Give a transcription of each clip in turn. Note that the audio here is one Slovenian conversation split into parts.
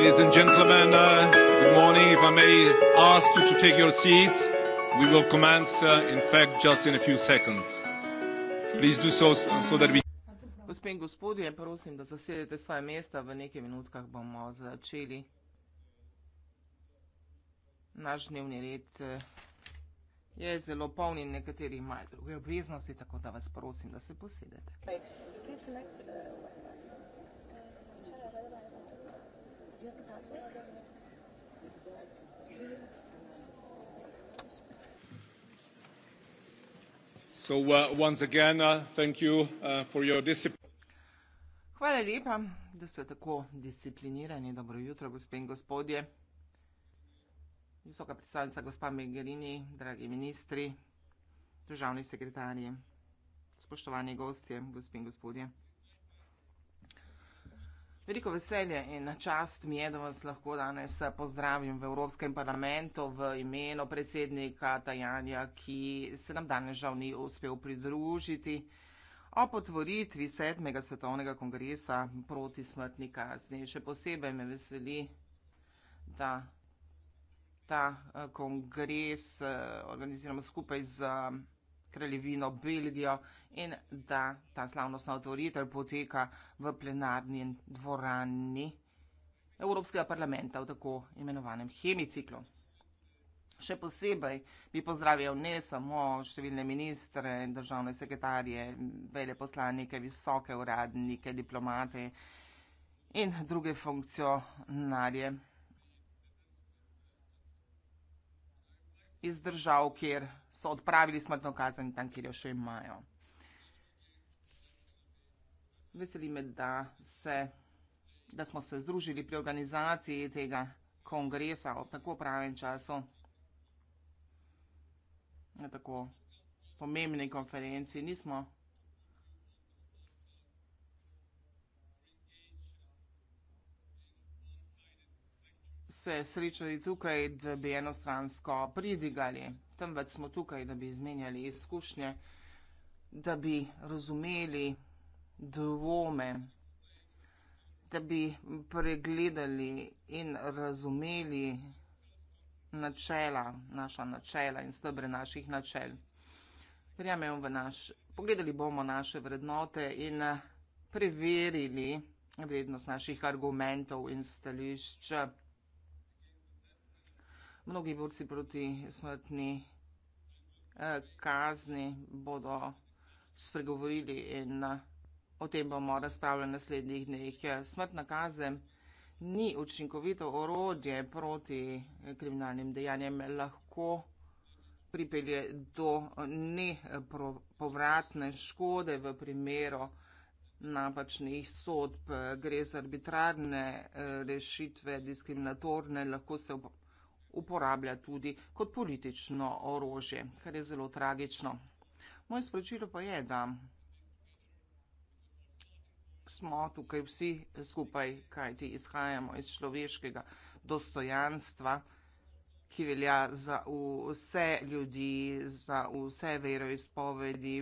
Ladies and gentlemen, uh, good morning. If I may ask you to take your seats, we will commence, uh, in fact, just in a few seconds. Please do so so that we. Gospe in gospodje, prosim, da zasedete svoje mesta, v nekaj minutkah bomo začeli naš dnevni red. Eh, je zelo poln in nekateri imajo druge obveznosti, tako da vas prosim, da se posedete. Wait, you have the password? So uh, once again, uh, thank you uh, for your discipline. Hvala lepa, da ste tako disciplinirani. Dobro jutro, gospe in gospodje. Visoka predstavnica gospa Megherini, dragi ministri, državni sekretarji, spoštovani gostje, gospe in gospodje. Veliko veselje in čast mi je, da vas lahko danes pozdravim v Evropskem parlamentu v imenu predsednika Tajanja, ki se nam danes žal ni uspel pridružiti o potvoritvi 7. svetovnega kongresa proti smrtni kazni. Še posebej me veseli, da ta eh, kongres eh, organiziramo skupaj z eh, kraljevino Belgijo in da ta slavnostna otvoritev poteka v plenarni dvorani Evropskega parlamenta v tako imenovanem hemiciklu. Še posebej bi pozdravil ne samo številne ministre, državne sekretarje, veleposlanike, visoke uradnike, diplomate in druge funkcionarje iz držav, kjer so odpravili smrtno kazen tam, kjer jo še imajo. Veseli me, da, se, da smo se združili pri organizaciji tega kongresa ob tako pravem času, na tako pomembni konferenci. Nismo se srečali tukaj, da bi enostransko pridigali, temveč smo tukaj, da bi izmenjali izkušnje, da bi razumeli, dvome, da bi pregledali in razumeli načela, naša načela in stebre naših načel. Verjamem v naš, pogledali bomo naše vrednote in eh, preverili vrednost naših argumentov in stališč. Mnogi borci proti smrtni eh, kazni bodo spregovorili in o tem bomo razpravljali naslednjih dneh. Smrtna kazen ni učinkovito orodje proti kriminalnim dejanjem, lahko pripelje do nepovratne škode v primeru napačnih sodb. Gre za arbitrarne eh, rešitve, diskriminatorne, lahko se uporablja tudi kot politično orožje, kar je zelo tragično. Moje sporočilo pa je, da smo tukaj vsi skupaj, kajti izhajamo iz človeškega dostojanstva, ki velja za vse ljudi, za vse veroizpovedi,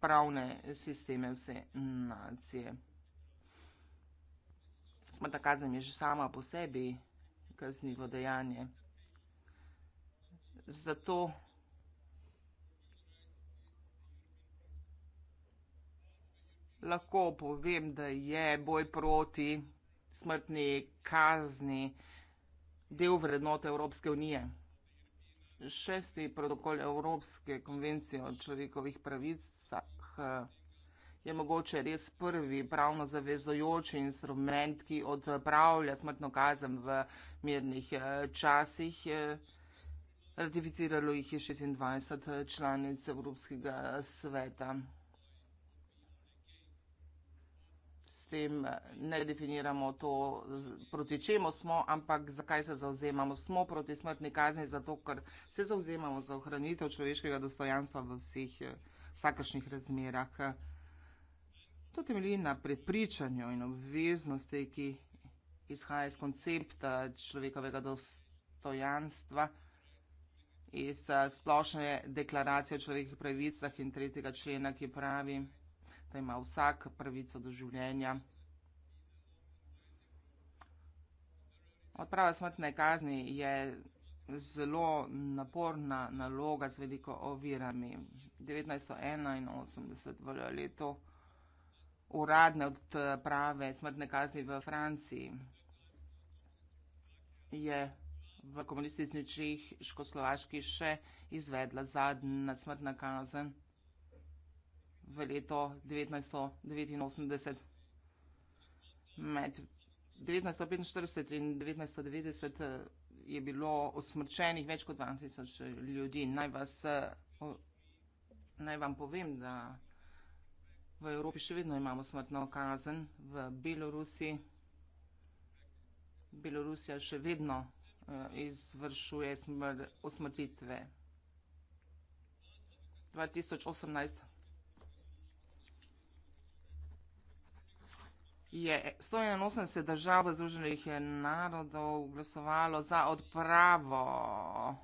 pravne sisteme, vse nacije. Smrta kazen je že sama po sebi kaznivo dejanje. Zato lahko povem, da je boj proti smrtni kazni del vrednote Evropske unije. Šesti protokol Evropske konvencije o človekovih pravicah eh, je mogoče res prvi pravno zavezojoči instrument, ki odpravlja smrtno kazen v mirnih eh, časih. Eh, ratificiralo jih je 26 članic Evropskega sveta. tem ne definiramo to, proti čemu smo, ampak zakaj se zauzemamo. Smo proti smrtni kazni, zato ker se zauzemamo za ohranitev človeškega dostojanstva v vseh vsakršnih razmerah. To temelji na prepričanju in obveznosti, ki izhaja iz koncepta človekovega dostojanstva iz splošne deklaracije o človekovih pravicah in tretjega člena, ki pravi, da ima vsak pravico do življenja. Odprava smrtne kazni je zelo naporna naloga z veliko ovirami. 1981 v letu uradne odprave smrtne kazni v Franciji je v komunistični Čehoslovaški še izvedla zadnja smrtna kazen v leto 1989. Med 1945 in 1990 eh, je bilo osmrčenih več kot 2000 ljudi. Naj, vas, eh, naj vam povem, da v Evropi še vedno imamo smrtno kazen, v Belorusiji. Belorusija še vedno eh, izvršuje osmrtitve. 2018. je 181 držav Združenih narodov glasovalo za odpravo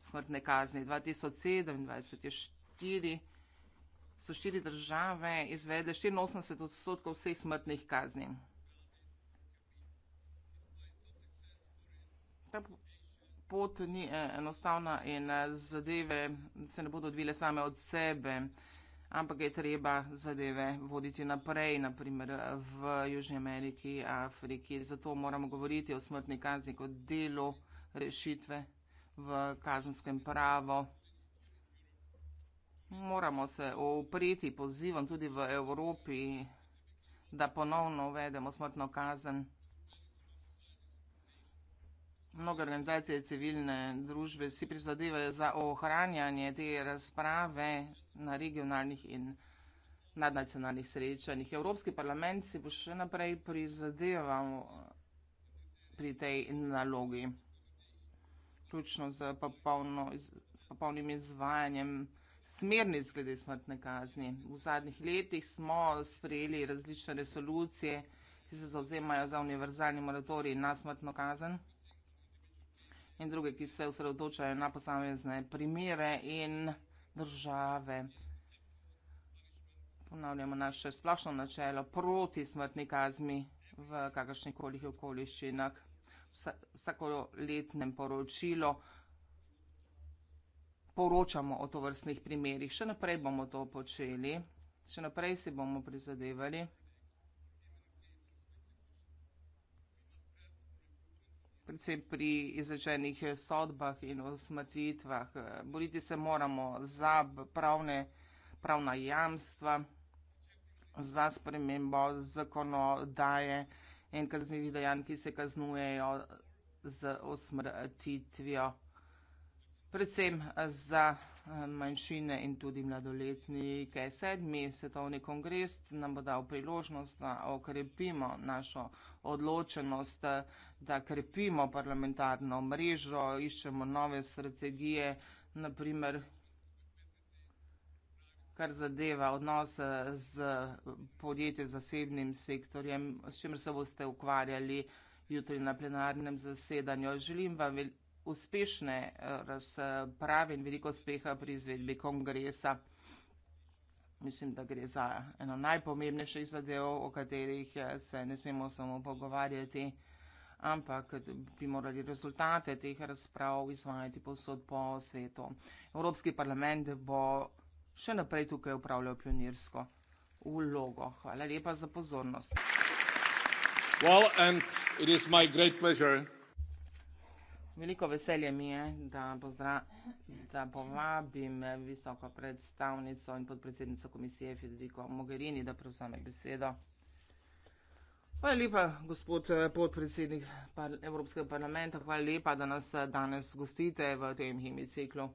smrtne kazni. 2027 je 4, so 4 države izvedle 84 odstotkov vseh smrtnih kazni. Ta pot ni eh, enostavna in eh, zadeve se ne bodo odvile same od sebe ampak je treba zadeve voditi naprej, naprimer v Južnji Ameriki, Afriki. Zato moramo govoriti o smrtni kazni kot delu rešitve v kazenskem pravo. Moramo se upreti pozivom tudi v Evropi, da ponovno uvedemo smrtno kazen. Mnoge organizacije civilne družbe si prizadevajo za ohranjanje te razprave na regionalnih in nadnacionalnih srečanjih. Evropski parlament si bo še naprej prizadeval eh, pri tej nalogi, ključno z, popolno, z popolnim izvajanjem smernic glede smrtne kazni. V zadnjih letih smo sprejeli različne resolucije, ki se zauzemajo za univerzalni moratorij na smrtno kazen in druge, ki se osredotočajo na posamezne primere in države. Ponavljamo naše splošno načelo proti smrtni kazmi v kakršnih koli okoliščinah. Vsakoletnem poročilo poročamo o tovrstnih primerih. Še naprej bomo to počeli, še naprej si bomo prizadevali. predvsem pri izrečenih sodbah in osmatitvah. Boriti se moramo za pravne, pravna jamstva, za spremembo zakonodaje in kaznjivih dejanj, ki se kaznujejo z osmrtitvijo, predvsem za manjšine in tudi mladoletnike. Sedmi svetovni kongres nam bo dal priložnost, da okrepimo našo odločenost, da krepimo parlamentarno mrežo, iščemo nove strategije, naprimer, kar zadeva odnose z podjetjem zasebnim sektorjem, s čimer se boste ukvarjali jutri na plenarnem zasedanju. Želim vam veliko uspešne eh, razprave in veliko uspeha pri izvedbi kongresa. Mislim, da gre za eno najpomembnejših zadev, o katerih eh, se ne smemo samo pogovarjati, ampak bi morali rezultate teh razprav izvajati posod po svetu. Evropski parlament bo še naprej tukaj upravljal pionirsko vlogo. Hvala lepa za pozornost. Well, and it is my great pleasure. Veliko veselje mi je, da, pozdra, da povabim visoko predstavnico in podpredsednico komisije Federico Mogherini, da prevzame besedo. Hvala lepa, gospod podpredsednik par Evropskega parlamenta, hvala lepa, da nas danes gostite v tem hemiciklu.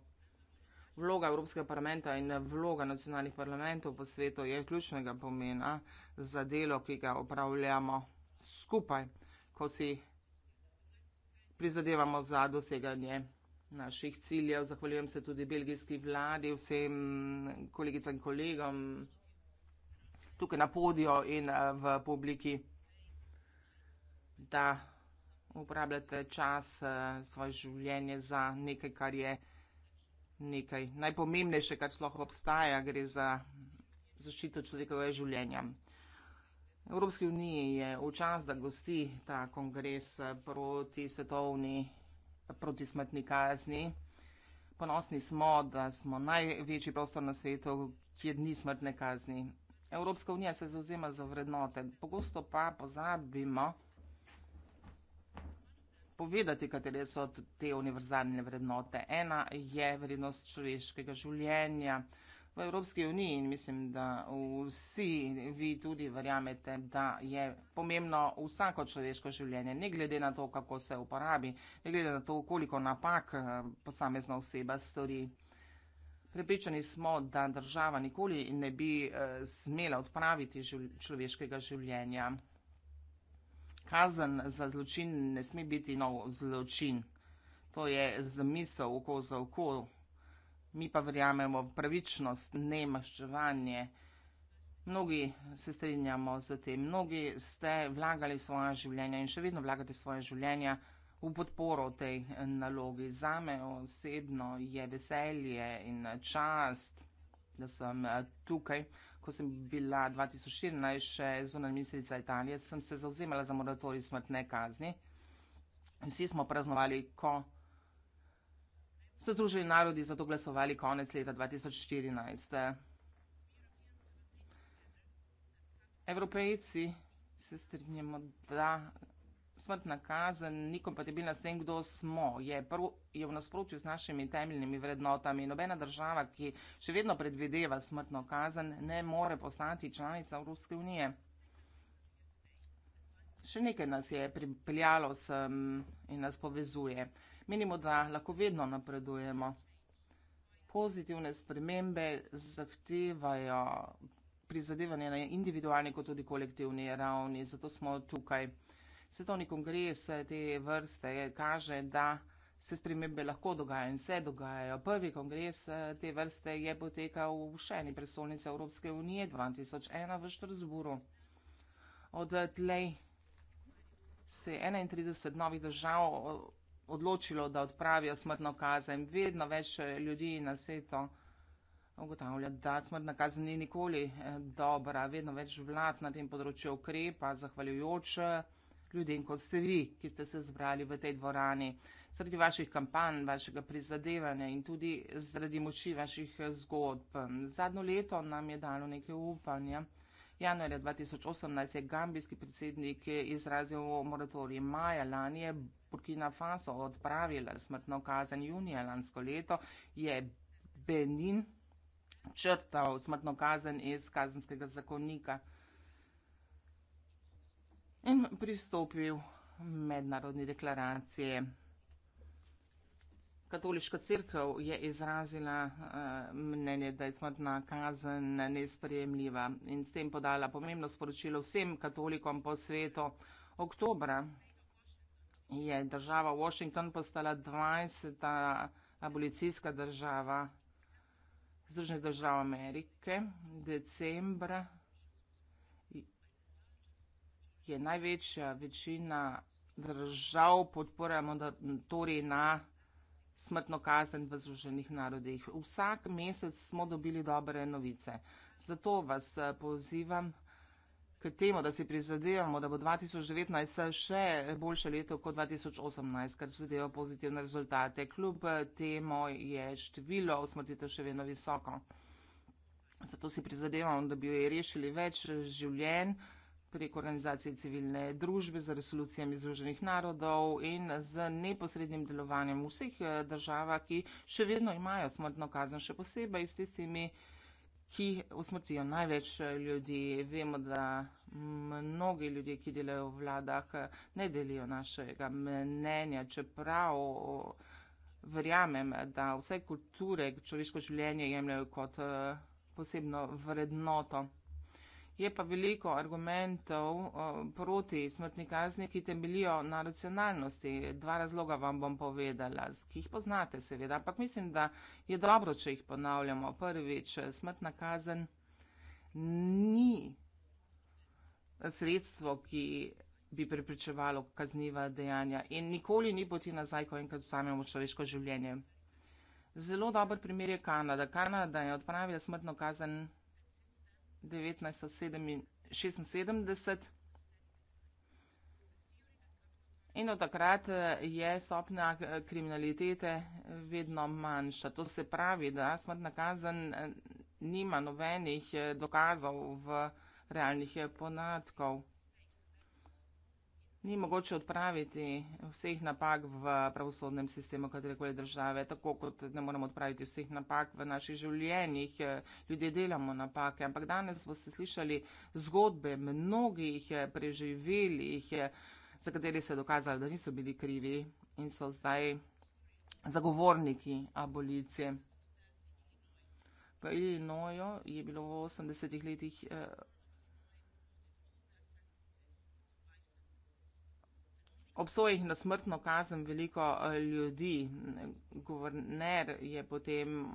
Vloga Evropskega parlamenta in vloga nacionalnih parlamentov po svetu je ključnega pomena za delo, ki ga opravljamo skupaj, ko si prizadevamo za doseganje naših ciljev. Zahvaljujem se tudi belgijski vladi, vsem kolegicam in kolegom tukaj na podiju in eh, v publiki, da uporabljate čas, eh, svoje življenje za nekaj, kar je nekaj najpomembnejše, kar sploh obstaja, gre za zaščito človekovega življenja. Evropski uniji je včas, da gosti ta kongres proti svetovni protismrtni kazni. Ponosni smo, da smo največji prostor na svetu, kjer ni smrtne kazni. Evropska unija se zauzema za vrednote, pogosto pa pozabimo povedati, katere so te univerzalne vrednote. Ena je vrednost človeškega življenja v Evropski uniji in mislim, da vsi vi tudi verjamete, da je pomembno vsako človeško življenje, ne glede na to, kako se uporabi, ne glede na to, koliko napak eh, posamezna oseba stori. Prepričani smo, da država nikoli ne bi uh, smela odpraviti živ človeškega življenja. Kazen za zločin ne sme biti nov zločin. To je zamisel oko za oko mi pa verjamemo v pravičnost, ne maščevanje. Mnogi se strinjamo z tem, mnogi ste vlagali svoje življenje in še vedno vlagate svoje življenje v podporo tej nalogi. Za me osebno je veselje in čast, da sem eh, tukaj. Ko sem bila 2014 še zunanja ministrica Italije, sem se zauzemala za moratorij smrtne kazni. Vsi smo praznovali, ko so Združeni narodi zato glasovali konec leta 2014. Evropejci se strinjamo, da smrtna kazen ni kompatibilna s tem, kdo smo. Je, prv, je v nasprotju s našimi temeljnimi vrednotami. Nobena država, ki še vedno predvideva smrtno kazen, ne more postati članica Evropske unije. Še nekaj nas je pripeljalo sem in nas povezuje menimo, da lahko vedno napredujemo. Pozitivne spremembe zahtevajo prizadevanje na individualni kot tudi kolektivni ravni, zato smo tukaj. Svetovni kongres te vrste kaže, da se spremembe lahko dogajajo in se dogajajo. Prvi kongres te vrste je potekal v še eni presolnici Evropske unije 2001 v Štrasburu. Od tlej se 31 novih držav odločilo, da odpravijo smrtno kazen. Vedno več eh, ljudi na svetu ugotavlja, da smrtna kazen ni nikoli eh, dobra. Vedno več vlad na tem področju ukrepa, zahvaljujoč eh, ljudem, kot ste vi, ki ste se zbrali v tej dvorani. Zaradi vaših kampanj, vašega prizadevanja in tudi zaradi moči vaših zgodb. Zadnjo leto nam je dalo nekaj upanja. Januarja 2018 je gambijski predsednik izrazil moratorij. Maja lani je Burkina Faso odpravila smrtno kazen. Junija lansko leto je Benin črtal smrtno kazen iz kazenskega zakonika in pristopil mednarodni deklaracije. Katoliška crkva je izrazila uh, mnenje, da je smrtna kazen nesprejemljiva in s tem podala pomembno sporočilo vsem katolikom po svetu. Oktobra je država Washington postala 20. abolicijska država Združenih držav Amerike. Decembra je največja večina držav podpore motorji na smrtno kazen v Združenih narodih. Vsak mesec smo dobili dobre novice. Zato vas eh, pozivam k temu, da si prizadevamo, da bo 2019 še boljše leto kot 2018, kar zadeva pozitivne rezultate. Kljub eh, temu je število usmrtitev še vedno visoko. Zato si prizadevamo, da bi rešili več življenj prek organizacije civilne družbe, z resolucijami Združenih narodov in z neposrednim delovanjem vseh eh, država, ki še vedno imajo smrtno kazen, še posebej s tistimi, ki usmrtijo največ eh, ljudi. Vemo, da mnogi ljudje, ki delajo v vladah, eh, ne delijo našega mnenja, čeprav verjamem, da vse kulture človeško življenje jemljajo kot posebno vrednoto. Je pa veliko argumentov eh, proti smrtni kazni, ki temelijo na racionalnosti. Dva razloga vam bom povedala, ki jih poznate seveda, ampak mislim, da je dobro, če jih ponavljamo. Prvič, smrtna kazen ni sredstvo, ki bi prepričevalo kazniva dejanja in nikoli ni poti nazaj, ko enkrat vzamemo človeško življenje. Zelo dober primer je Kanada. Kanada je odpravila smrtno kazen 1976. In od takrat eh, je stopnja eh, kriminalitete vedno manjša. To se pravi, da smrtna kazen eh, nima nobenih dokazov v realnih podatkov ni mogoče odpraviti vseh napak v pravosodnem sistemu katerekoli države, tako kot ne moremo odpraviti vseh napak v naših življenjih. Ljudje delamo napake, ampak danes boste slišali zgodbe mnogih preživelih, za katere se je dokazalo, da niso bili krivi in so zdaj zagovorniki abolicije. V Ilinojo je bilo v 80-ih letih eh, obsojih na smrtno kazen veliko eh, ljudi. Guverner je potem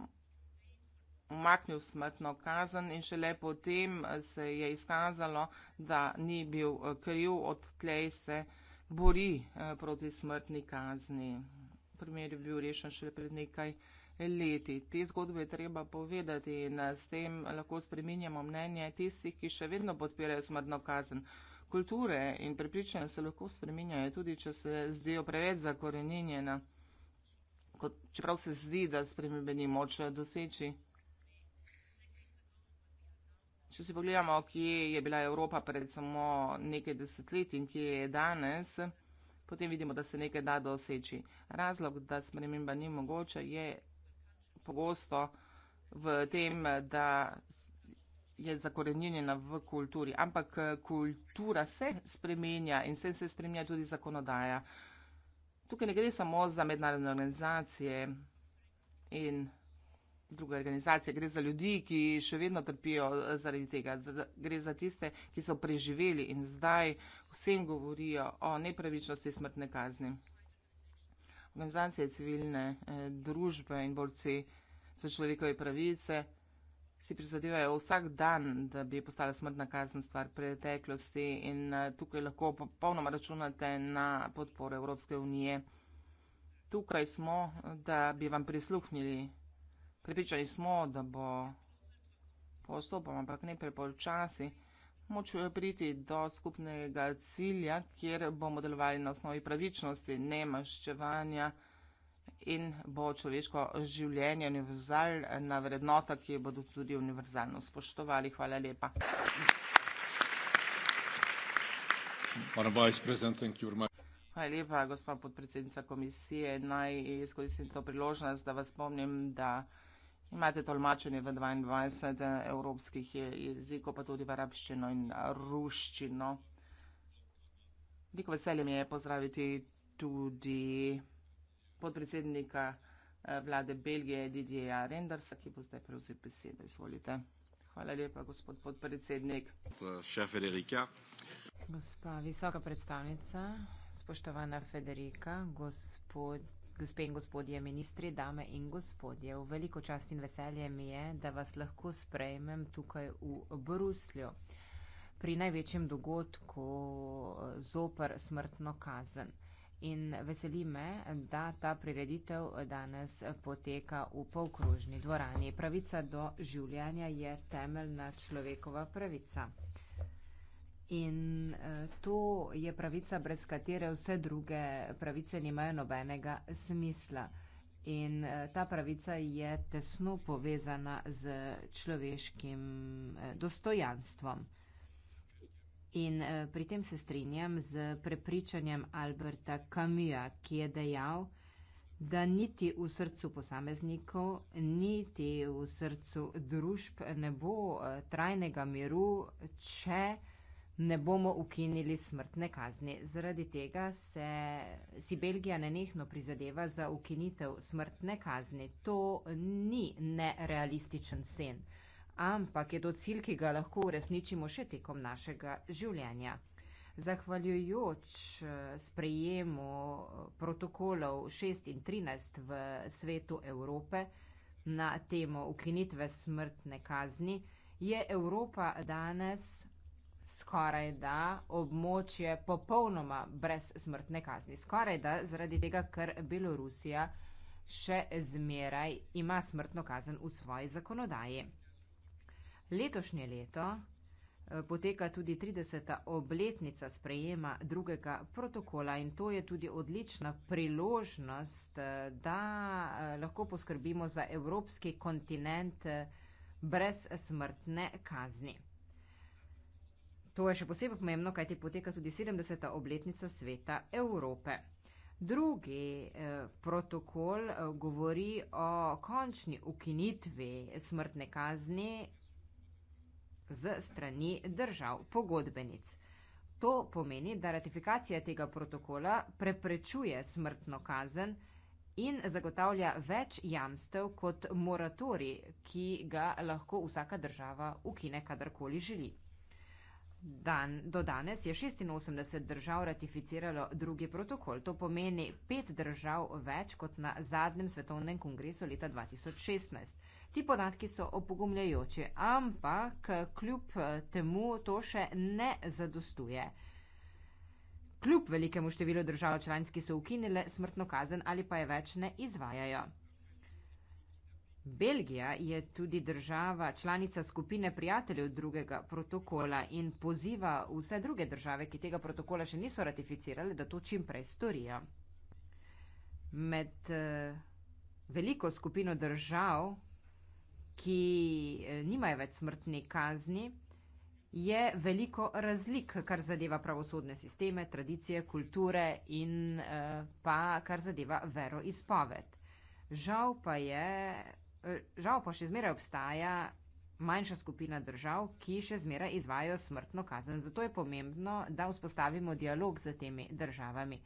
umaknil smrtno kazen in šele potem eh, se je izkazalo, da ni bil eh, kriv, odtlej se bori proti smrtni kazni. Primer je bil rešen šele pred nekaj leti. Te zgodbe je treba povedati in s tem lahko spreminjamo mnenje tistih, ki še vedno podpirajo smrtno kazen kulture in prepričanja se lahko spreminjajo, tudi če se zdijo preveč zakorenjena, čeprav se zdi, da spremembe ni moč eh, doseči. Če si pogledamo, kje je bila Evropa pred samo nekaj desetletij in kje je danes, potem vidimo, da se nekaj da doseči. Razlog, da sprememba ni mogoča, je pogosto v tem, da je zakorenjena v kulturi, ampak eh, kultura se spremenja in s tem se spremenja tudi zakonodaja. Tukaj ne gre samo za mednarodne organizacije in druge organizacije, gre za ljudi, ki še vedno trpijo eh, zaradi tega. Gre za tiste, ki so preživeli in zdaj vsem govorijo o nepravičnosti smrtne kazni. Organizacije civilne, eh, družbe in borci za človekove pravice si prizadevajo vsak dan, da bi postala smrtna kazen stvar preteklosti in eh, tukaj lahko popolnoma računate na podporo Evropske unije. Tukaj smo, da bi vam prisluhnili. Pripričali smo, da bo postopoma, ampak ne prepočasi, moč eh, priti do skupnega cilja, kjer bomo delovali na osnovi pravičnosti, ne maščevanja in bo človeško življenje univerzalna vrednota, ki jo bodo tudi univerzalno spoštovali. Hvala lepa. Hvala lepa, gospa podpredsednica komisije. Naj izkoristim to priložnost, da vas spomnim, da imate tolmačenje v 22 evropskih jezikov, pa tudi v arabščino in ruščino. Veliko veselje mi je pozdraviti tudi podpredsednika eh, vlade Belgije Didjeja Rendersa, ki bo zdaj prevzel besedo. Izvolite. Hvala lepa, gospod podpredsednik. Gospa visoka predstavnica, spoštovana Federika, gospod, gospe in gospodje ministri, dame in gospodje, v veliko čast in veselje mi je, da vas lahko sprejmem tukaj v Bruslju pri največjem dogodku eh, zopr smrtno kazen in veseli me, da ta prireditev danes poteka v polkružni dvorani. Pravica do življenja je temeljna človekova pravica. In eh, to je pravica, brez katere vse druge pravice nimajo nobenega smisla. In eh, ta pravica je tesno povezana z človeškim eh, dostojanstvom. In uh, pri tem se strinjam z prepričanjem Alberta Kamija, ki je dejal, da niti v srcu posameznikov, niti v srcu družb ne bo uh, trajnega miru, če ne bomo ukinili smrtne kazni. Zaradi tega se, si Belgija nenehno prizadeva za ukinitev smrtne kazni. To ni nerealističen sen ampak je to cilj, ki ga lahko uresničimo še tekom našega življenja. Zahvaljujoč eh, sprejemu eh, protokolov 6 in 13 v svetu Evrope na temo ukinitve smrtne kazni je Evropa danes skoraj da območje popolnoma brez smrtne kazni. Skoraj da zaradi tega, ker Belorusija še zmeraj ima smrtno kazen v svoji zakonodaji. Letošnje leto eh, poteka tudi 30. obletnica sprejema drugega protokola in to je tudi odlična priložnost, eh, da eh, lahko poskrbimo za evropski kontinent brez smrtne kazni. To je še posebej pomembno, kajti poteka tudi 70. obletnica sveta Evrope. Drugi protokol govori o končni ukinitvi smrtne kazni z strani držav pogodbenic. To pomeni, da ratifikacija tega protokola preprečuje smrtno kazen in zagotavlja več jamstev kot moratori, ki ga lahko vsaka država ukine, kadarkoli želi. Dan, do danes je 86 držav ratificiralo drugi protokol. To pomeni pet držav več kot na zadnjem svetovnem kongresu leta 2016. Ti podatki so opogumljajoči, ampak kljub eh, temu to še ne zadostuje. Kljub velikemu številu držav članic, ki so ukinile smrtno kazen ali pa je več ne izvajajo. Belgija je tudi država članica skupine prijateljev drugega protokola in poziva vse druge države, ki tega protokola še niso ratificirale, da to čim prej storijo. Med eh, veliko skupino držav, ki eh, nimajo več smrtne kazni, je veliko razlik, kar zadeva pravosodne sisteme, tradicije, kulture in eh, pa kar zadeva veroizpoved. Žal pa je, eh, žal pa še zmeraj obstaja manjša skupina držav, ki še zmeraj izvajo smrtno kazen. Zato je pomembno, da vzpostavimo dialog z temi državami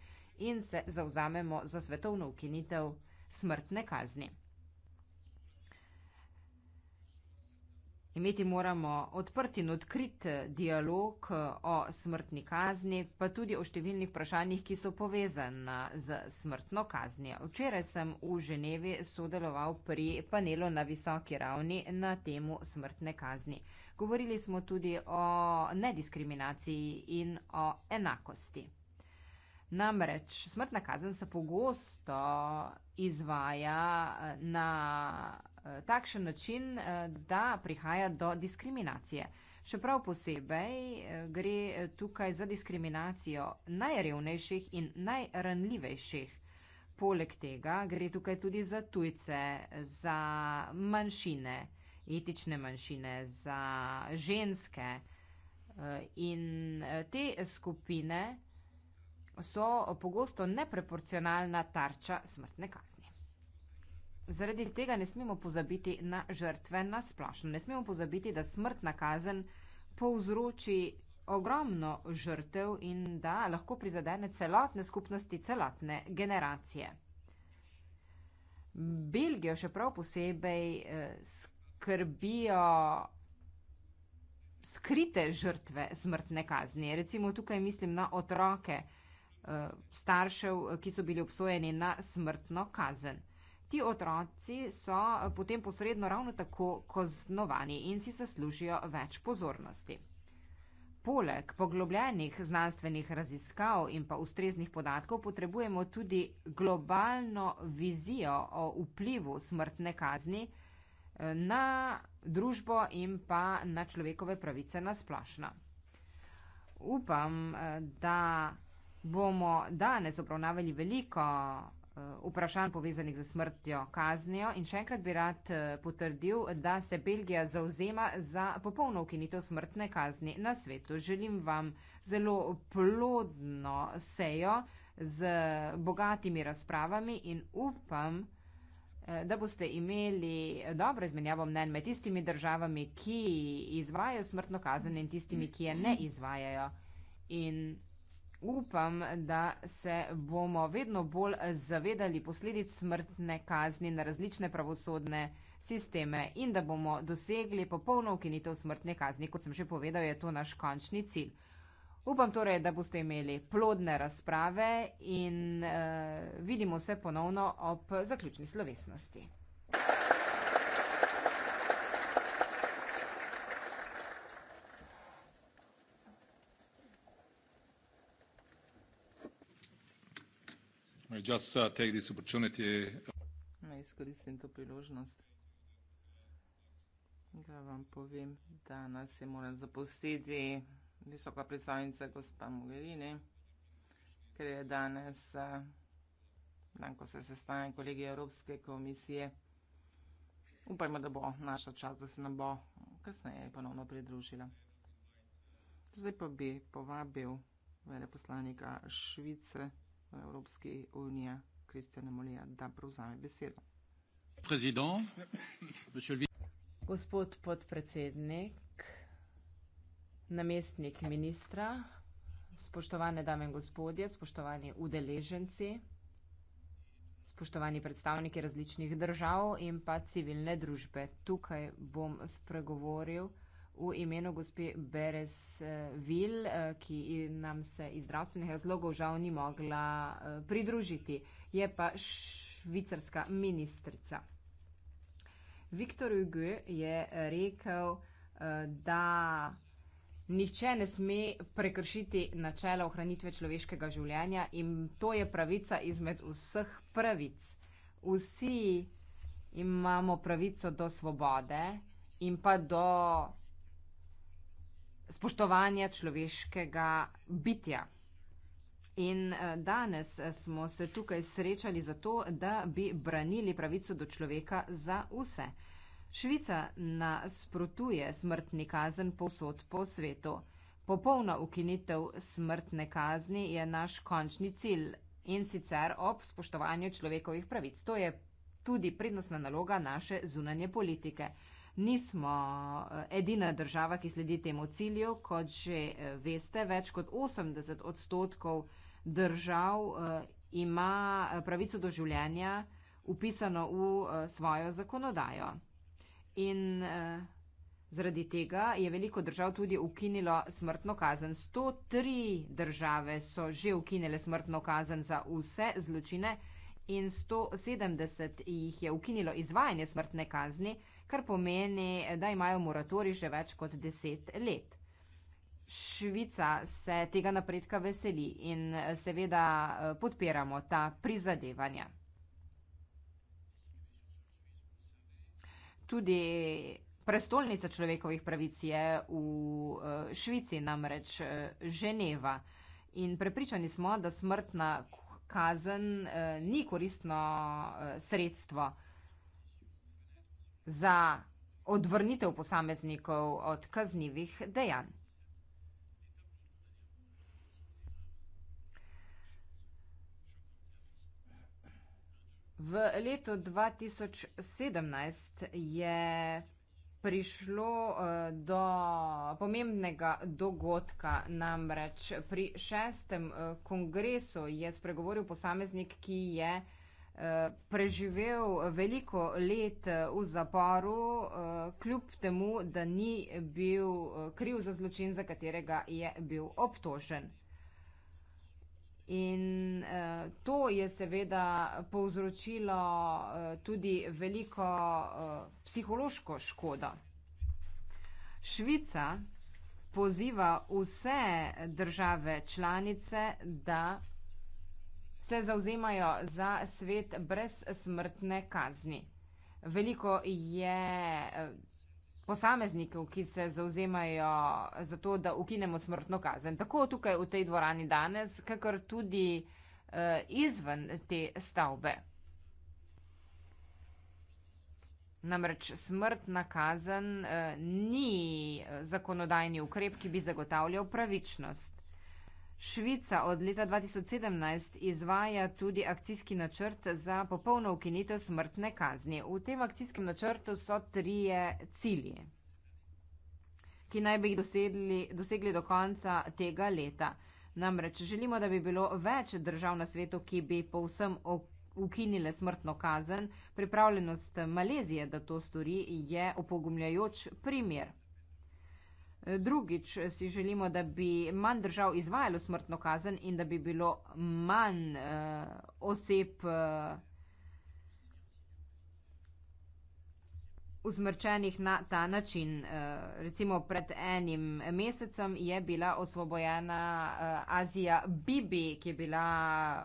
in se zauzamemo za svetovno ukinitev smrtne kazni. Imeti moramo odprt in odkrit dialog o smrtni kazni, pa tudi o številnih vprašanjih, ki so povezane z smrtno kaznijo. Včeraj sem v Ženevi sodeloval pri panelu na visoki ravni na temu smrtne kazni. Govorili smo tudi o nediskriminaciji in o enakosti. Namreč smrtna kazen se pogosto izvaja na takšen način, eh, da prihaja do diskriminacije. Še prav posebej eh, gre eh, tukaj za diskriminacijo najrevnejših in najranljivejših. Poleg tega gre tukaj tudi za tujce, za manjšine, etične manjšine, za ženske. In te skupine so pogosto neproporcionalna tarča smrtne kazni. Zaradi tega ne smemo pozabiti na žrtve na splošno. Ne smemo pozabiti, da smrtna kazen povzroči ogromno žrtev in da lahko prizadene celotne skupnosti, celotne generacije. Belgijo še prav posebej eh, skrbijo skrite žrtve smrtne kazni. Recimo tukaj mislim na otroke eh, staršev, ki so bili obsojeni na smrtno kazen. Ti otroci so eh, potem posredno ravno tako kaznovani in si zaslužijo več pozornosti. Poleg poglobljenih znanstvenih raziskav in pa ustreznih podatkov potrebujemo tudi globalno vizijo o vplivu smrtne kazni eh, na družbo in pa na človekove pravice nasplošno. Upam, eh, da bomo danes obravnavali veliko Eh, vprašanj povezanih z smrtjo kaznijo in še enkrat bi rad eh, potrdil, da se Belgija zauzema za popolno ukinitev smrtne kazni na svetu. Želim vam zelo plodno sejo z bogatimi razpravami in upam, eh, da boste imeli dobro izmenjavo mnen med tistimi državami, ki izvajajo smrtno kazen in tistimi, ki je ne izvajajo. In Upam, da se bomo vedno bolj zavedali posledic smrtne kazni na različne pravosodne sisteme in da bomo dosegli popolno ukinitev smrtne kazni. Kot sem že povedal, je to naš končni cilj. Upam torej, da boste imeli plodne razprave in uh, vidimo se ponovno ob zaključni slovesnosti. just uh, take this opportunity. Naj izkoristim to priložnost, da vam povem, da nas je moral zapustiti visoka predstavnica gospa Mogherini, ker je danes uh, dan, ko se sestaja kolegi Evropske komisije. Upajmo, da bo naša čas, da se nam bo kasneje ponovno pridružila. Zdaj pa bi povabil veleposlanika Švice. Evropske unije Kristjana Molija, da prevzame besedo. Gospod podpredsednik, namestnik ministra, spoštovane dame in gospodje, spoštovani udeleženci, spoštovani predstavniki različnih držav in pa civilne družbe. Tukaj bom spregovoril v imenu gospe Beres eh, Vil, eh, ki nam se iz zdravstvenih razlogov žal ni mogla eh, pridružiti. Je pa švicarska ministrica. Viktor Hugo je rekel, da nihče ne sme prekršiti načela ohranitve človeškega življenja in to je pravica izmed vseh pravic. Vsi imamo pravico do svobode in pa do spoštovanja človeškega bitja. In eh, danes eh, smo se tukaj srečali zato, da bi branili pravico do človeka za vse. Švica nasprotuje smrtni kazen povsod po svetu. Popolna ukinitev smrtne kazni je naš končni cilj in sicer ob spoštovanju človekovih pravic. To je tudi prednostna naloga naše zunanje politike. Nismo eh, edina država, ki sledi temu cilju. Kot že eh, veste, več kot 80 odstotkov držav eh, ima pravico do življenja upisano v svojo zakonodajo. In zaradi tega je veliko držav tudi ukinilo smrtno kazen. 103 države so že ukinile smrtno kazen za vse zločine in 170 jih je ukinilo izvajanje smrtne kazni kar pomeni, da imajo moratori že več kot deset let. Švica se tega napredka veseli in seveda podpiramo ta prizadevanja. Tudi prestolnica človekovih pravic je v Švici, namreč Ženeva. In prepričani smo, da smrtna kazen ni koristno sredstvo za odvrnitev posameznikov od kaznjivih dejanj. V letu 2017 je prišlo eh, do pomembnega dogodka, namreč pri šestem eh, kongresu je spregovoril posameznik, ki je vsega preživel veliko let eh, v zaporu, eh, kljub temu, da ni bil eh, kriv za zločin, za katerega je bil obtožen. In to je seveda povzročilo tudi veliko psihološko škodo. Švica poziva vse države članice, da se zauzemajo za svet brez smrtne kazni. Veliko je eh, posameznikov, ki se zauzemajo za to, da ukinemo smrtno kazen. Tako tukaj v tej dvorani danes, kakor tudi eh, izven te stavbe. Namreč smrtna kazen eh, ni zakonodajni ukrep, ki bi zagotavljal pravičnost. Švica od leta 2017 izvaja tudi akcijski načrt za popolno ukinitev smrtne kazni. V tem akcijskem načrtu so trije cilji, ki naj bi jih dosegli, dosegli do konca tega leta. Namreč želimo, da bi bilo več držav na svetu, ki bi povsem ukinile smrtno kazen. Pripravljenost Malezije, da to stori, je upogumljajoč primer. Drugič si želimo, da bi manj držav izvajalo smrtno kazen in da bi bilo manj uh, oseb uh, usmrčenih na ta način. Uh, recimo pred enim mesecem je bila osvobojena uh, Azija Bibi, ki je bila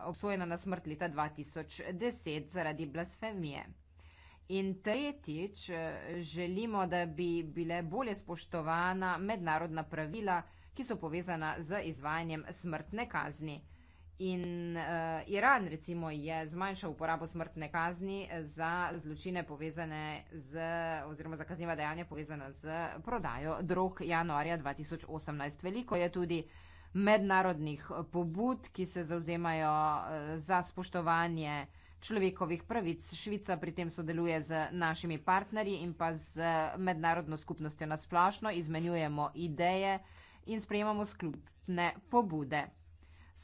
obsojena na smrt leta 2010 zaradi blasfemije. In tretjič, želimo, da bi bile bolje spoštovana mednarodna pravila, ki so povezana z izvajanjem smrtne kazni. In uh, Iran, recimo, je zmanjšal uporabo smrtne kazni za zločine povezane z, oziroma za kazniva dejanja povezana z prodajo drog januarja 2018. Veliko je tudi mednarodnih pobud, ki se zauzemajo eh, za spoštovanje uh, človekovih pravic. Švica pri tem sodeluje z našimi partnerji in pa z mednarodno skupnostjo nasplošno, izmenjujemo ideje in sprejemamo sklopne pobude.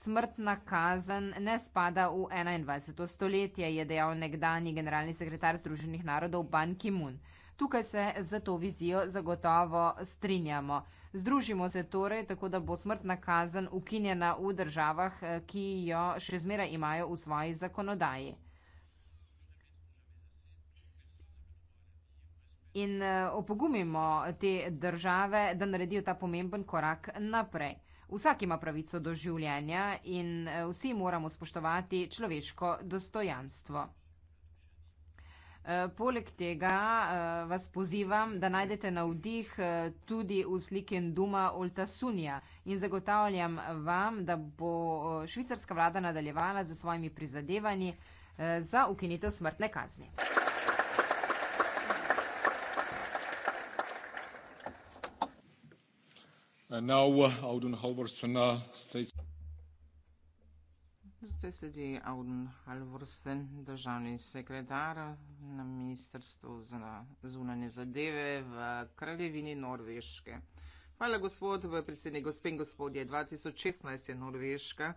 Smrtna kazen ne spada v 21. stoletje, je dejal nekdani generalni sekretar Združenih narodov Ban Ki-moon. Tukaj se za to vizijo zagotovo strinjamo. Združimo se torej, tako da bo smrtna kazen ukinjena v državah, ki jo še zmeraj imajo v svoji zakonodaji. in eh, opogumimo te države, da naredijo ta pomemben korak naprej. Vsak ima pravico do življenja in eh, vsi moramo spoštovati človeško dostojanstvo. Eh, poleg tega vas pozivam, da najdete navdih tudi v sliki Duma Olta Sunja in zagotavljam vam, da bo švicarska vlada nadaljevala z svojimi prizadevanji za ukinitev smrtne kazni. gospod uh, predsednik uh, zdaj sledi audun halvorsen državni sekretar na ministrstvu za zunanje zadeve v kraljevini norveške hvala gospod predsednik gospe in gospodje dva tisoč šestnajst je norveška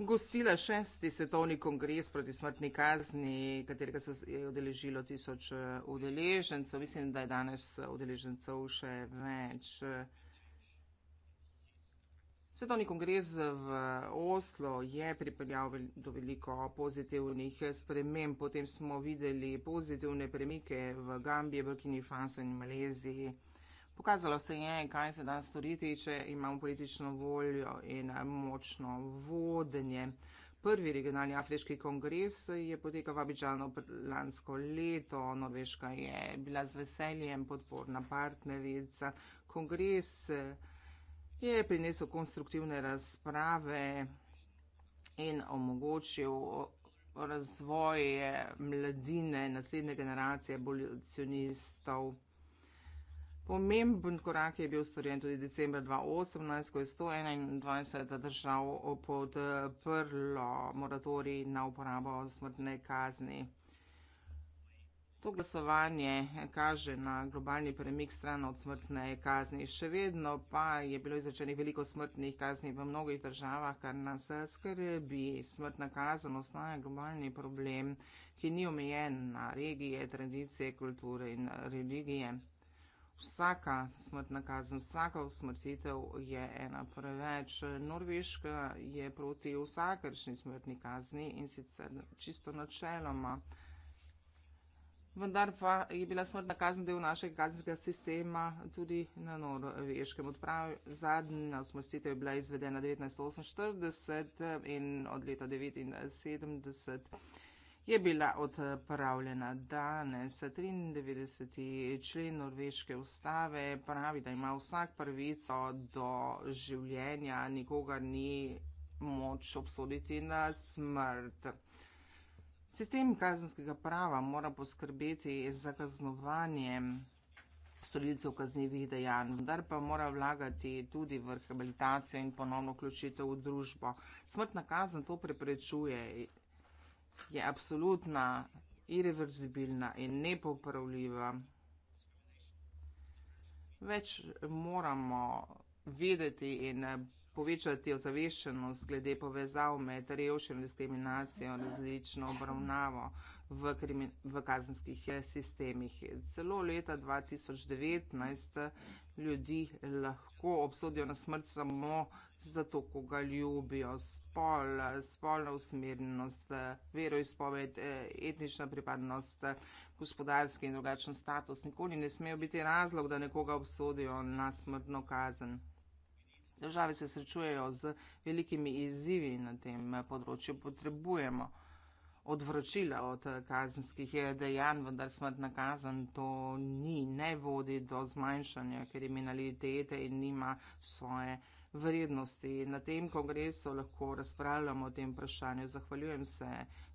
gostila šesti svetovni kongres proti smrtni kazni, katerega se je odeležilo tisoč eh, udeležencev. Mislim, da je danes eh, udeležencev še več. Svetovni kongres v eh, Oslo je pripeljal do veliko pozitivnih sprememb. Potem smo videli pozitivne premike v Gambiji, Burkini Faso in Maleziji. Pokazalo se je, kaj se da storiti, če imamo politično voljo in močno vodenje. Prvi regionalni afriški kongres je potekal v Abidžanu lansko leto. Norveška je bila z veseljem podporna partnerica. Kongres je prinesel konstruktivne razprave in omogočil razvoj mladine, naslednje generacije evolucionistov. Pomemben korak je bil storjen tudi decembra 2018, ko je 121 držav podprlo moratorij na uporabo smrtne kazni. To glasovanje kaže na globalni premik stran od smrtne kazni. Še vedno pa je bilo izrečenih veliko smrtnih kazni v mnogih državah, kar nas skrbi. Smrtna kazen ostaja globalni problem, ki ni omejen na regije, tradicije, kulture in religije vsaka smrtna kazen, vsaka usmrtitev je ena preveč. Norveška je proti vsakršni smrtni kazni in sicer čisto načeloma. Vendar pa je bila smrtna kazen del našega kazenskega sistema tudi na norveškem. Odpravi zadnja usmrtitev je bila izvedena 1948 in od leta 1979 je bila odpravljena danes. 93. člen norveške ustave pravi, da ima vsak prvico do življenja, nikogar ni moč obsoditi na smrt. Sistem kazenskega prava mora poskrbeti za kaznovanje storilcev kaznjivih dejanj, vendar pa mora vlagati tudi v rehabilitacijo in ponovno vključitev v družbo. Smrtna kazen to preprečuje, je absolutna, irreverzibilna in nepopravljiva. Več moramo vedeti in povečati ozaveščenost glede povezav med revščino in diskriminacijo, različno obravnavo v, v kazenskih eh, sistemih. Celo leta 2019 ljudi lahko obsodijo na smrt samo zato, ko ga ljubijo, spol, spolna usmernjenost, veroizpoved, eh, etnična pripadnost, gospodarski in drugačen status. Nikoli ne smejo biti razlog, da nekoga obsodijo na smrtno kazen. Države se srečujejo z velikimi izzivi na tem eh, področju. Potrebujemo odvračila od eh, kazenskih dejanj, vendar smrtna kazen to ni, ne vodi do zmanjšanja kriminalitete in nima svoje vrednosti. Na tem kongresu lahko razpravljamo o tem vprašanju. Zahvaljujem se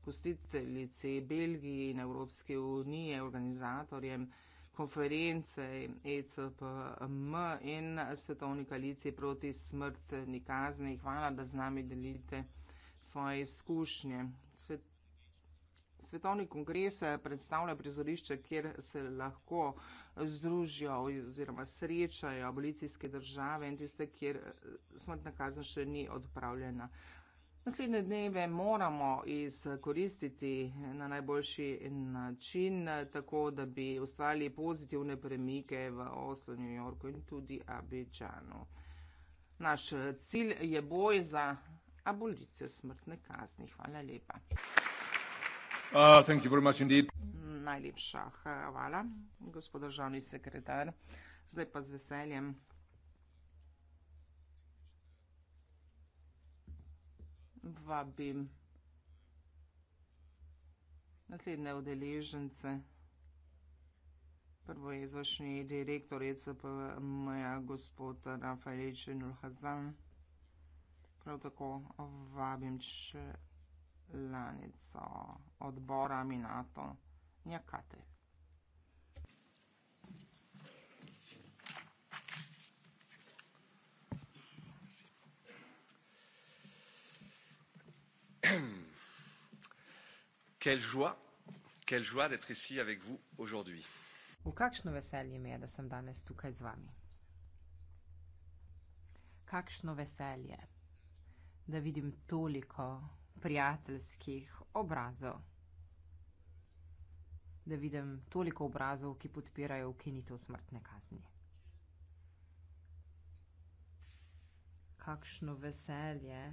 gostiteljici Belgiji in Evropske unije, organizatorjem konference ECPM in Svetovni koaliciji proti smrtni kazni. Hvala, da z nami delite svoje izkušnje. Svet Svetovni kongres predstavlja prizorišče, kjer se lahko združijo oziroma srečajo abolicijske države in tiste, kjer smrtna kazen še ni odpravljena. Naslednje dneve moramo izkoristiti na najboljši način, tako da bi ustvarili pozitivne premike v Oslo, New Yorku in tudi Abidžanu. Naš cilj je boj za abolicijo smrtne kazni. Hvala lepa. Uh, najlepša hvala, gospod državni sekretar. Zdaj pa z veseljem. Vabim naslednje udeležence. Prvo je izvršni direktor ECP moja gospod Rafael Čenul Hazan. Prav tako vabim članico odbora Minato. Njakate. Quelle joie, quelle joie d'être ici avec vous aujourd'hui. V kakšno veselje mi je, da sem danes tukaj z vami. Kakšno veselje, da vidim toliko prijateljskih obrazov da vidim toliko obrazov, ki podpirajo ukinitev smrtne kazni. Kakšno veselje,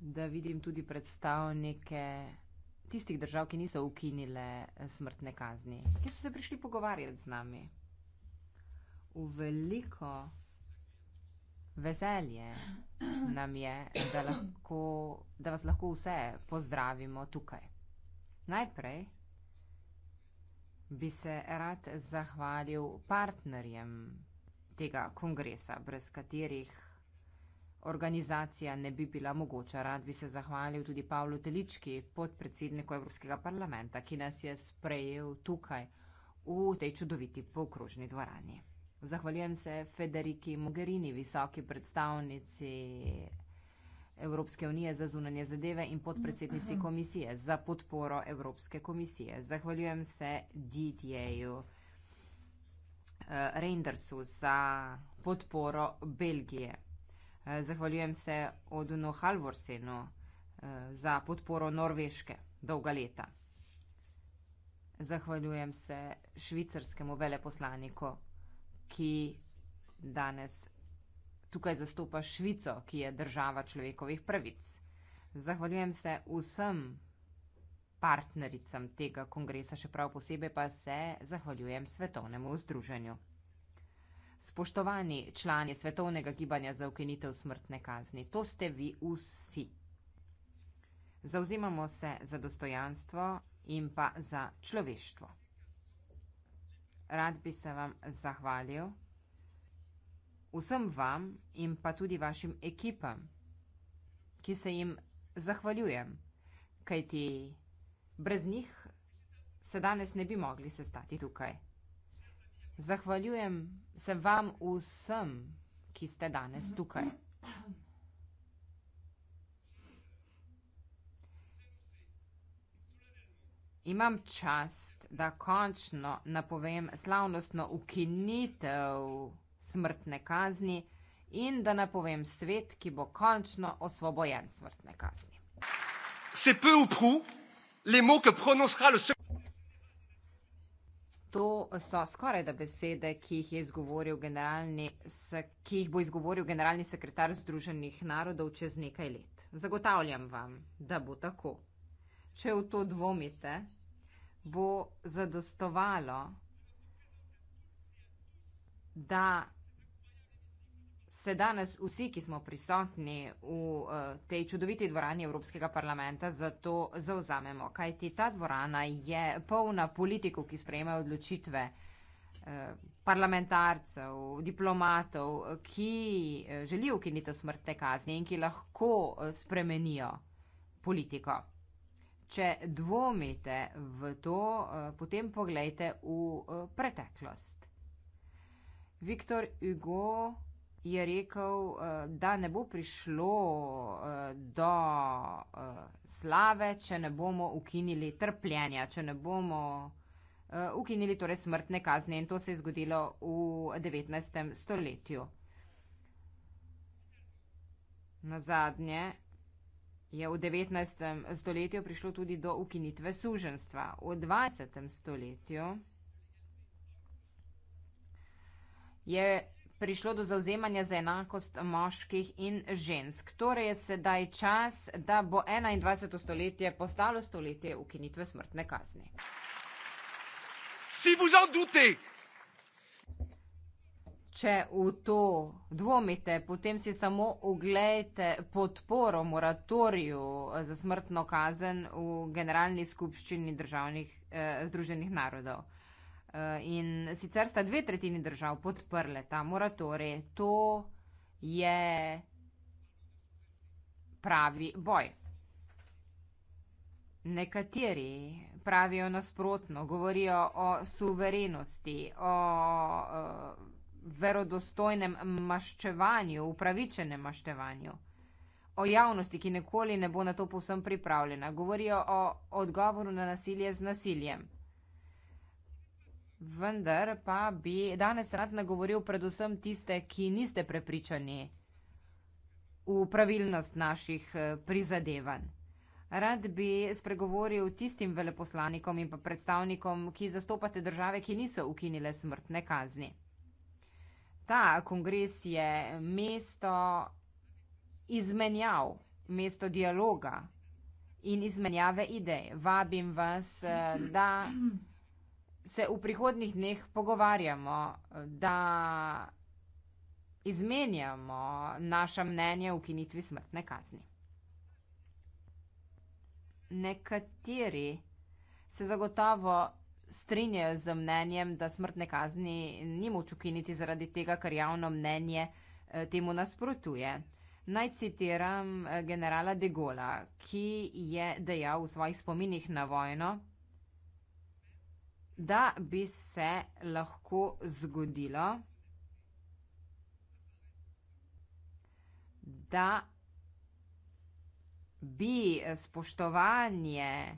da vidim tudi predstavnike tistih držav, ki niso ukinile eh, smrtne kazni, ki so se prišli pogovarjati z nami. V veliko veselje nam je, da, lahko, da vas lahko vse pozdravimo tukaj. Najprej bi se rad zahvalil partnerjem tega kongresa, brez katerih organizacija ne bi bila mogoča. Rad bi se zahvalil tudi Pavlu Telički, podpredsedniku Evropskega parlamenta, ki nas je sprejel tukaj v tej čudoviti pokrožni dvorani. Zahvaljujem se Federiki Mogherini, visoki predstavnici Evropske unije za zunanje zadeve in podpredsednici mhm. komisije za podporo Evropske komisije. Zahvaljujem se DDA-ju uh, eh, Reindersu za podporo Belgije. Uh, zahvaljujem se Oduno Halvorsenu uh, za podporo Norveške dolga leta. Zahvaljujem se švicarskemu veleposlaniku, ki danes tukaj zastopa Švico, ki je država človekovih pravic. Zahvaljujem se vsem partnericam tega kongresa, še prav posebej pa se zahvaljujem svetovnemu združenju. Spoštovani člani svetovnega gibanja za ukinitev smrtne kazni, to ste vi vsi. Zauzemamo se za dostojanstvo in pa za človeštvo. Rad bi se vam zahvalil vsem vam in pa tudi vašim ekipam, ki se jim zahvaljujem, kajti brez njih se danes ne bi mogli sestati tukaj. Zahvaljujem se vam vsem, ki ste danes tukaj. Imam čast, da končno napovem slavnostno ukinitev smrtne kazni in da napovem svet, ki bo končno osvobojen smrtne kazni. To so skoraj da besede, ki jih, je izgovoril generalni, ki jih bo izgovoril generalni sekretar Združenih narodov čez nekaj let. Zagotavljam vam, da bo tako. Če v to dvomite, bo zadostovalo da se danes vsi, ki smo prisotni v eh, tej čudoviti dvorani Evropskega parlamenta, za to zauzamemo. Kaj ti ta dvorana je polna politikov, ki sprejemajo odločitve eh, parlamentarcev, diplomatov, ki eh, želijo ukiniti smrtne kazni in ki lahko spremenijo politiko. Če dvomite v to, potem pogledajte v preteklost. Viktor Hugo je rekel, eh, da ne bo prišlo eh, do eh, slave, če ne bomo ukinili trpljenja, če ne bomo ukinili torej smrtne kazne in to se je zgodilo v 19. stoletju. Na zadnje je v 19. stoletju prišlo tudi do ukinitve suženstva. V 20. stoletju je prišlo do zauzemanja za enakost moških in žensk. Torej je sedaj čas, da bo 21. stoletje postalo stoletje ukinitve smrtne kazni. Če v to dvomite, potem si samo oglejte podporo moratoriju za smrtno kazen v Generalni skupščini državnih eh, združenih narodov. Eh, in sicer sta dve tretjini držav podprle ta moratorij. To je pravi boj. Nekateri pravijo nasprotno, govorijo o suverenosti, o uh, verodostojnem maščevanju, upravičenem maščevanju, o javnosti, ki nikoli ne bo na to povsem pripravljena. Govorijo o odgovoru na nasilje z nasiljem. Vendar pa bi danes rad nagovoril predvsem tiste, ki niste prepričani v pravilnost naših eh, prizadevanj. Rad bi spregovoril tistim veleposlanikom in pa predstavnikom, ki zastopate države, ki niso ukinile smrtne kazni. Ta kongres je mesto izmenjav, mesto dialoga in izmenjave idej. Vabim vas, eh, da se v prihodnih dneh pogovarjamo, da izmenjamo naša mnenja o ukinitvi smrtne kazni. Nekateri se zagotovo strinjajo z mnenjem, da smrtne kazni ni moč ukiniti zaradi tega, ker javno mnenje eh, temu nasprotuje. Naj citiram eh, generala De Gola, ki je dejal v svojih spominih na vojno, da bi se lahko zgodilo, da bi spoštovanje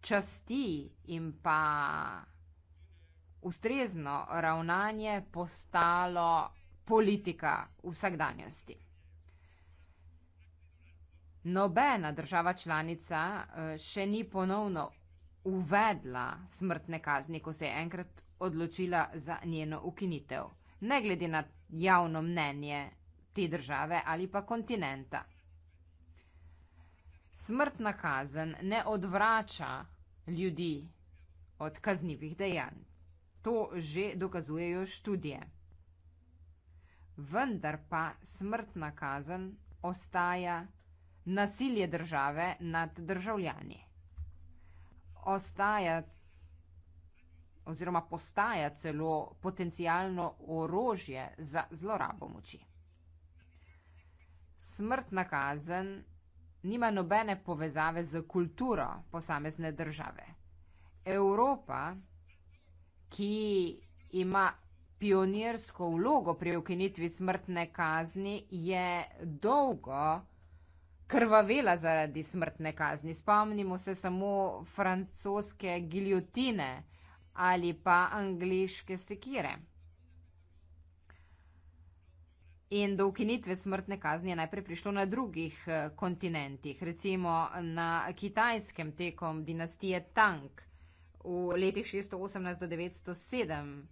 časti in pa ustrezno ravnanje postalo politika vsakdanjosti. Nobena država članica eh, še ni ponovno uvedla smrtne kazni, ko se je enkrat odločila za njeno ukinitev, ne glede na javno mnenje te države ali pa kontinenta. Smrtna kazen ne odvrača ljudi od kaznivih dejanj. To že dokazujejo študije. Vendar pa smrtna kazen ostaja nasilje države nad državljani ostaja oziroma postaja celo potencijalno orožje za zlorabo moči. Smrtna kazen nima nobene povezave z kulturo posamezne države. Evropa, ki ima pionirsko vlogo pri ukinitvi smrtne kazni, je dolgo krvavela zaradi smrtne kazni. Spomnimo se samo francoske giljotine ali pa angliške sekire. In do ukinitve smrtne kazni je najprej prišlo na drugih eh, kontinentih, recimo na kitajskem tekom dinastije Tang v letih 618 do 907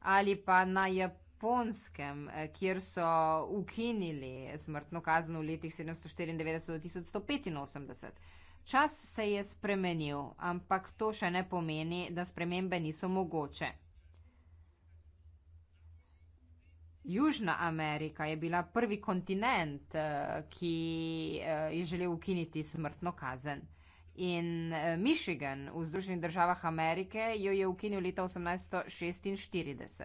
ali pa na Japonskem japonskem, eh, kjer so ukinili smrtno kazen v letih 794 do 1185. Čas se je spremenil, ampak to še ne pomeni, da spremembe niso mogoče. Južna Amerika je bila prvi kontinent, eh, ki eh, je želel ukiniti smrtno kazen. In Michigan v Združenih državah Amerike jo je ukinil leta 1846.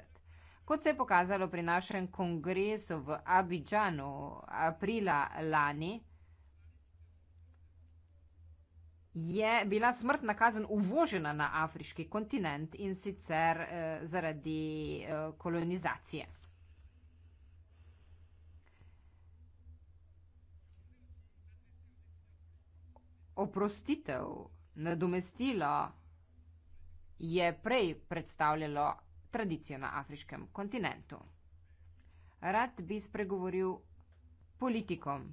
Kot se je pokazalo pri našem kongresu v Abidžanu aprila lani, je bila smrtna kazen uvožena na afriški kontinent in sicer eh, zaradi eh, kolonizacije. Oprostitev, nadomestilo je prej predstavljalo tradicijo na afriškem kontinentu. Rad bi spregovoril politikom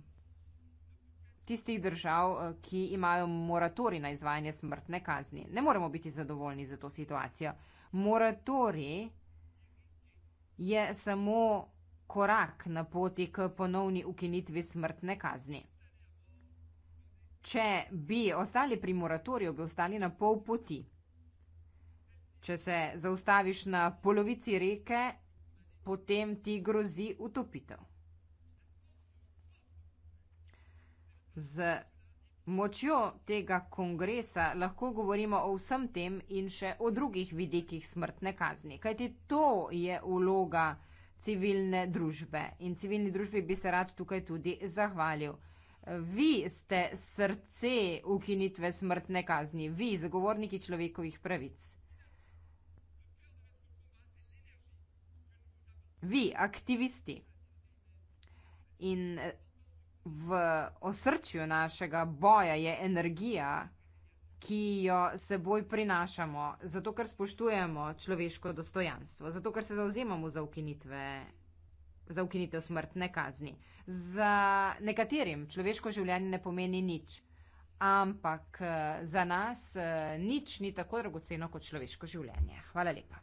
tistih držav, eh, ki imajo moratori na izvajanje smrtne kazni. Ne moremo biti zadovoljni za to situacijo. Moratori je samo korak na poti k ponovni ukinitvi smrtne kazni. Če bi ostali pri moratoriju, bi ostali na pol poti. Če se zaustaviš na polovici reke, potem ti grozi utopitev. Z močjo tega kongresa lahko govorimo o vsem tem in še o drugih vidikih smrtne kazni. Kajti to je uloga civilne družbe in civilni družbi bi se rad tukaj tudi zahvalil. Vi ste srce ukinitve smrtne kazni, vi, zagovorniki človekovih pravic. vi, aktivisti. In v osrčju našega boja je energija, ki jo seboj prinašamo, zato ker spoštujemo človeško dostojanstvo, zato ker se zauzemamo za ukinitve. Za ukinitev smrtne kazni. Za nekaterim človeško življenje ne pomeni nič, ampak za nas nič ni tako dragoceno kot človeško življenje. Hvala lepa.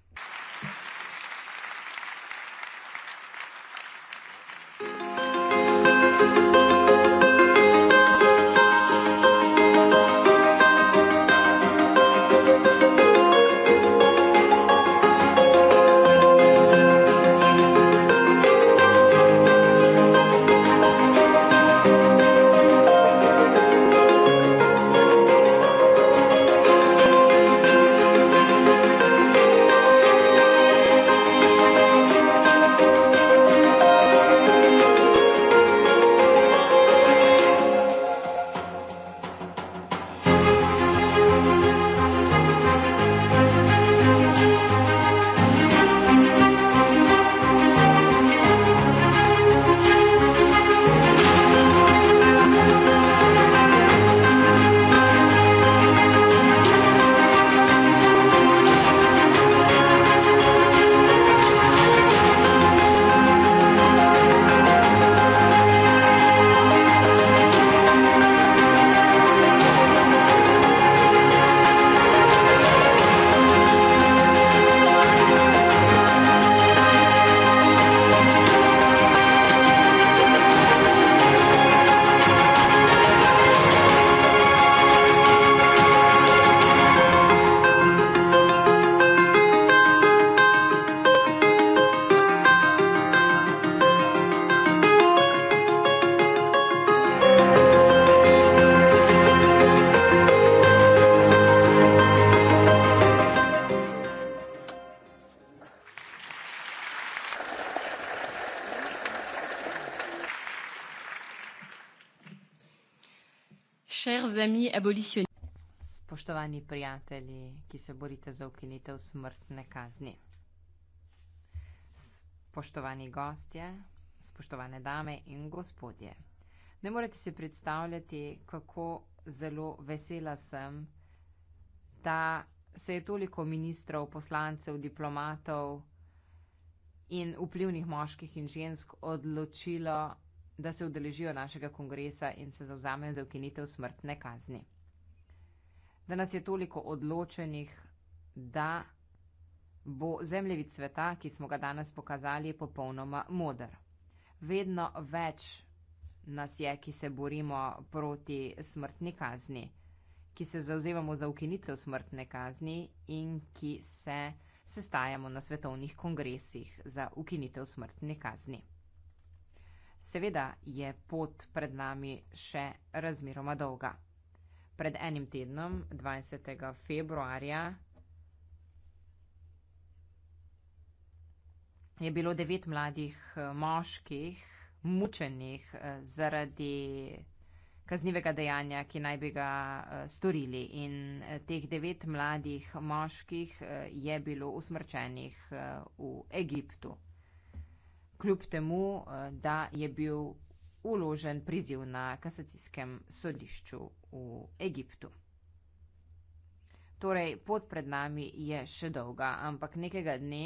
abolicionista. Spoštovani prijatelji, ki se borite za ukinitev smrtne kazni. Spoštovani gostje, spoštovane dame in gospodje. Ne morete si predstavljati, kako zelo vesela sem, da se je toliko ministrov, poslancev, diplomatov in vplivnih moških in žensk odločilo, da se udeležijo našega kongresa in se zauzamejo za ukinitev smrtne kazni da nas je toliko odločenih, da bo zemljevid sveta, ki smo ga danes pokazali, popolnoma modr. Vedno več nas je, ki se borimo proti smrtni kazni, ki se zauzevamo za ukinitev smrtne kazni in ki se sestajamo na svetovnih kongresih za ukinitev smrtne kazni. Seveda je pot pred nami še razmeroma dolga pred enim tednom, 20. februarja, je bilo devet mladih eh, moških mučenih eh, zaradi kaznivega dejanja, ki naj bi ga eh, storili. In teh devet mladih moških je bilo usmrčenih v Egiptu. Kljub temu, da je bil uložen priziv na kasacijskem sodišču v Egiptu. Torej, pot pred nami je še dolga, ampak nekega dne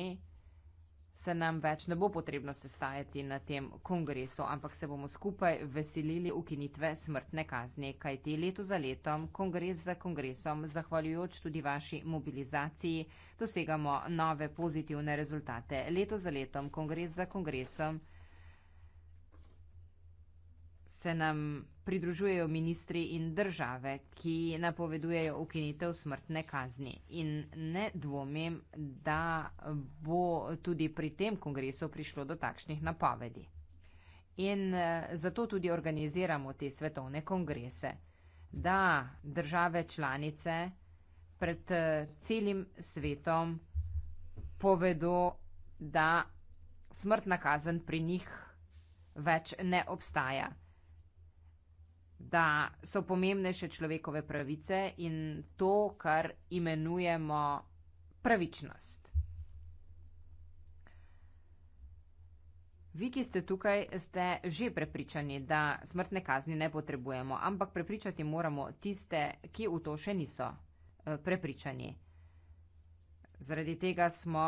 se nam več ne bo potrebno sestajati na tem kongresu, ampak se bomo skupaj veselili ukinitve smrtne kazni, kajti leto za letom, kongres za kongresom, zahvaljujoč tudi vaši mobilizaciji, dosegamo nove pozitivne rezultate. Leto za letom, kongres za kongresom se nam pridružujejo ministri in države, ki napovedujejo ukinitev smrtne kazni. In ne dvomim, da bo tudi pri tem kongresu prišlo do takšnih napovedi. In eh, zato tudi organiziramo te svetovne kongrese, da države članice pred eh, celim svetom povedo, da smrtna kazen pri njih več ne obstaja da so pomembnejše človekove pravice in to, kar imenujemo pravičnost. Vi, ki ste tukaj, ste že prepričani, da smrtne kazni ne potrebujemo, ampak prepričati moramo tiste, ki v to še niso eh, prepričani. Zaradi tega smo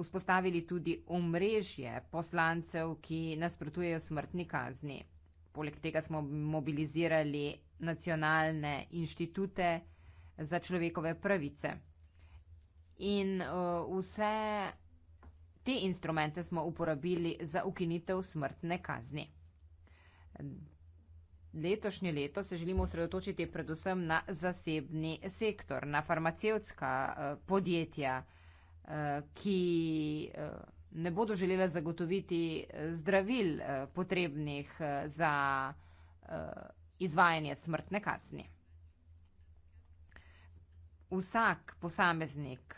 vzpostavili tudi omrežje poslancev, ki nasprotujejo smrtni kazni. Poleg tega smo mobilizirali nacionalne inštitute za človekove pravice. In uh, vse te instrumente smo uporabili za ukinitev smrtne kazni. Letošnje leto se želimo osredotočiti predvsem na zasebni sektor, na farmacevtska uh, podjetja, uh, ki. Uh, ne bodo želele zagotoviti eh, zdravil eh, potrebnih eh, za izvajanje smrtne kazni. Vsak posameznik,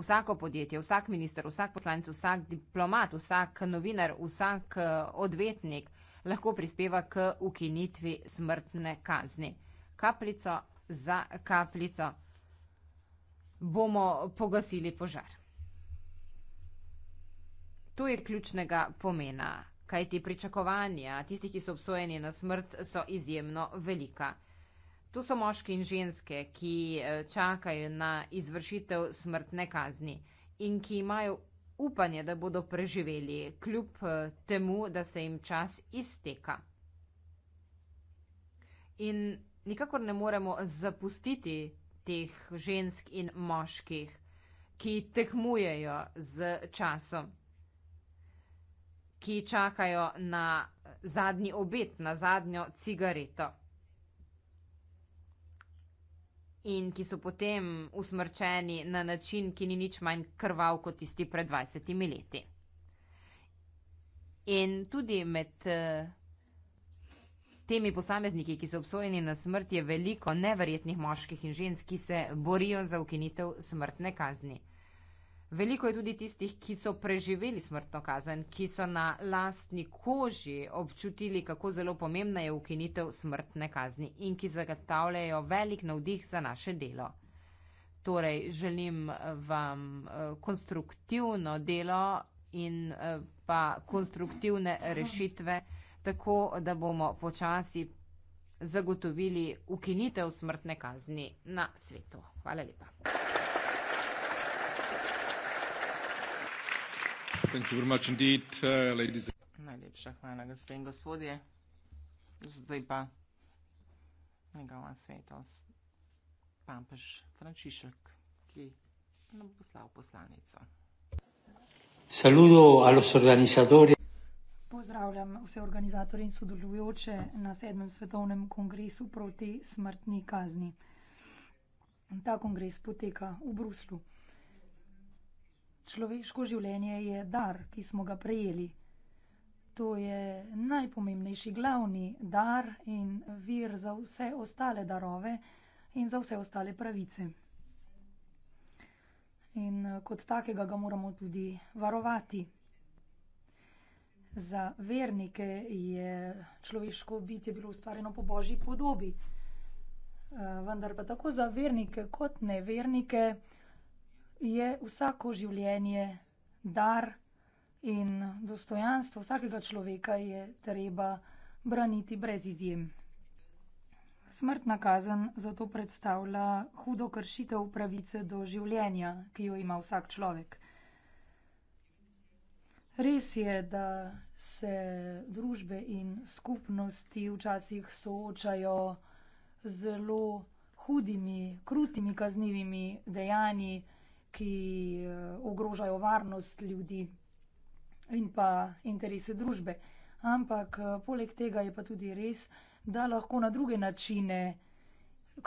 vsako podjetje, vsak minister, vsak poslanec, vsak diplomat, vsak novinar, vsak odvetnik lahko prispeva k ukinitvi smrtne kazni. Kapljico za kapljico bomo pogasili požar. Tu je ključnega pomena, kaj ti pričakovanja tistih, ki so obsojeni na smrt, so izjemno velika. Tu so moški in ženske, ki eh, čakajo na izvršitev smrtne kazni in ki imajo upanje, da bodo preživeli, kljub eh, temu, da se jim čas izteka. In nikakor ne moremo zapustiti teh žensk in moških, ki tekmujejo z časom ki čakajo na zadnji obet, na zadnjo cigareto. In ki so potem usmrčeni na način, ki ni nič manj krval kot tisti pred 20 leti. In tudi med eh, temi posamezniki, ki so obsojeni na smrt, je veliko neverjetnih moških in žensk, ki se borijo za ukinitev smrtne kazni. Veliko je tudi tistih, ki so preživeli smrtno kazen, ki so na lastni koži občutili, kako zelo pomembna je ukinitev smrtne kazni in ki zagotavljajo velik navdih za naše delo. Torej, želim eh, vam eh, konstruktivno delo in eh, pa konstruktivne rešitve, tako da bomo počasi zagotovili ukinitev smrtne kazni na svetu. Hvala lepa. Thank you very much indeed, uh, ladies. Najlepša hvala, gospe in gospodje. Zdaj pa njegova svetost, papež Frančišek, ki nam poslal poslanico. Saludo a los organizadores. Pozdravljam vse organizatorje in sodelujoče na sedmem svetovnem kongresu proti smrtni kazni. Ta kongres poteka v Bruslju človeško življenje je dar, ki smo ga prejeli. To je najpomembnejši glavni dar in vir za vse ostale darove in za vse ostale pravice. In kot takega ga moramo tudi varovati. Za vernike je človeško bitje bilo ustvarjeno po božji podobi. Eh, vendar pa tako za vernike kot nevernike je vsako življenje dar in dostojanstvo vsakega človeka je treba braniti brez izjem. Smrtna kazen zato predstavlja hudo kršitev pravice do življenja, ki jo ima vsak človek. Res je, da se družbe in skupnosti včasih soočajo z zelo hudimi, krutimi kaznivimi dejanji, ki eh, ogrožajo varnost ljudi in pa interese družbe. Ampak eh, poleg tega je pa tudi res, da lahko na druge načine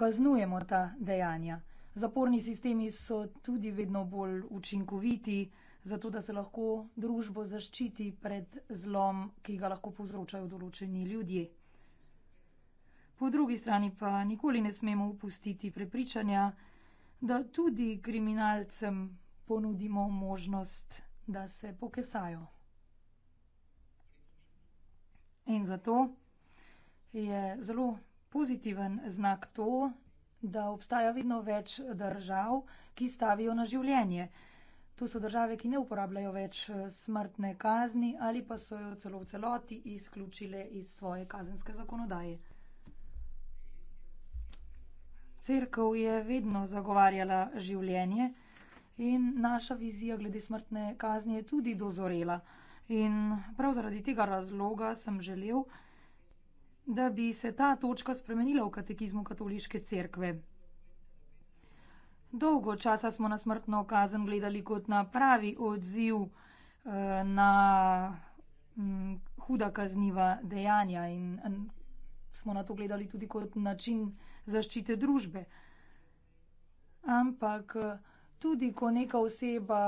kaznujemo ta dejanja. Zaporni sistemi so tudi vedno bolj učinkoviti, zato da se lahko družbo zaščiti pred zlom, ki ga lahko povzročajo določeni ljudje. Po drugi strani pa nikoli ne smemo upustiti prepričanja, da tudi kriminalcem ponudimo možnost, da se pokesajo. In zato je zelo pozitiven znak to, da obstaja vedno več držav, ki stavijo na življenje. To so države, ki ne uporabljajo več eh, smrtne kazni ali pa so jo celo v celoti izključile iz svoje kazenske zakonodaje. Cerkev je vedno zagovarjala življenje in naša vizija glede smrtne kazni je tudi dozorela. In prav zaradi tega razloga sem želel, da bi se ta točka spremenila v katekizmu katoliške cerkve. Dolgo časa smo na smrtno kazen gledali kot na pravi odziv eh, na mm, huda kazniva dejanja in mm, smo na to gledali tudi kot način, zaščite družbe. Ampak eh, tudi, ko neka oseba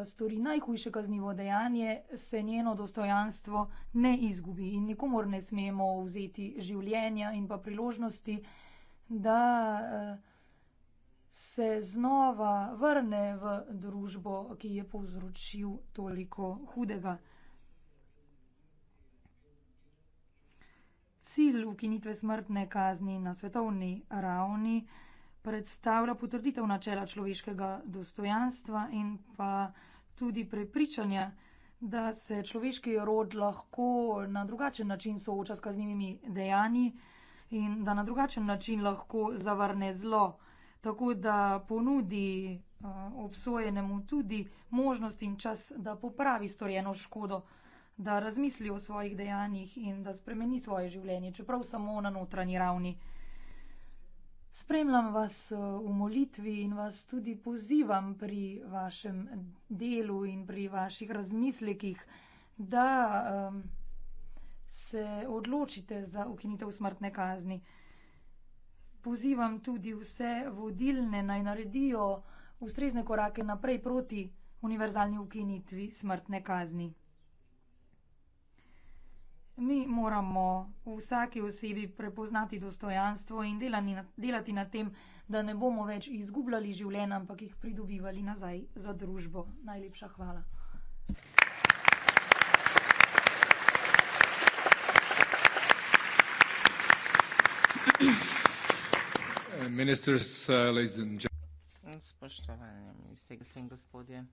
eh, stori najhujše kaznivo dejanje, se njeno dostojanstvo ne izgubi in nikomor ne smemo vzeti življenja in pa priložnosti, da eh, se znova vrne v družbo, ki je povzročil toliko hudega. cilj ukinitve smrtne kazni na svetovni ravni predstavlja potrditev načela človeškega dostojanstva in pa tudi prepričanje, da se človeški rod lahko na drugačen način sooča s kaznjivimi dejanji in da na drugačen način lahko zavrne zlo, tako da ponudi eh, obsojenemu tudi možnost in čas, da popravi storjeno škodo da razmisli o svojih dejanjih in da spremeni svoje življenje, čeprav samo na notranji ravni. Spremljam vas eh, v molitvi in vas tudi pozivam pri vašem delu in pri vaših razmislekih, da um, se odločite za ukinitev smrtne kazni. Pozivam tudi vse vodilne naj naredijo ustrezne korake naprej proti univerzalni ukinitvi smrtne kazni. Mi moramo v vsaki osebi prepoznati dostojanstvo in delani, delati na tem, da ne bomo več izgubljali življenja, ampak jih pridobivali nazaj za družbo. Najlepša hvala. Uh, Spoštovani ministri, gospe in gospodje,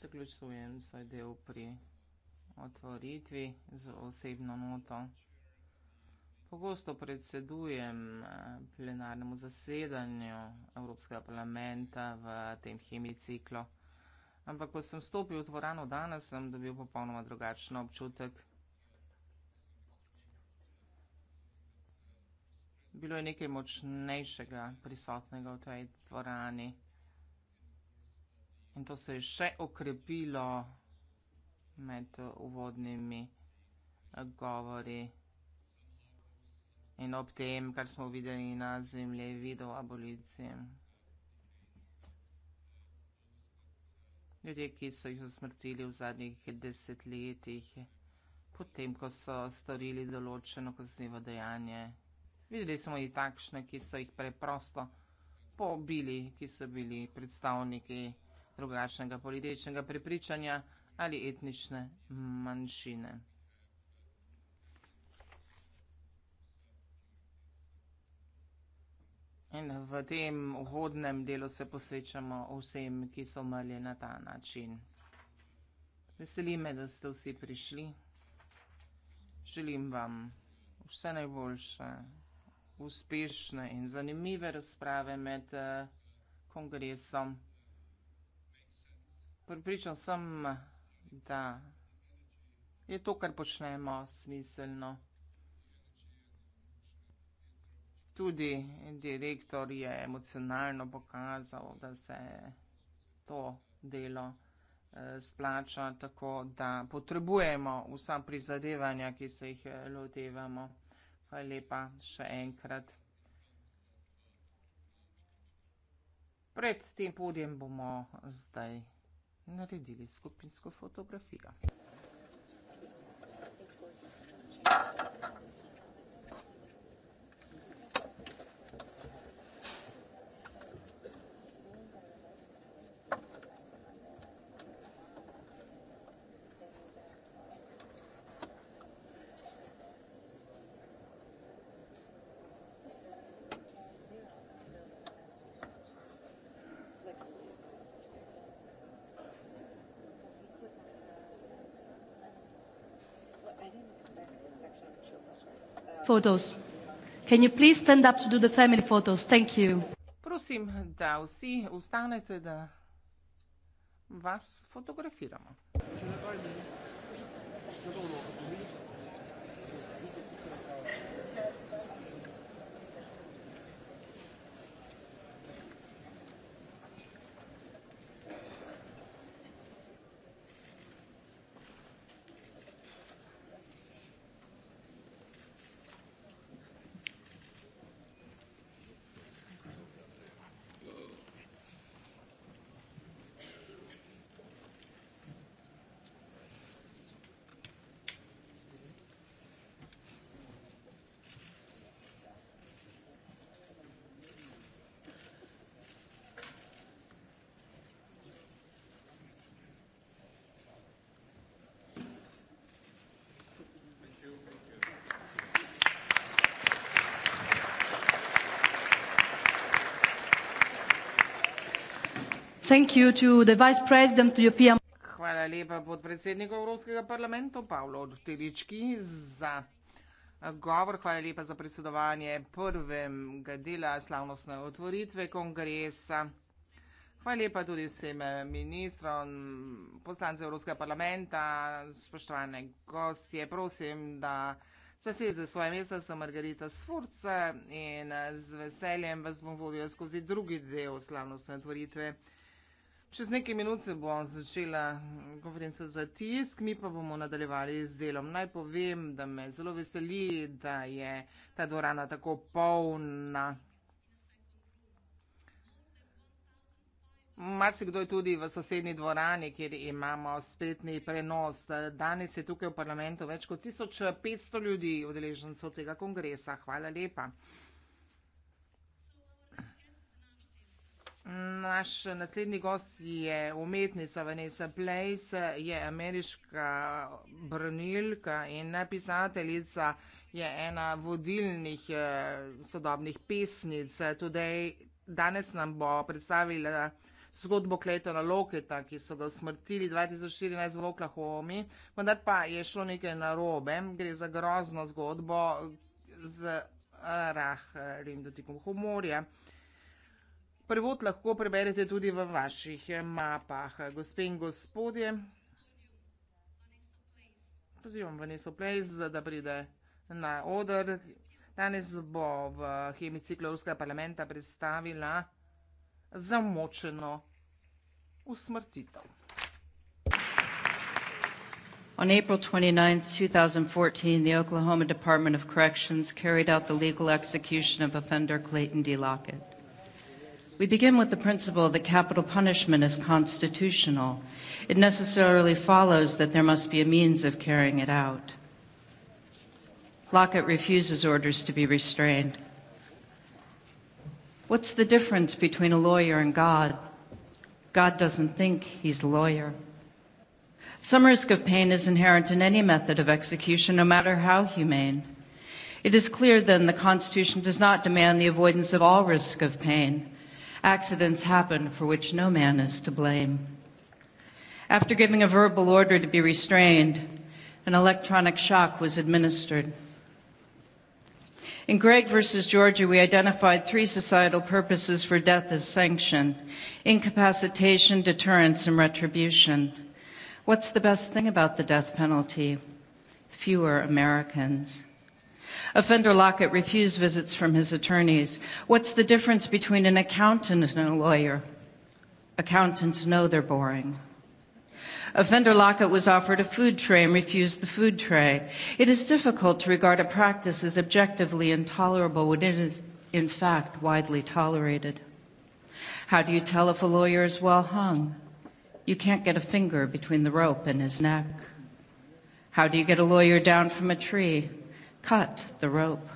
zaključujem svoj del pri otvoritvi z osebno noto. Pogosto predsedujem eh, plenarnemu zasedanju Evropskega parlamenta v tem hemiciklu. Ampak, ko sem stopil v dvorano danes, sem dobil popolnoma drugačen občutek. Bilo je nekaj močnejšega prisotnega v tej dvorani. In to se je še okrepilo med uvodnimi govori. In ob tem, kar smo videli na zemlji, videl abolicije. Ljudje, ki so jih usmrtili v zadnjih desetletjih, potem, ko so storili določeno kaznivo dejanje. Videli smo jih takšne, ki so jih preprosto pobili, ki so bili predstavniki drugačnega političnega prepričanja ali etnične manjšine. In v tem uhodnem delu se posvečamo vsem, ki so umrli na ta način. Veseli me, da ste vsi prišli. Želim vam vse najboljše, uspešne in zanimive razprave med eh, kongresom. Pripričal sem, da je vse najboljše, da je to, kar počnemo, smiselno. Tudi direktor je emocionalno pokazal, da se to delo eh, splača, tako da potrebujemo vsa prizadevanja, ki se jih eh, lotevamo. Hvala lepa še enkrat. Pred tem podjem bomo zdaj naredili skupinsko fotografijo. photos. Can you please stand up to do the family photos? Thank you. Prosim, da vsi ustanete, da vas fotografiramo. Če ne pa je, da je to dobro, da je to dobro. Thank you to the Vice President to European Hvala lepa podpredsedniku Evropskega parlamenta Pavlo Ortelički za govor. Hvala lepa za predsedovanje prvega dela slavnostne otvoritve kongresa. Hvala lepa tudi vsem ministrom, poslancem Evropskega parlamenta, spoštovane gostje. Prosim, da se sedete v svoje mesto, sem Margarita Sforca in z veseljem vas bom vodila skozi drugi del slavnostne otvoritve. Čez nekaj minut se bo začela konferenca za tisk, mi pa bomo nadaljevali z delom. Naj povem, da me zelo veseli, da je ta dvorana tako polna. Mar se kdo je tudi v sosednji dvorani, kjer imamo spletni prenos. Danes je tukaj v parlamentu več kot 1500 ljudi, odeležencev tega kongresa. Hvala lepa. Naš naslednji gost je umetnica Vanessa Place, je ameriška brnilka in napisateljica, je ena vodilnih eh, sodobnih pesnic. Today, danes nam bo predstavila zgodbo Kletona Loketa, ki so ga smrtili 2014 v Oklahomi, vendar pa je šlo nekaj narobe, gre za grozno zgodbo z eh, rahlim dotikom humorja. Prevod lahko preberete tudi v vaših eh, mapah. Gospe in gospodje, pozivam Vanessa Place, da pride na odr. Danes bo v hemiciklu Ruskega parlamenta predstavila zamočeno usmrtitev. On April 29, 2014, the Oklahoma Department of Corrections carried out the legal execution of offender Clayton D. Lockett. We begin with the principle that capital punishment is constitutional. It necessarily follows that there must be a means of carrying it out. Lockett refuses orders to be restrained. What's the difference between a lawyer and God? God doesn't think he's a lawyer. Some risk of pain is inherent in any method of execution, no matter how humane. It is clear, then, the Constitution does not demand the avoidance of all risk of pain. Accidents happen for which no man is to blame. After giving a verbal order to be restrained, an electronic shock was administered. In Greg versus Georgia, we identified three societal purposes for death as sanction incapacitation, deterrence, and retribution. What's the best thing about the death penalty? Fewer Americans. Offender Lockett refused visits from his attorneys. What's the difference between an accountant and a lawyer? Accountants know they're boring. Offender Lockett was offered a food tray and refused the food tray. It is difficult to regard a practice as objectively intolerable when it is, in fact, widely tolerated. How do you tell if a lawyer is well hung? You can't get a finger between the rope and his neck. How do you get a lawyer down from a tree? cut the rope.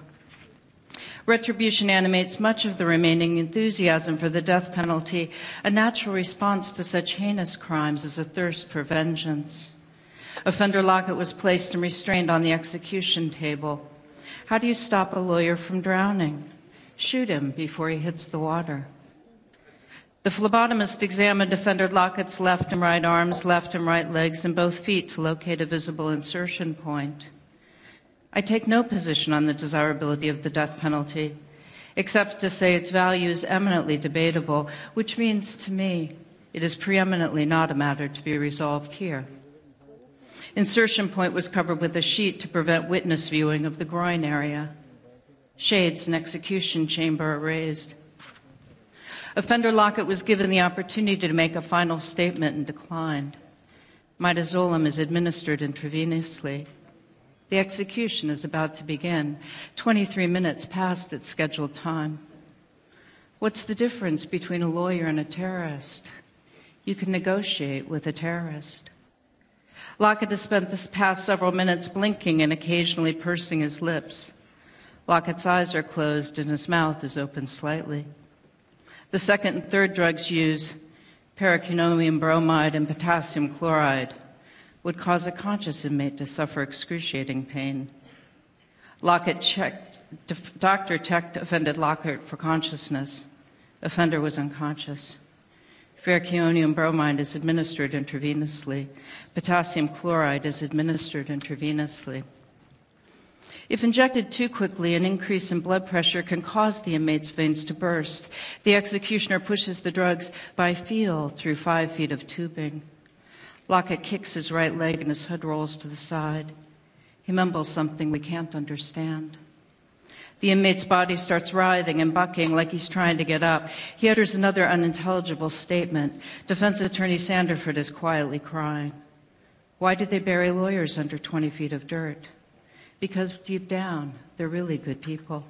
Retribution animates much of the remaining enthusiasm for the death penalty, a natural response to such heinous crimes as a thirst for vengeance. Offender Lockett was placed and restrained on the execution table. How do you stop a lawyer from drowning? Shoot him before he hits the water. The phlebotomist examined Offender Lockett's left and right arms, left and right legs, and both feet to locate a visible insertion point. I take no position on the desirability of the death penalty, except to say its value is eminently debatable, which means to me it is preeminently not a matter to be resolved here. Insertion point was covered with a sheet to prevent witness viewing of the groin area. Shades and execution chamber are raised. Offender Lockett was given the opportunity to make a final statement and declined. Midazolam is administered intravenously. The execution is about to begin, 23 minutes past its scheduled time. What's the difference between a lawyer and a terrorist? You can negotiate with a terrorist. Lockett has spent this past several minutes blinking and occasionally pursing his lips. Lockett's eyes are closed and his mouth is open slightly. The second and third drugs use paraquinomium bromide and potassium chloride would cause a conscious inmate to suffer excruciating pain. Lockett checked, Dr. checked offended Lockett for consciousness. Offender was unconscious. Ferrocheonium bromide is administered intravenously. Potassium chloride is administered intravenously. If injected too quickly, an increase in blood pressure can cause the inmate's veins to burst. The executioner pushes the drugs by feel through five feet of tubing. Locke kicks his right leg and his hood rolls to the side. He mumbles something we can't understand. The inmate's body starts writhing and bucking like he's trying to get up. He utters another unintelligible statement. Defense attorney Sanderford is quietly crying. Why do they bury lawyers under 20 feet of dirt? Because deep down, they're really good people.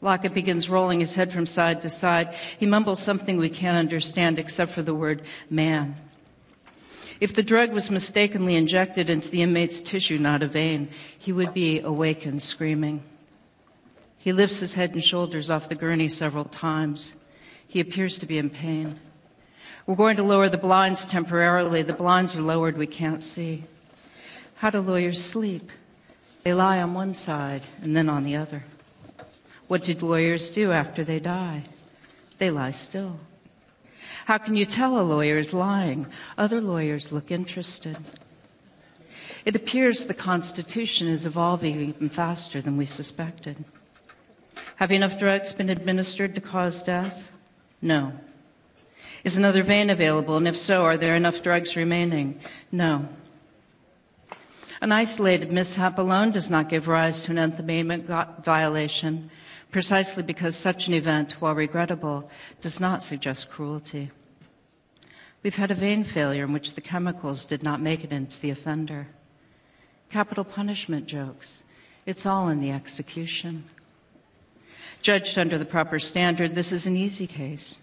Lockett begins rolling his head from side to side. He mumbles something we can't understand except for the word man. If the drug was mistakenly injected into the inmate's tissue, not a vein, he would be awakened screaming. He lifts his head and shoulders off the gurney several times. He appears to be in pain. We're going to lower the blinds temporarily. The blinds are lowered, we can't see. How do lawyers sleep? They lie on one side and then on the other. What did lawyers do after they die? They lie still. How can you tell a lawyer is lying? Other lawyers look interested. It appears the Constitution is evolving even faster than we suspected. Have enough drugs been administered to cause death? No. Is another vein available? And if so, are there enough drugs remaining? No. An isolated mishap alone does not give rise to an Nth Amendment violation precisely because such an event, while regrettable, does not suggest cruelty. We've had a vein failure in which the chemicals did not make it into the offender. Capital punishment jokes, it's all in the execution. Judged under the proper standard, this is an easy case.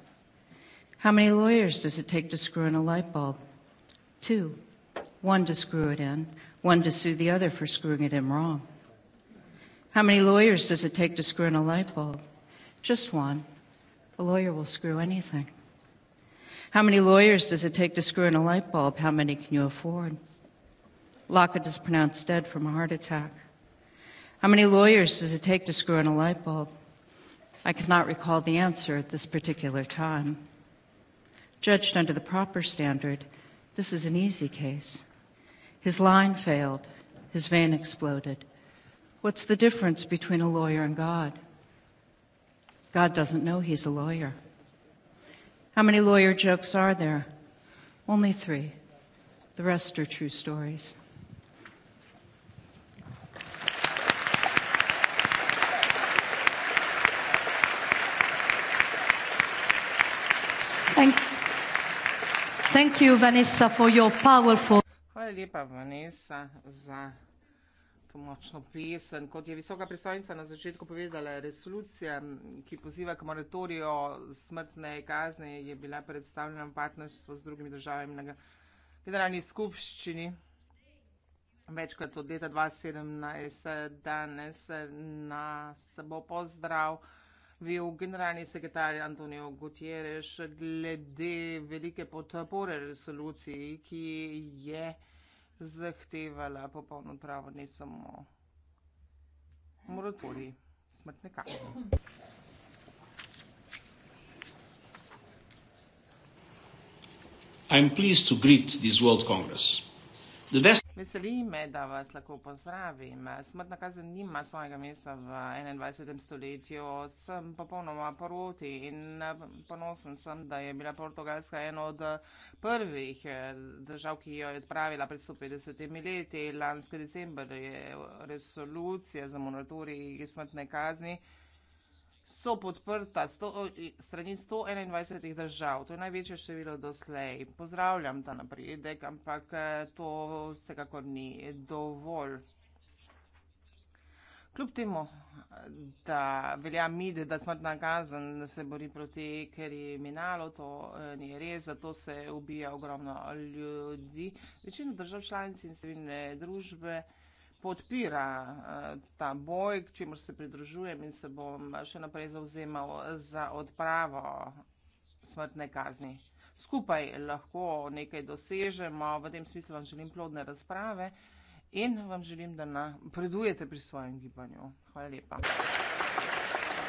How many lawyers does it take to screw in a light bulb? Two. One to screw it in, one to sue the other for screwing it in wrong. How many lawyers does it take to screw in a light bulb? Just one. A lawyer will screw anything. How many lawyers does it take to screw in a light bulb? How many can you afford? Lockett is pronounced dead from a heart attack. How many lawyers does it take to screw in a light bulb? I cannot recall the answer at this particular time. Judged under the proper standard, this is an easy case. His line failed, his vein exploded, What's the difference between a lawyer and God? God doesn't know he's a lawyer. How many lawyer jokes are there? Only three. The rest are true stories. Thank, thank you, Vanessa, for your powerful. Hvala lepa, Vanessa, za to močno pesem, kot je visoka predstavnica na začetku povedala, resolucija, ki poziva k moratoriju smrtne kazni, je bila predstavljena v partnerstvu z drugimi državami na generalni skupščini. Večkrat od leta 2017, danes nas bo pozdrav. Vil generalni sekretar Antonijo Gutierrez glede velike podpore resoluciji, ki je zahtevala popolno pravo, ne samo moratorij smrtne kazni. I am pleased to greet this World Congress. The Veseli me, da vas lahko pozdravim. Smrtna kazen nima svojega mesta v 21. stoletju. Sem popolnoma proti in ponosen sem, da je bila Portugalska ena od prvih držav, ki jo je odpravila pred 150 leti. Lanski december je resolucija za monitoring smrtne kazni so podprta sto, strani 121 držav, to je največje število doslej. Pozdravljam ta napredek, ampak eh, to vsekakor ni dovolj. Kljub temu, da velja mid, da smrtna kazen se bori proti kriminalu, to eh, ni res, zato se ubija ogromno ljudi. Večina držav članic in civilne družbe podpira eh, ta boj, k čemu se pridružujem in se bom še naprej zauzemal za odpravo smrtne kazni. Skupaj lahko nekaj dosežemo, v tem smislu vam želim plodne razprave in vam želim, da napredujete pri svojem gibanju. Hvala lepa.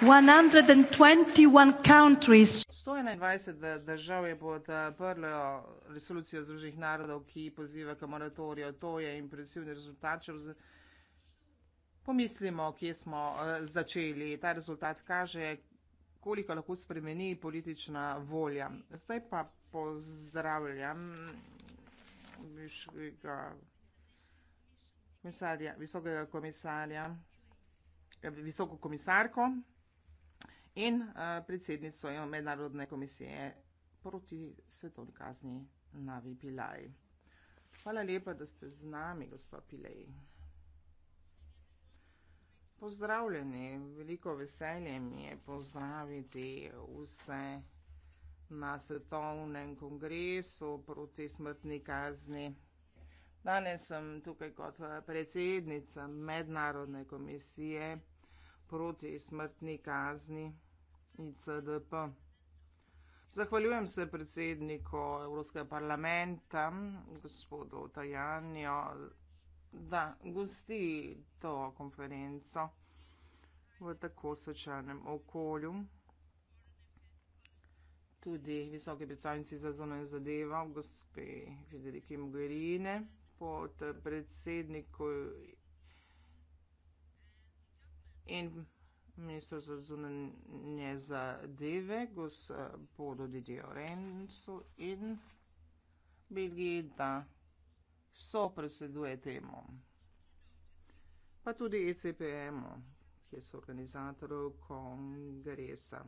121 eh, držav je podprlo eh, resolucijo Združenih narodov, ki poziva k moratoriju. To je impresivni rezultat. Pomislimo, kje smo eh, začeli. Ta rezultat kaže, koliko lahko spremeni politična volja. Zdaj pa pozdravljam višjega komisarja, visokega komisarja, visoko komisarko in eh, predsednico Mednarodne komisije proti svetovni kazni Navi Pilaj. Hvala lepa, da ste z nami, gospa Pilej. Pozdravljeni, veliko veselje mi je pozdraviti vse na svetovnem kongresu proti smrtni kazni. Danes sem tukaj kot eh, predsednica Mednarodne komisije proti smrtni kazni ICDP. Zahvaljujem se predsedniku Evropskega parlamenta, gospodu Tajanju, da gosti to konferenco v tako svečanem okolju. Tudi visoki predstavnici za zunanje zadeve, gospe Federiki Mogherini, pod predsednikom in ministr za zunanje zadeve, gos Bodo Didio Renzo in Belgiji, da so predseduje temu. Pa tudi ECPM-u, ki so organizatorju kongresa.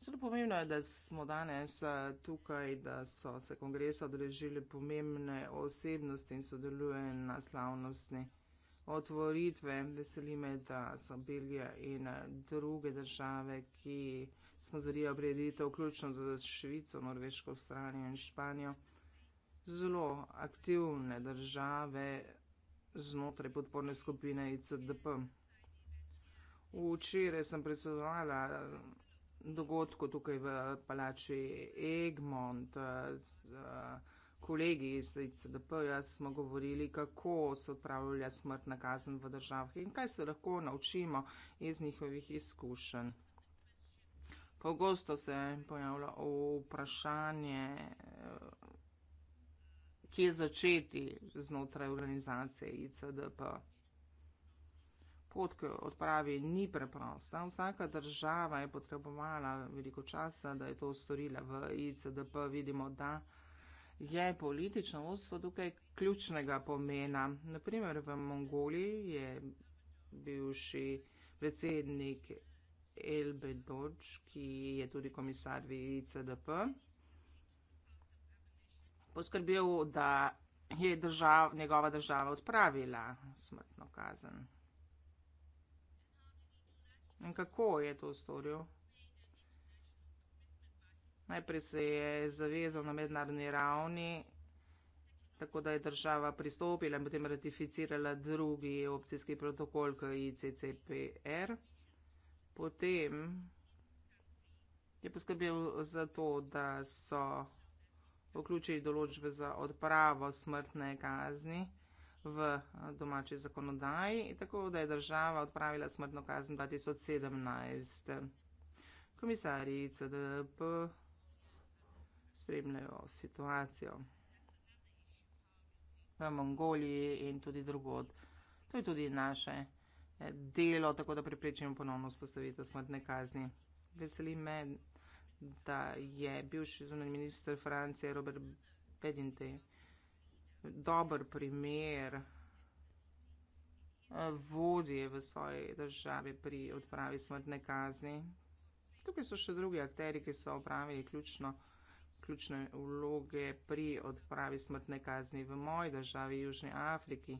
Zelo pomembno je, da smo danes tukaj, da so se kongresa odrežili pomembne osebnosti in sodelujejo na slavnostni otvoritve. Veseli me, da so Belgija in druge države, ki smo zarijo preditev, vključno z Švico, Norveško, Avstralijo in Španijo, zelo aktivne države znotraj podporne skupine ICDP. Včeraj sem predsedovala dogodku tukaj v palači Egmont. Z, z, kolegi iz CDP-ja smo govorili, kako se odpravlja smrtna kazen v državah in kaj se lahko naučimo iz njihovih izkušenj. Pogosto se pojavlja vprašanje, eh, kje začeti znotraj organizacije ICDP. Pot k odpravi ni preprosta. Vsaka država je potrebovala veliko časa, da je to storila. V ICDP vidimo, da je politično vodstvo tukaj ključnega pomena. Naprimer, v Mongoliji je bivši predsednik Elbedoč, ki je tudi komisar v ICDP, poskrbel, da je držav, njegova država odpravila smrtno kazen. In kako je to storil? Najprej se je zavezal na mednarodni ravni, tako da je država pristopila in potem ratificirala drugi opcijski protokol k ICCPR. Potem je poskrbel za to, da so vključili določbe za odpravo smrtne kazni v domači zakonodaji, tako da je država odpravila smrtno kazen 2017. Komisarji CDP spremljajo situacijo v Mongoliji in tudi drugod. To je tudi naše eh, delo, tako da preprečimo ponovno spostavitev smrtne kazni. Veseli me, da je bivši zunanji minister Francije Robert Bedinte dober primer eh, vodje v svoji državi pri odpravi smrtne kazni. Tukaj so še drugi akteri, ki so opravili ključno ključne vloge pri odpravi smrtne kazni v moji državi, Južni Afriki.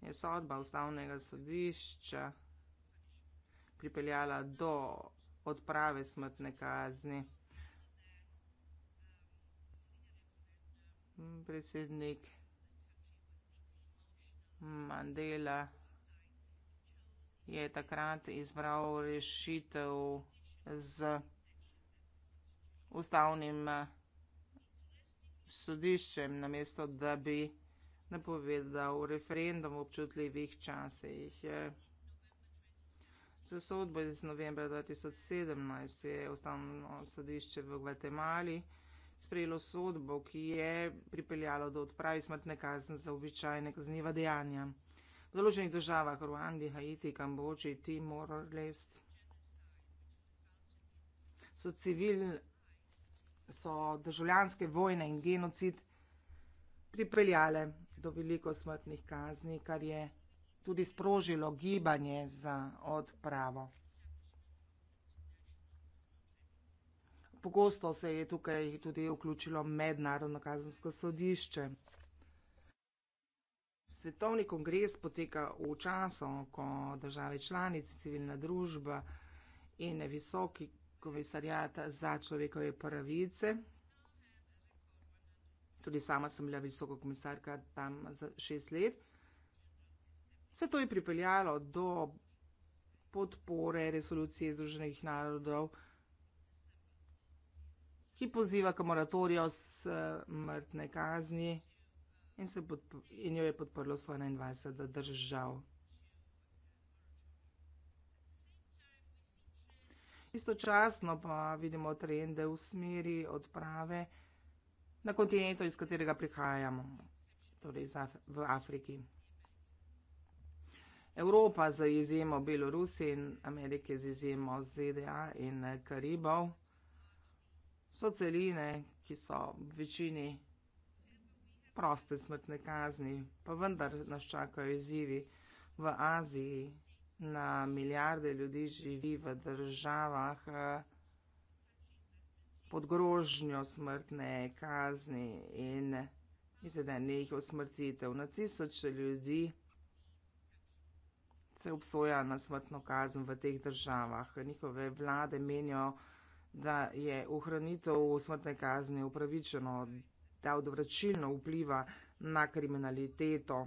Je sodba ustavnega sodišča pripeljala do odprave smrtne kazni. Predsednik Mandela je takrat izbral rešitev z ustavnim eh, sodiščem, namesto da bi napovedal referendum v občutljivih časih. Za sodbo iz novembra 2017 je ustavno sodišče v Gvatemali sprejelo sodbo, ki je pripeljalo do odpravi smrtne kazni za običajne kazniva dejanja. V določenih državah, Ruandi, Haiti, Kambodži, Timor, Lest, so civilni so državljanske vojne in genocid pripeljale do veliko smrtnih kazni, kar je tudi sprožilo gibanje za odpravo. Pogosto se je tukaj tudi vključilo mednarodno kazensko sodišče. Svetovni kongres poteka v času, ko države članice, civilna družba in visoki komisarjata za človekove pravice. Tudi sama sem bila visoko komisarka tam za šest let. Vse to je pripeljalo do podpore resolucije Združenih narodov, ki poziva k moratoriju smrtne eh, kazni in, se podp in jo je podprlo 121 držav. istočasno pa vidimo trende v smeri odprave na kontinentu, iz katerega prihajamo, torej Af v Afriki. Evropa z izjemo Belorusi in Amerike z izjemo ZDA in Karibov so celine, ki so v večini proste smrtne kazni, pa vendar nas čakajo izzivi v Aziji, na milijarde ljudi živi v državah eh, pod grožnjo smrtne kazni in izvedenih usmrtitev. Na tisoče ljudi se obsoja na smrtno kazen v teh državah. Njihove vlade menijo, da je ohranitev smrtne kazni upravičeno, da odvračilno vpliva na kriminaliteto.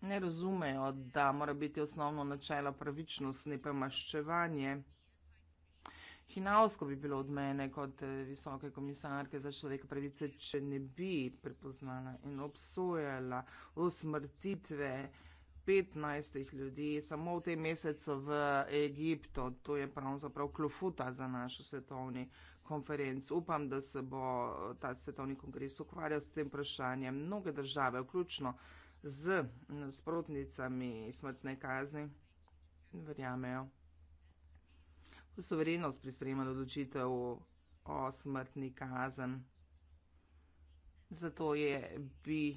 ne razumejo, da mora biti osnovno načelo pravičnost, ne pa maščevanje. Hinavsko bi bilo od mene kot eh, visoke komisarke za človeka pravice, če ne bi prepoznala in obsojala usmrtitve 15 ljudi samo v tem mesecu v Egiptu. To je pravzaprav klofuta za naš svetovni konferenc. Upam, da se bo ta svetovni kongres ukvarjal s tem vprašanjem. Mnoge države, vključno z sprotnicami smrtne kazni, verjamejo v soverenost pri sprejemanju odločitev o smrtni kazen. Zato je bi eh,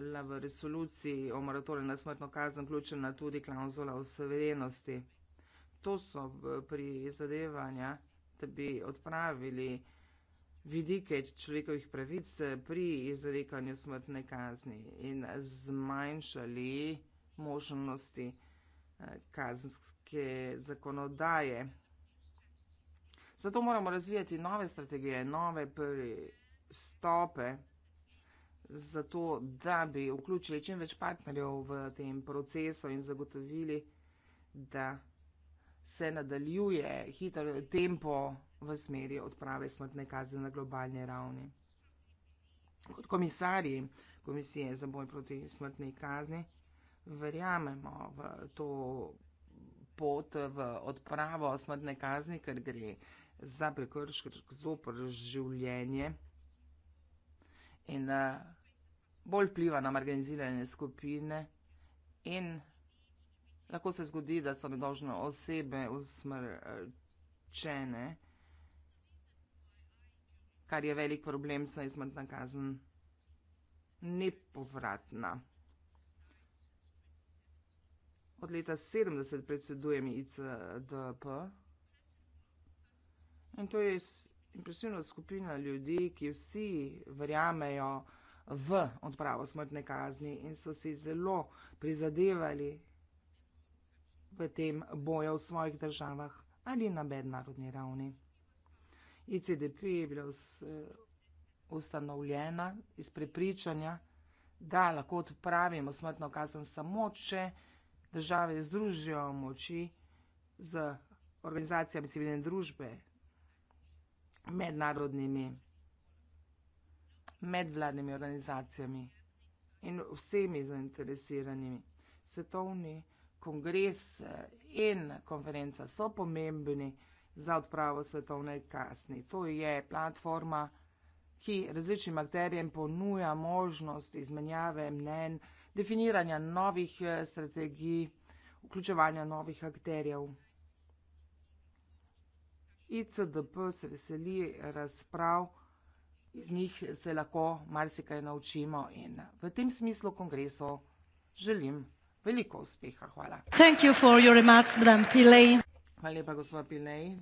la v resoluciji o moratoriju na smrtno kazen vključena tudi klauzula o soverenosti. To so eh, pri zadevanja, da bi odpravili vidike človekovih pravic pri izrekanju smrtne kazni in zmanjšali možnosti eh, kazenske zakonodaje. Zato moramo razvijati nove strategije, nove pristope, zato da bi vključili čim več partnerjev v tem procesu in zagotovili, da se nadaljuje hitro tempo v smeri odprave smrtne kazni na globalni ravni. Kot komisarji Komisije za boj proti smrtni kazni verjamemo v to pot v odpravo smrtne kazni, ker gre za prekršek zopr življenje in eh, bolj vpliva na marginalizirane skupine in lahko se zgodi, da so nedožne osebe usmrčene kar je velik problem, saj smrtna kazen ni povratna. Od leta 70 predsedujem ICDP in to je impresivna skupina ljudi, ki vsi verjamejo v odpravo smrtne kazni in so si zelo prizadevali v tem boju v svojih državah ali na mednarodni ravni. ICDP je bila eh, ustanovljena iz prepričanja, da lahko odpravimo smrtno kazen samo, če države združijo moči z organizacijami civilne družbe, mednarodnimi, medvladnimi organizacijami in vsemi zainteresiranimi. Svetovni kongres eh, in konferenca so pomembni za odpravo svetovne kasni. To je platforma, ki različnim akterjem ponuja možnost izmenjave mnen, definiranja novih eh, strategij, vključevanja novih akterjev. ICDP se veseli razprav, iz njih se lahko marsikaj naučimo in v tem smislu kongresu želim veliko uspeha. Hvala. Hvala lepa, gospod Pilej.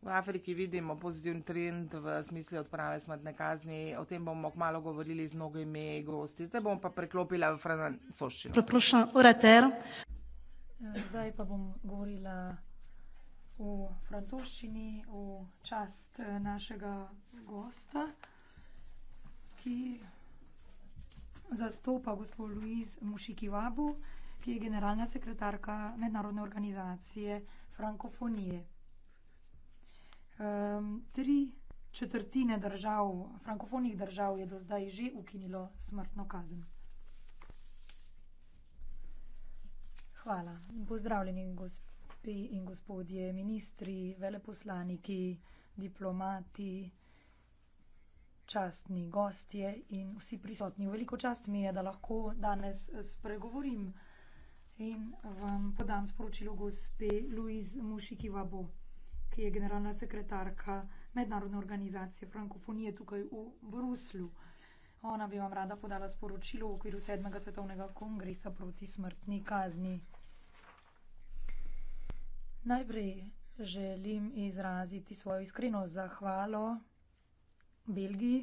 V Afriki vidimo pozitivni trend v smislu odprave smrtne kazni. O tem bomo kmalo govorili z mnogimi gosti. Zdaj bom pa preklopila v francoščino. Zdaj pa bom govorila v francoščini v čast eh, našega gosta, ki zastopa gospod Luiz Mušikivabu. Uh, ki je generalna sekretarka mednarodne organizacije Frankofonije. Um, tri četrtine držav, frankofonih držav je do zdaj že ukinilo smrtno kazen. Hvala. Pozdravljeni gospe in gospodje, ministri, veleposlaniki, diplomati, častni gostje in vsi prisotni. Veliko čast mi je, da lahko danes spregovorim in vam podam sporočilo gospe Louise Mušikivabo, ki je generalna sekretarka mednarodne organizacije Frankofonije tukaj v Bruslju. Ona bi vam rada podala sporočilo v okviru 7. svetovnega kongresa proti smrtni kazni. Najprej želim izraziti svojo iskreno zahvalo Belgiji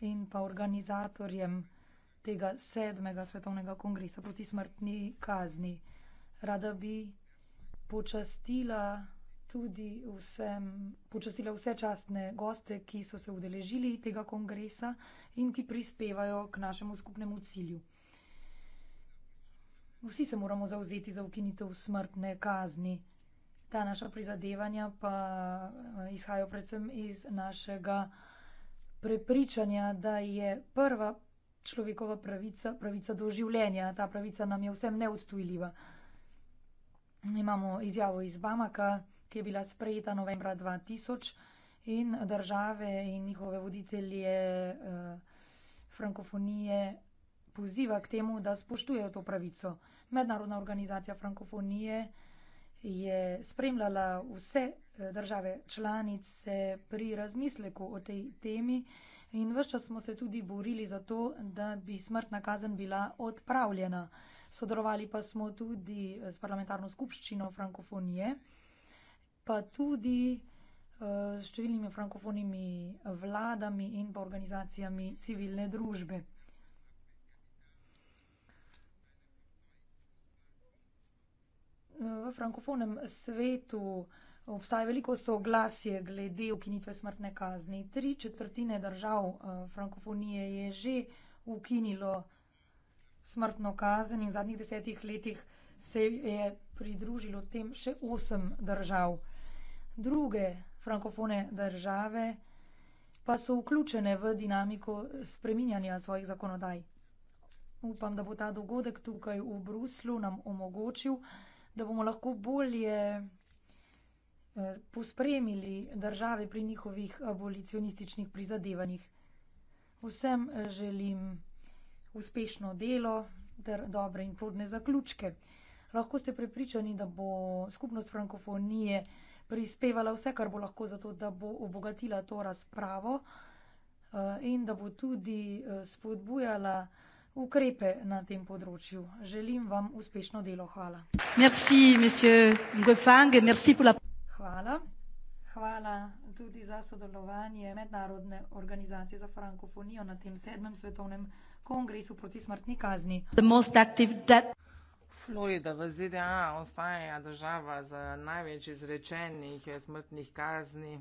in pa organizatorjem tega sedmega svetovnega kongresa proti smrtni kazni. Rada bi počastila tudi vsem, počastila vse častne goste, ki so se udeležili tega kongresa in ki prispevajo k našemu skupnemu cilju. Vsi se moramo zauzeti za ukinitev smrtne kazni. Ta naša prizadevanja pa eh, izhajajo predvsem iz našega prepričanja, da je prva človekova pravica, pravica do življenja. Ta pravica nam je vsem neodtujljiva. Imamo izjavo iz Bamaka, ki je bila sprejeta novembra 2000 in države in njihove voditelje eh, frankofonije poziva k temu, da spoštujejo to pravico. Mednarodna organizacija frankofonije je spremljala vse eh, države članice pri razmisleku o tej temi in vse čas smo se tudi borili za to, da bi smrtna kazen bila odpravljena. Sodelovali pa smo tudi eh, s parlamentarno skupščino Frankofonije, pa tudi eh, s številnimi frankofonimi vladami in pa organizacijami civilne družbe. V frankofonem svetu Obstaja veliko soglasje glede ukinitve smrtne kazni. Tri četrtine držav uh, frankofonije je že ukinilo smrtno kazen in v zadnjih desetih letih se je pridružilo tem še osem držav. Druge frankofone države pa so vključene v dinamiko spreminjanja svojih zakonodaj. Upam, da bo ta dogodek tukaj v Bruslu nam omogočil, da bomo lahko bolje pospremili države pri njihovih abolicionističnih prizadevanjih. Vsem eh, želim uspešno delo ter dobre in plodne zaključke. Lahko ste prepričani, da bo skupnost frankofonije prispevala vse, kar bo lahko za to, da bo obogatila to razpravo eh, in da bo tudi eh, spodbujala ukrepe na tem področju. Želim vam uspešno delo. Hvala. Merci, hvala. Hvala tudi za sodelovanje Mednarodne organizacije za frankofonijo na tem sedmem svetovnem kongresu proti smrtni kazni. Florida v ZDA ostaja država z največ izrečenih smrtnih kazni.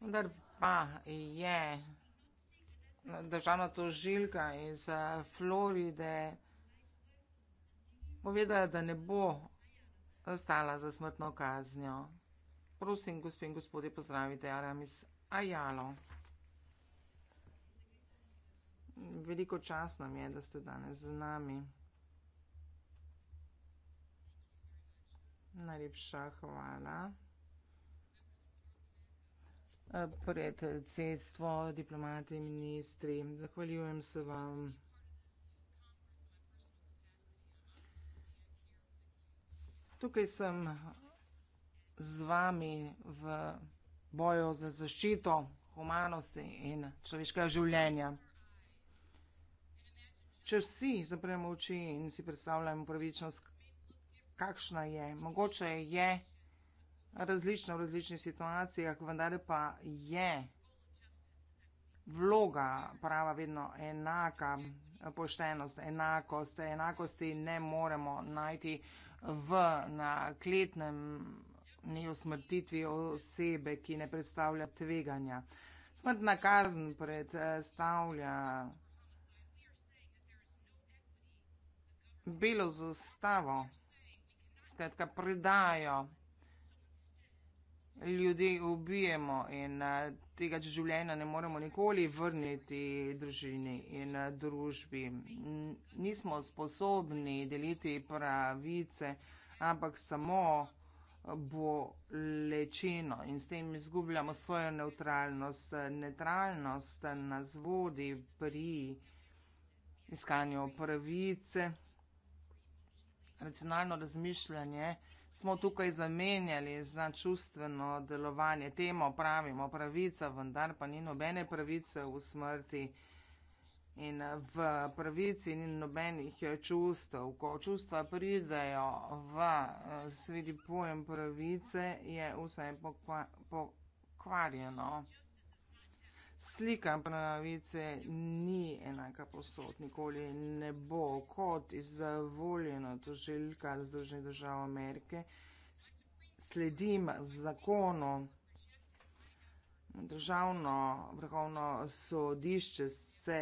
Vendar pa je državna tožilka iz Floride povedala, da ne bo stala za smrtno kaznjo. Prosim, gospe in gospodje, pozdravite Aramis Ajalo. Veliko čas nam je, da ste danes z nami. Najlepša hvala. Predsedstvo, diplomati, ministri, zahvaljujem se vam. Tukaj sem z vami v boju za zaščito humanosti in človeškega življenja. Če vsi zapremo oči in si predstavljamo pravičnost, kakšna je, mogoče je različna v različnih situacijah, vendar pa je vloga prava vedno enaka, poštenost, enakost, enakosti ne moremo najti v nakletnem ne usmrtitvi osebe, ki ne predstavlja tveganja. Smrtna kazen predstavlja belo zastavo, skratka predajo. Ljudje ubijemo in tega življenja ne moremo nikoli vrniti družini in eh, družbi. Nismo sposobni deliti pravice, ampak samo eh, bolečino in s tem izgubljamo svojo neutralnost. Eh, neutralnost nas vodi pri iskanju pravice. Racionalno razmišljanje smo tukaj zamenjali za čustveno delovanje. Temo pravimo pravica, vendar pa ni nobene pravice v smrti. In v pravici ni nobenih čustev. Ko čustva pridejo v svedi pojem pravice, je vse pokvarjeno. Pa, slika pravice ni enaka posod, nikoli ne bo kot izvoljena tožilka Združenih držav Amerike. Sledim zakonu, državno vrhovno sodišče se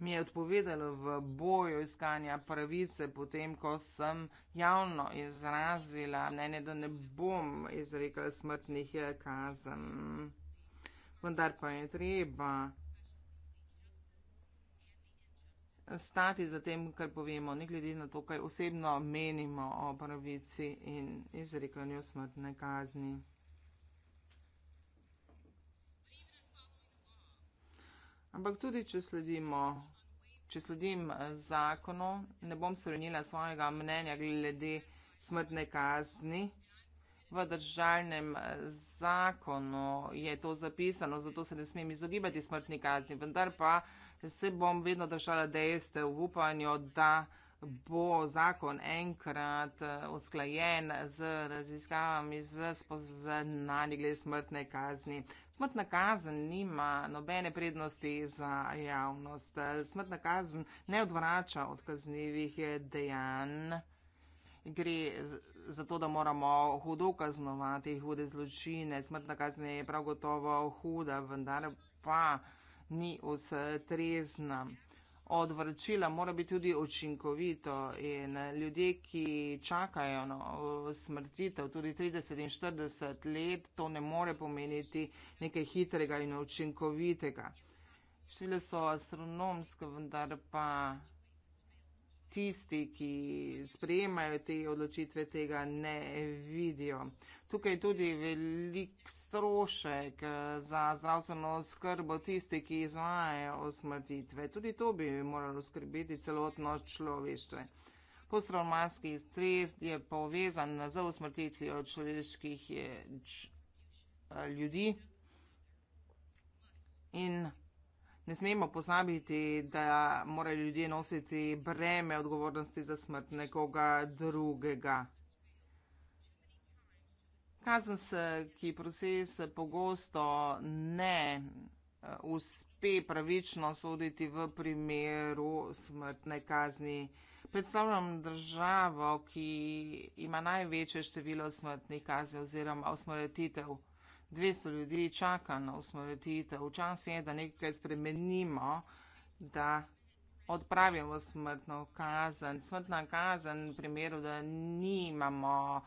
mi je odpovedalo v boju iskanja pravice, potem ko sem javno izrazila mnenje, da ne bom izrekla smrtnih eh, kazen. Vendar pa je treba stati za tem, kar povemo, ne glede na to, kaj osebno menimo o pravici in izrekanju smrtne kazni. Ampak tudi, če sledimo. Če sledim eh, zakonu, ne bom srnila svojega mnenja glede smrtne kazni. V državnem eh, zakonu je to zapisano, zato se ne smem izogibati smrtni kazni, vendar pa se bom vedno držala dejste v upanju, da bo zakon enkrat eh, usklajen z raziskavami, z spoznanji glede smrtne kazni. Smrtna kazen nima nobene prednosti za javnost. Smrtna kazen ne odvrača od kaznjivih dejanj. Gre za to, da moramo hudo kaznovati hude zločine. Smrtna kazen je prav gotovo huda, vendar pa ni ustrezna od vračila mora biti tudi učinkovito in ljudje, ki čakajo na smrtitev tudi 30 in 40 let, to ne more pomeniti nekaj hitrega in učinkovitega. Številne so astronomske, vendar pa tisti, ki sprejemajo te odločitve, tega ne vidijo. Tukaj je tudi velik strošek eh, za zdravstveno skrbo tisti, ki izvajajo osmrtitve. Tudi to bi moralo skrbeti celotno človeštvo. Postravmarski stres je povezan z usmrtitvijo človeških eh, eh, ljudi in Ne smemo pozabiti, da morajo ljudje nositi breme odgovornosti za smrt nekoga drugega. Kazen se, ki proces pogosto ne eh, uspe pravično soditi v primeru smrtne kazni. Predstavljam državo, ki ima največje število smrtnih kazni oziroma osmrtitev. 200 ljudi čaka na usmrtitev. Včas je, da nekaj spremenimo, da odpravimo smrtno kazen. Smrtna kazen v primeru, da nimamo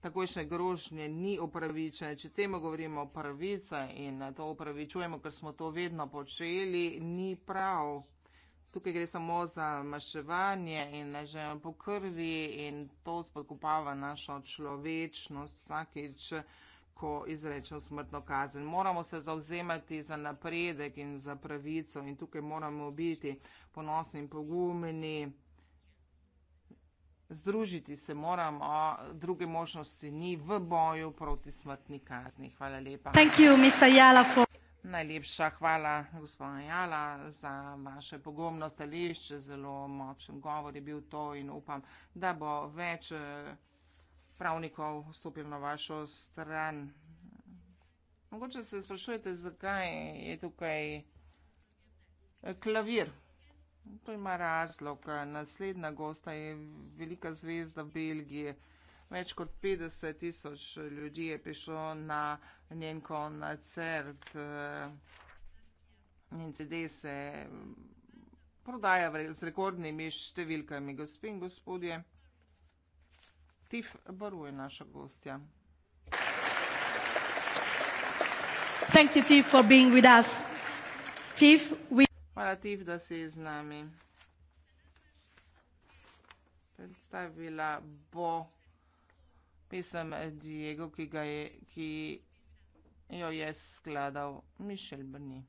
takojšnje grožnje, ni upravičena. Če temu govorimo pravica in to upravičujemo, ker smo to vedno počeli, ni prav. Tukaj gre samo za maševanje in že po krvi in to spodkupava našo človečnost vsakeč ko izrečem smrtno kazen. Moramo se zauzemati za napredek in za pravico in tukaj moramo biti ponosni in pogumni. Združiti se moramo, druge možnosti ni v boju proti smrtni kazni. Hvala lepa. You, for... Najlepša hvala, gospod Jala, za vaše pogumno stališče. Zelo močen govor je bil to in upam, da bo več. Eh, pravnikov stopil na vašo stran. Mogoče se sprašujete, zakaj je tukaj eh, klavir. To ima razlog. Naslednja gosta je velika zvezda Belgije. Več kot 50 tisoč ljudi je prišlo na njen koncert. Njen eh, CD se mm, prodaja z rekordnimi številkami. Gospod in gospodje. Stef Baru je naša gostja. Thank you, Tiff, for being with us. Tiff, we... Hvala, Tiff, da si z nami. Predstavila bo pisem Diego, ki, ga je, ki jo je skladal Mišel Brni.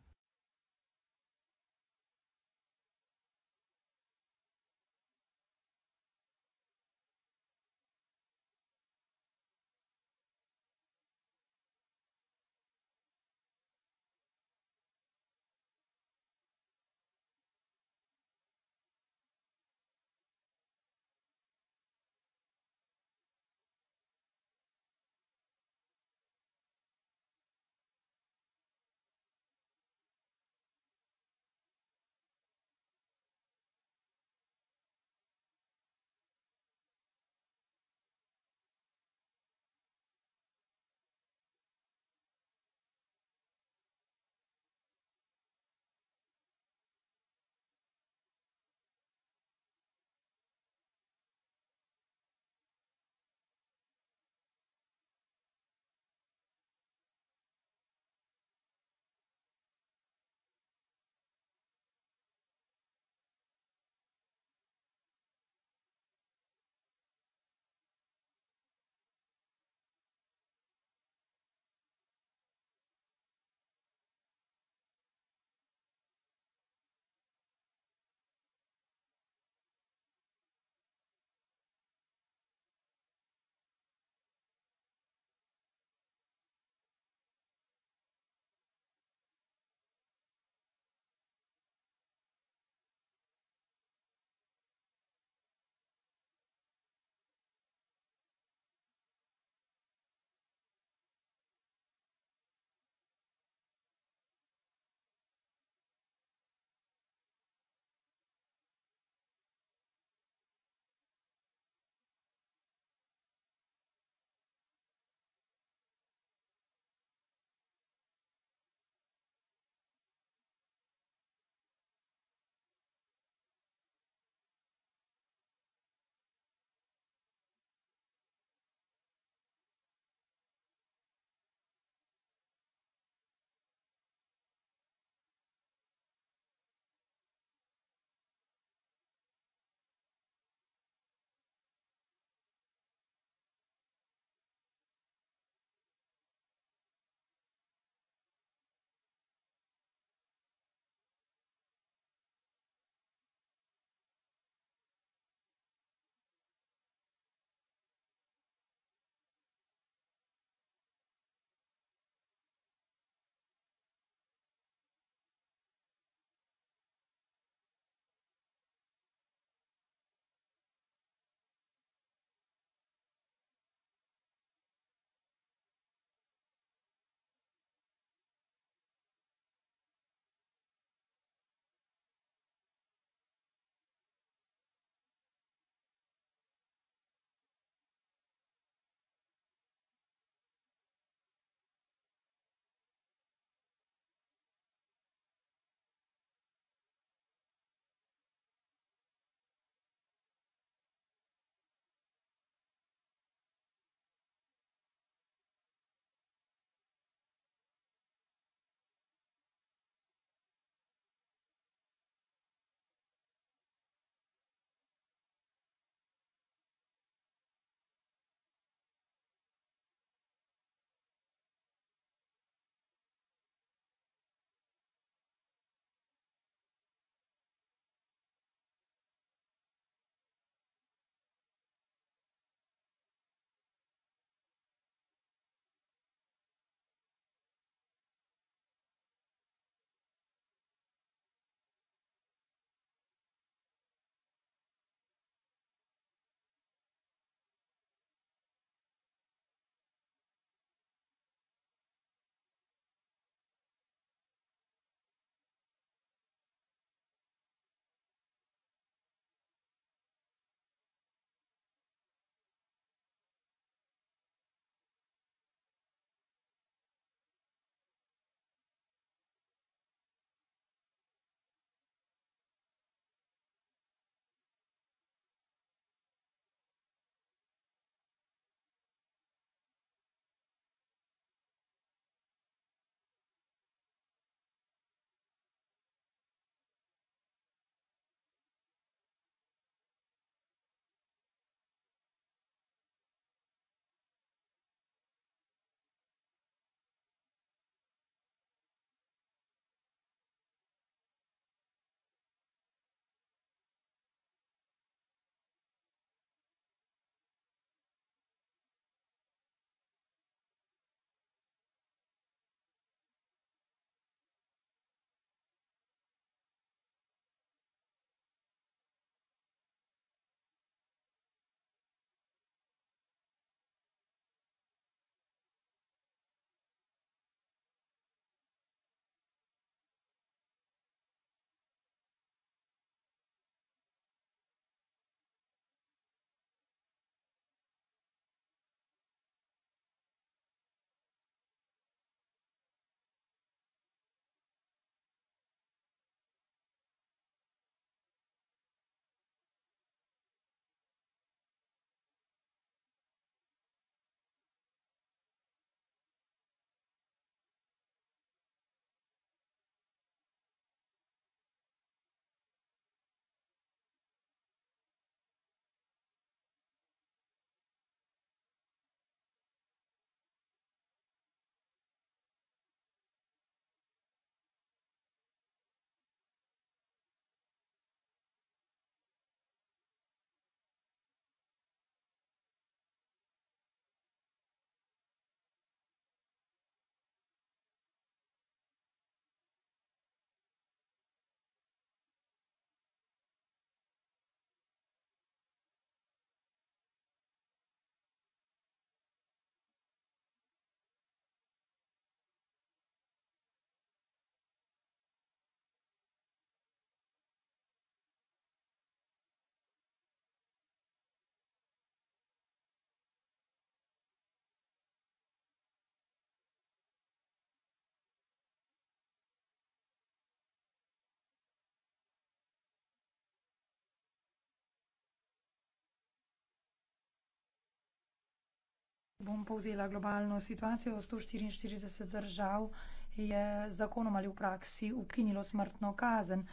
bom povzela globalno situacijo, 144 držav je zakonom ali v praksi ukinilo smrtno kazen,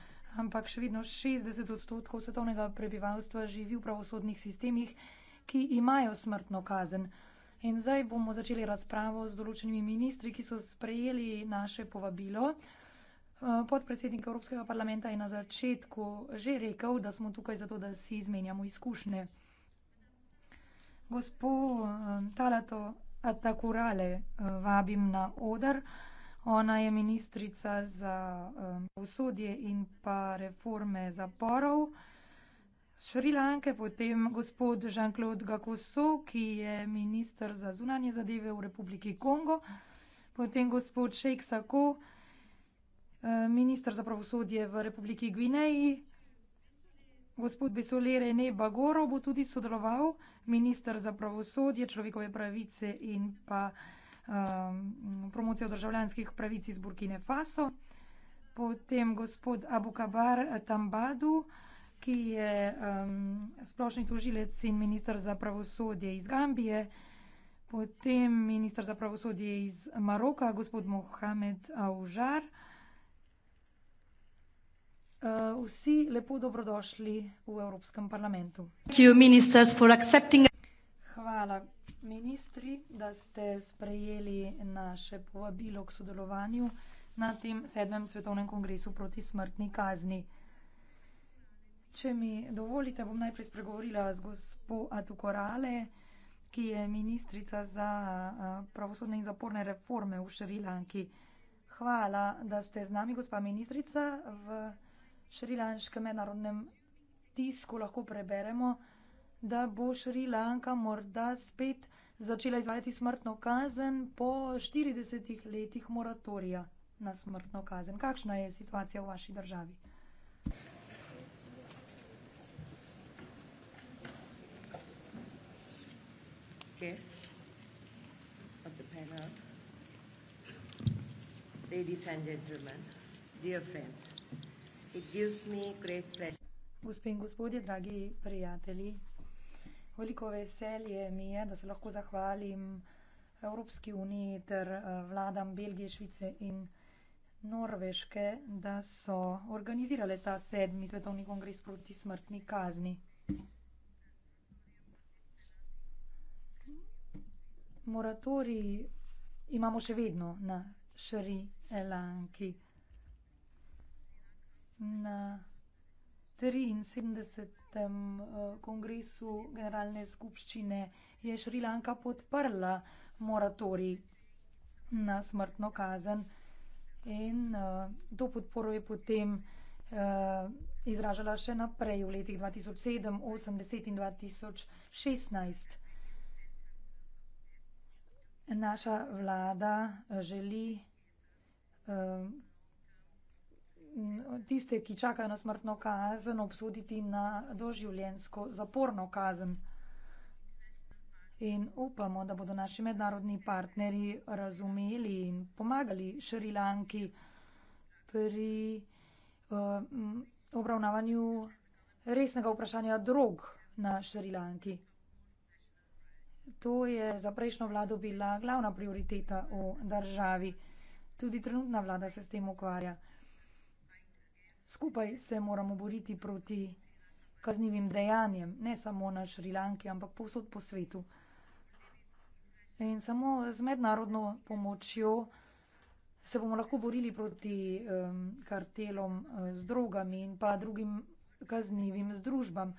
ampak še vedno 60 odstotkov svetovnega prebivalstva živi v pravosodnih sistemih, ki imajo smrtno kazen. In zdaj bomo začeli razpravo z določenimi ministri, ki so sprejeli naše povabilo. Podpredsednik Evropskega parlamenta je na začetku že rekel, da smo tukaj zato, da si izmenjamo izkušnje. Gospo eh, Talato Atakurale eh, vabim na odr. Ona je ministrica za eh, pravosodje in pa reforme zaporov. Šrilanke, potem gospod Jean-Claude Gakoso, ki je ministr za zunanje zadeve v Republiki Kongo, potem gospod Sheikh Sako, ministr za pravosodje v Republiki Gvineji, Gospod Besolere Ne Bagoro bo tudi sodeloval, ministr za pravosodje, človekove pravice in pa um, promocijo državljanskih pravic iz Burkine Faso. Potem gospod Abukabar Tambadu, ki je um, splošni tožilec in ministr za pravosodje iz Gambije. Potem ministr za pravosodje iz Maroka, gospod Mohamed Aužar. Uh, Eh, vsi lepo dobrodošli v Evropskem parlamentu. Hvala, ministri, da ste sprejeli naše povabilo k sodelovanju na tem sedmem svetovnem kongresu proti smrtni kazni. Če mi dovolite, bom najprej spregovorila z gospo Atukorale, ki je ministrica za eh, pravosodne in zaporne reforme v Šrilanki. Hvala, da ste z nami, gospa ministrica, v šrilanškem mednarodnem tisku lahko preberemo, da bo Šrilanka morda spet začela izvajati smrtno kazen po 40 letih moratorija na smrtno kazen. Kakšna je situacija v vaši državi? Of the panel, ladies and gentlemen, dear friends. Gospe in gospodje, dragi prijatelji, veliko veselje mi je, da se lahko zahvalim Evropski uniji ter eh, vladam Belgije, Švice in Norveške, da so organizirale ta sedmi svetovni kongres proti smrtni kazni. Moratori imamo še vedno na Šri Lanki na 73. Eh, kongresu generalne skupščine je Šrilanka podprla moratorij na smrtno kazen in uh, to podporo je potem uh, izražala še naprej v letih 2007, 2010 in 2016. Naša vlada želi uh, tiste, ki čakajo na smrtno kazen, obsoditi na doživljensko zaporno kazen. In upamo, da bodo naši mednarodni partnerji razumeli in pomagali Šrilanki pri uh, obravnavanju resnega vprašanja drog na Šrilanki. To je za prejšnjo vlado bila glavna prioriteta v državi. Tudi trenutna vlada se s tem ukvarja skupaj se moramo boriti proti kaznivim dejanjem, ne samo na Šrilanki, ampak povsod po svetu. In samo z mednarodno pomočjo se bomo lahko borili proti um, kartelom uh, z drogami in pa drugim kaznivim združbam.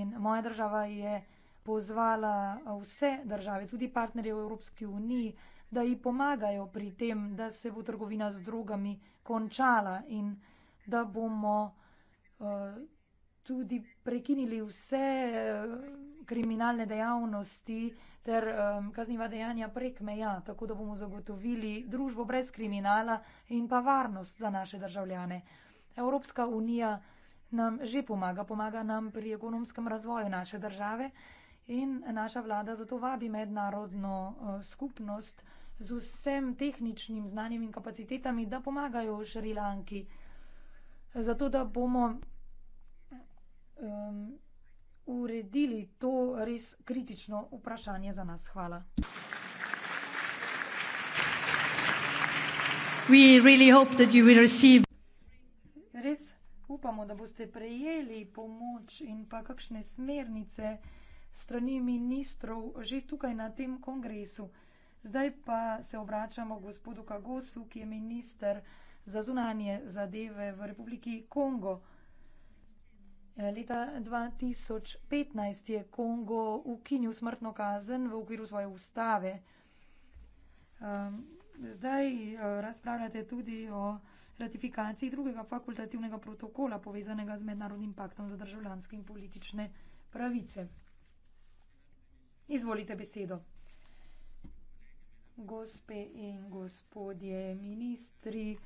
In moja država je pozvala vse države, tudi partnerje v Evropski uniji, da ji pomagajo pri tem, da se bo trgovina z drogami končala in da bomo eh, tudi prekinili vse eh, kriminalne dejavnosti ter eh, kazniva dejanja prek meja, tako da bomo zagotovili družbo brez kriminala in pa varnost za naše državljane. Evropska unija nam že pomaga, pomaga nam pri ekonomskem razvoju naše države in naša vlada zato vabi mednarodno skupnost z vsem tehničnim znanjem in kapacitetami, da pomagajo Šrilanki zato da bomo um, uredili to res kritično vprašanje za nas. Hvala. Really res upamo, da boste prejeli pomoč in pa kakšne smernice strani ministrov že tukaj na tem kongresu. Zdaj pa se obračamo gospodu Kagosu, ki je minister za zunanje zadeve v Republiki Kongo. Eh, leta 2015 je Kongo ukinil smrtno kazen v okviru svoje ustave. Ehm, zdaj eh, razpravljate tudi o ratifikaciji drugega fakultativnega protokola povezanega z mednarodnim paktom za državljanske in politične pravice. Izvolite besedo. Gospe in gospodje ministri,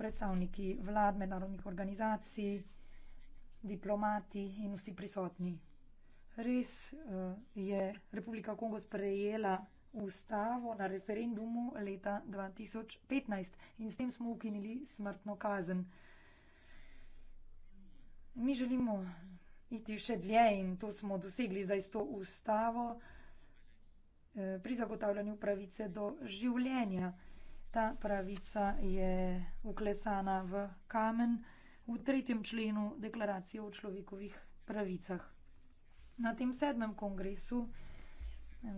predstavniki vlad, mednarodnih organizacij, diplomati in vsi prisotni. Res eh, je Republika Kongo sprejela ustavo na referendumu leta 2015 in s tem smo ukinili smrtno kazen. Mi želimo iti še dlje in to smo dosegli zdaj s to ustavo eh, pri zagotavljanju pravice do življenja. Ta pravica je uklesana v kamen v tretjem členu deklaracije o človekovih pravicah. Na tem sedmem kongresu,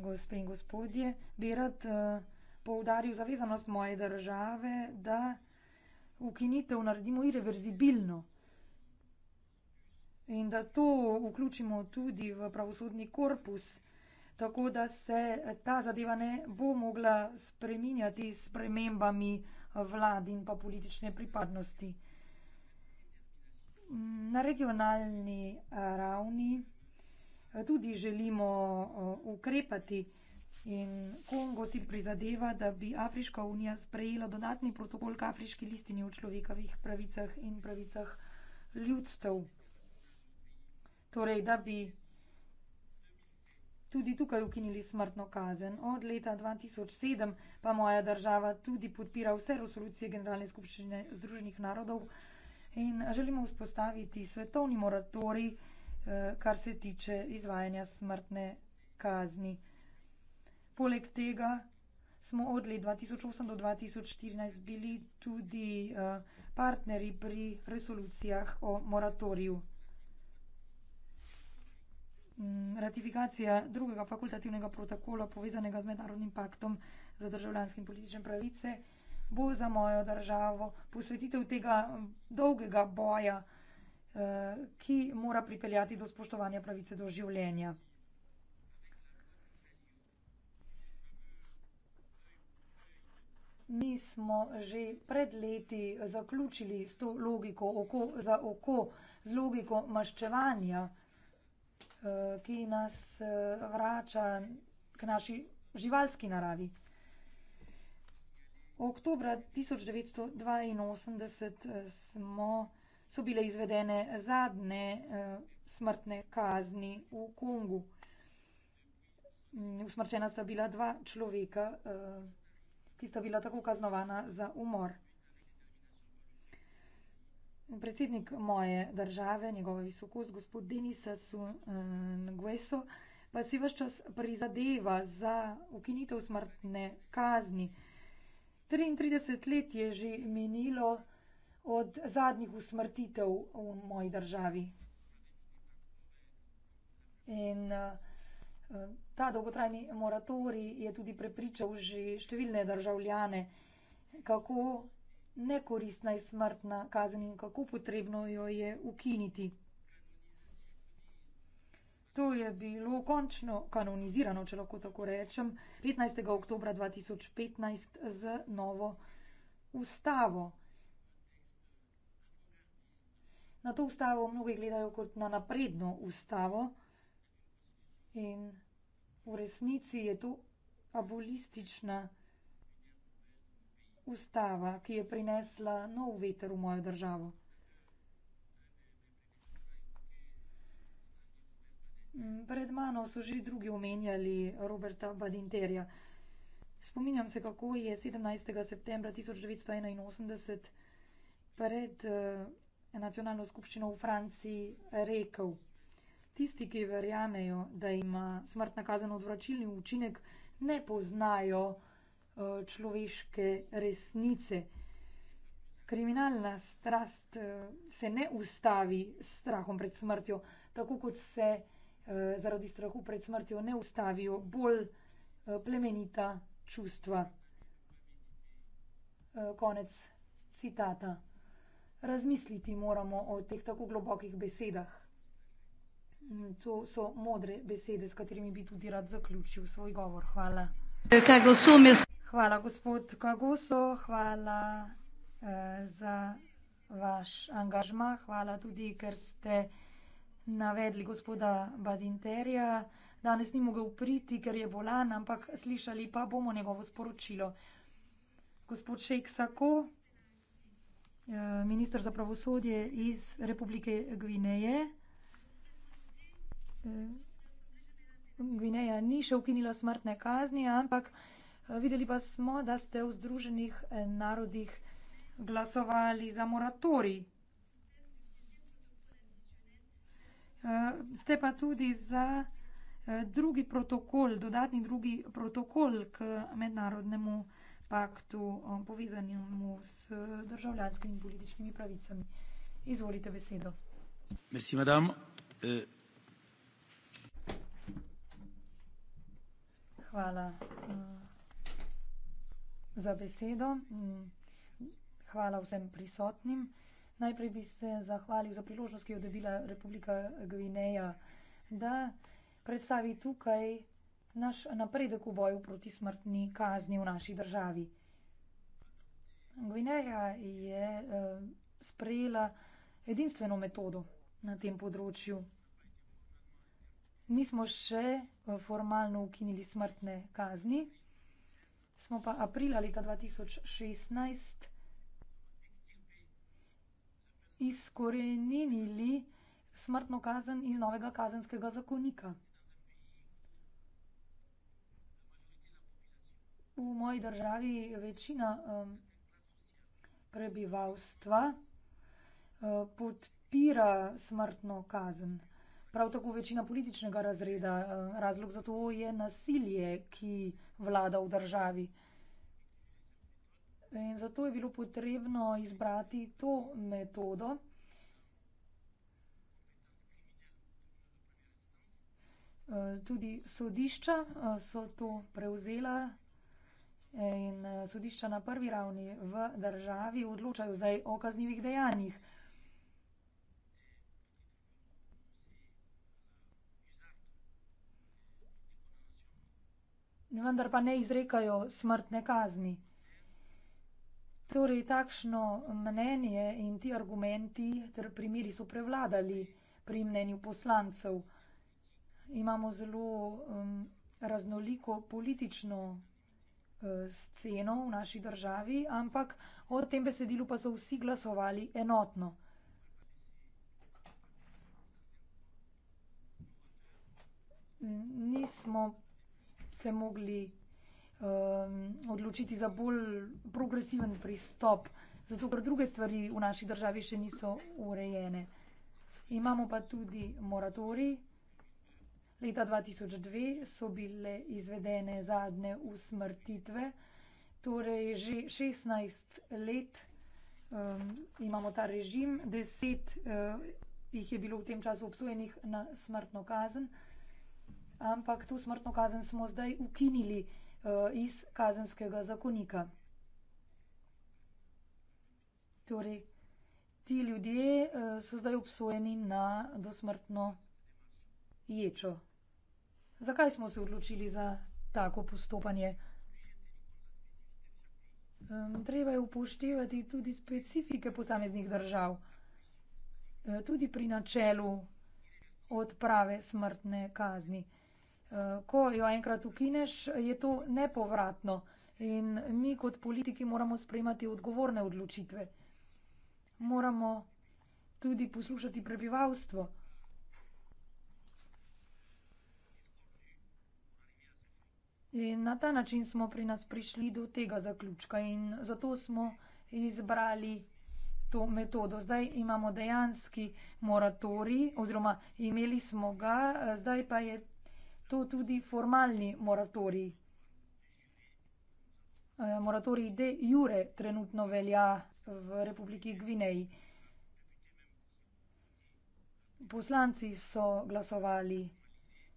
gospe in gospodje, bi rad uh, poudaril zavezanost moje države, da ukinitev naredimo irreverzibilno in da to vključimo tudi v pravosodni korpus tako da se eh, ta zadeva ne bo mogla spreminjati s premembami eh, vlad in pa politične pripadnosti. Mm, na regionalni eh, ravni tudi želimo ukrepati in Kongo si prizadeva, da bi Afriška unija sprejela dodatni protokol k Afriški listini o človekovih pravicah in pravicah ljudstev. Torej, da bi tudi tukaj ukinili smrtno kazen. Od leta 2007 pa moja država tudi podpira vse resolucije Generalne skupščine Združenih narodov in želimo vzpostaviti svetovni moratorij, eh, kar se tiče izvajanja smrtne kazni. Poleg tega smo od leta 2008 do 2014 bili tudi eh, partneri pri resolucijah o moratoriju. Mm, ratifikacija drugega fakultativnega protokola povezanega z mednarodnim paktom za državljanske in politične pravice bo za mojo državo posvetitev tega mm, dolgega boja, eh, ki mora pripeljati do spoštovanja pravice do življenja. Mi smo že pred leti zaključili s to logiko oko za oko, z logiko maščevanja. Eh, ki nas eh, vrača k naši živalski naravi. Oktober 1982 eh, smo, so bile izvedene zadnje smrtne kazni v Kongu. Mm, Usmrčena sta bila dva človeka, ki sta bila tako kaznovana za umor. Predsednik moje države, njegova visokost, gospod Denis Sungueso, pa si vse čas prizadeva za ukinitev smrtne kazni. 33 let je že minilo od zadnjih usmrtitev v moji državi. In eh, ta dolgotrajni moratorij je tudi prepričal že številne državljane, kako nekoristna je smrtna kazen in kako potrebno jo je ukiniti. To je bilo končno kanonizirano, če lahko tako rečem, 15. oktober 2015 z novo ustavo. Na to ustavo mnogi gledajo kot na napredno ustavo in v resnici je to abolistična ustava ustava, ki je prinesla nov veter v mojo državo. Mm, pred mano so že drugi omenjali Roberta Badinterja. Spominjam se, kako je 17. septembra 1981 pred eh, nacionalno skupščino v Franciji rekel. Tisti, ki verjamejo, da ima smrtna kazen odvračilni učinek, ne poznajo Eh, človeške resnice. Kriminalna strast eh, se ne ustavi s strahom pred smrtjo, tako kot se eh, zaradi strahu pred smrtjo ne ustavijo bolj plemenita čustva. Konec citata. Razmisliti moramo o teh tako globokih besedah. Mm, to so modre besede, s katerimi bi tudi rad zaključil svoj govor. Hvala. Hvala, gospod Kagoso, hvala eh, za vaš angažma, hvala tudi, ker ste navedli gospoda Badinterja. Danes ni mogel priti, ker je bolan, ampak slišali pa bomo njegovo sporočilo. Gospod Šejk Sako, eh, ministr za pravosodje iz Republike Gvineje. Eh, Gvineja ni še ukinila smrtne kazni, ampak eh, videli pa smo, da ste v Združenih eh, narodih glasovali za moratori. Eh, ste pa tudi za drugi protokol, dodatni drugi protokol k mednarodnemu paktu povezanemu s državljanskimi in političnimi pravicami. Izvolite besedo. Merci, madame. Hvala uh, za besedo. Mm, hvala vsem prisotnim. Najprej bi se zahvalil za priložnost, ki jo dobila Republika Gvineja, da predstavi tukaj naš napredek v boju proti smrtni kazni v naši državi. Gvineja je uh, sprejela edinstveno metodo na tem področju. Nismo še eh, formalno ukinili smrtne kazni, smo pa aprila leta 2016 izkorenili smrtno kazen iz novega kazenskega zakonika. V moji državi večina prebivalstva eh, podpira smrtno kazen prav tako večina političnega razreda. Eh, razlog za to je nasilje, ki vlada v državi. In zato je bilo potrebno izbrati to metodo. Eh, tudi sodišča eh, so to prevzela in sodišča na prvi ravni v državi odločajo zdaj o kaznjivih dejanjih. vendar pa ne izrekajo smrtne kazni. Torej, takšno mnenje in ti argumenti ter primeri so prevladali pri mnenju poslancev. Imamo zelo um, raznoliko politično eh, sceno v naši državi, ampak o tem besedilu pa so vsi glasovali enotno. Nismo se mogli um, odločiti za bolj progresiven pristop, zato ker druge stvari v naši državi še niso urejene. Imamo pa tudi moratori. Leta 2002 so bile izvedene zadnje usmrtitve, torej že 16 let um, imamo ta režim, 10 uh, jih je bilo v tem času obsojenih na smrtno kazen ampak to smrtno kazen smo zdaj ukinili uh, iz kazenskega zakonika. Torej, ti ljudje uh, so zdaj obsojeni na dosmrtno ječo. Zakaj smo se odločili za tako postopanje? Um, treba je upoštevati tudi specifike posameznih držav, eh, tudi pri načelu odprave smrtne kazni. Eh, ko jo enkrat ukineš, je to nepovratno in mi kot politiki moramo sprejemati odgovorne odločitve. Moramo tudi poslušati prebivalstvo. In na ta način smo pri nas prišli do tega zaključka in zato smo izbrali to metodo. Zdaj imamo dejanski moratori oziroma imeli smo ga, eh, zdaj pa je to tudi formalni moratorij. Eh, moratorij de jure trenutno velja v Republiki Gvineji. Poslanci so glasovali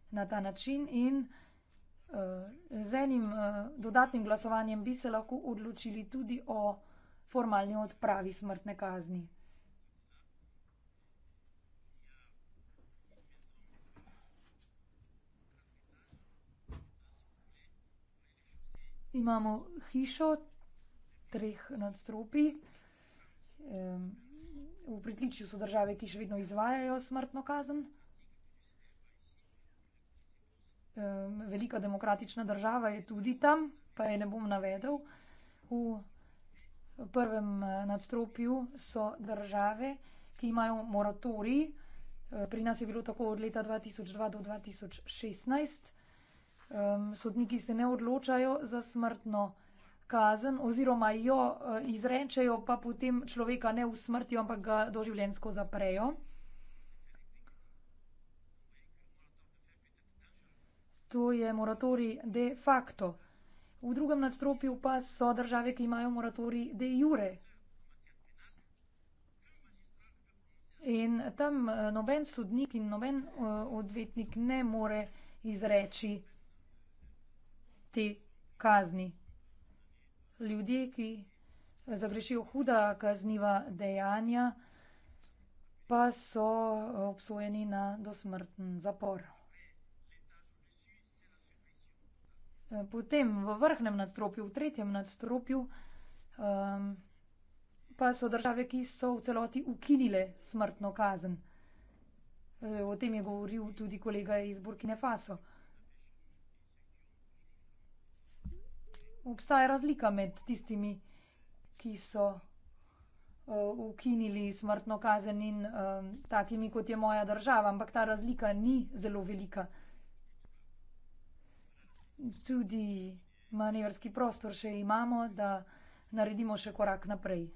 na ta način in eh, z enim eh, dodatnim glasovanjem bi se lahko odločili tudi o formalni odpravi smrtne kazni. Imamo hišo treh nadstropi. V pritličju so države, ki še vedno izvajajo smrtno kazen. Velika demokratična država je tudi tam, pa je ne bom navedel. V prvem eh, nadstropju so države, ki imajo moratorij. Eh, pri nas je bilo tako od leta 2002 do 2016 um, sodniki se ne odločajo za smrtno kazen oziroma jo uh, izrečejo, pa potem človeka ne usmrtijo, ampak ga doživljensko zaprejo. To je moratori de facto. V drugem nadstropju pa so države, ki imajo moratori de jure. In tam eh, noben sodnik in noben eh, odvetnik ne more izreči te kazni. Ljudje, ki zagrešijo huda kazniva dejanja, pa so obsojeni na dosmrten zapor. Potem v vrhnem nadstropju, v tretjem nadstropju, um, pa so države, ki so v celoti ukinile smrtno kazen. O tem je govoril tudi kolega iz Burkine Faso. obstaja razlika med tistimi, ki so eh, ukinili uh, smrtno kazen in um, takimi, kot je moja država, ampak ta razlika ni zelo velika. Tudi manevrski prostor še imamo, da naredimo še korak naprej.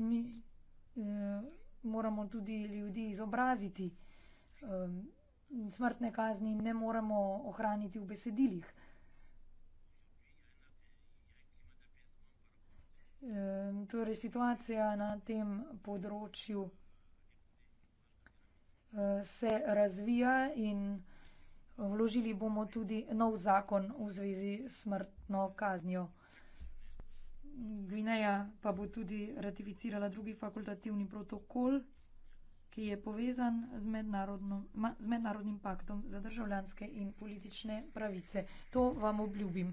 Mi, uh, moramo tudi ljudi izobraziti. Smrtne kazni ne moremo ohraniti v besedilih. Torej, situacija na tem področju e, se razvija in vložili bomo tudi nov zakon v zvezi s smrtno kaznjo. Gvineja pa bo tudi ratificirala drugi fakultativni protokol, ki je povezan z, ma, z mednarodnim paktom za državljanske in politične pravice. To vam obljubim.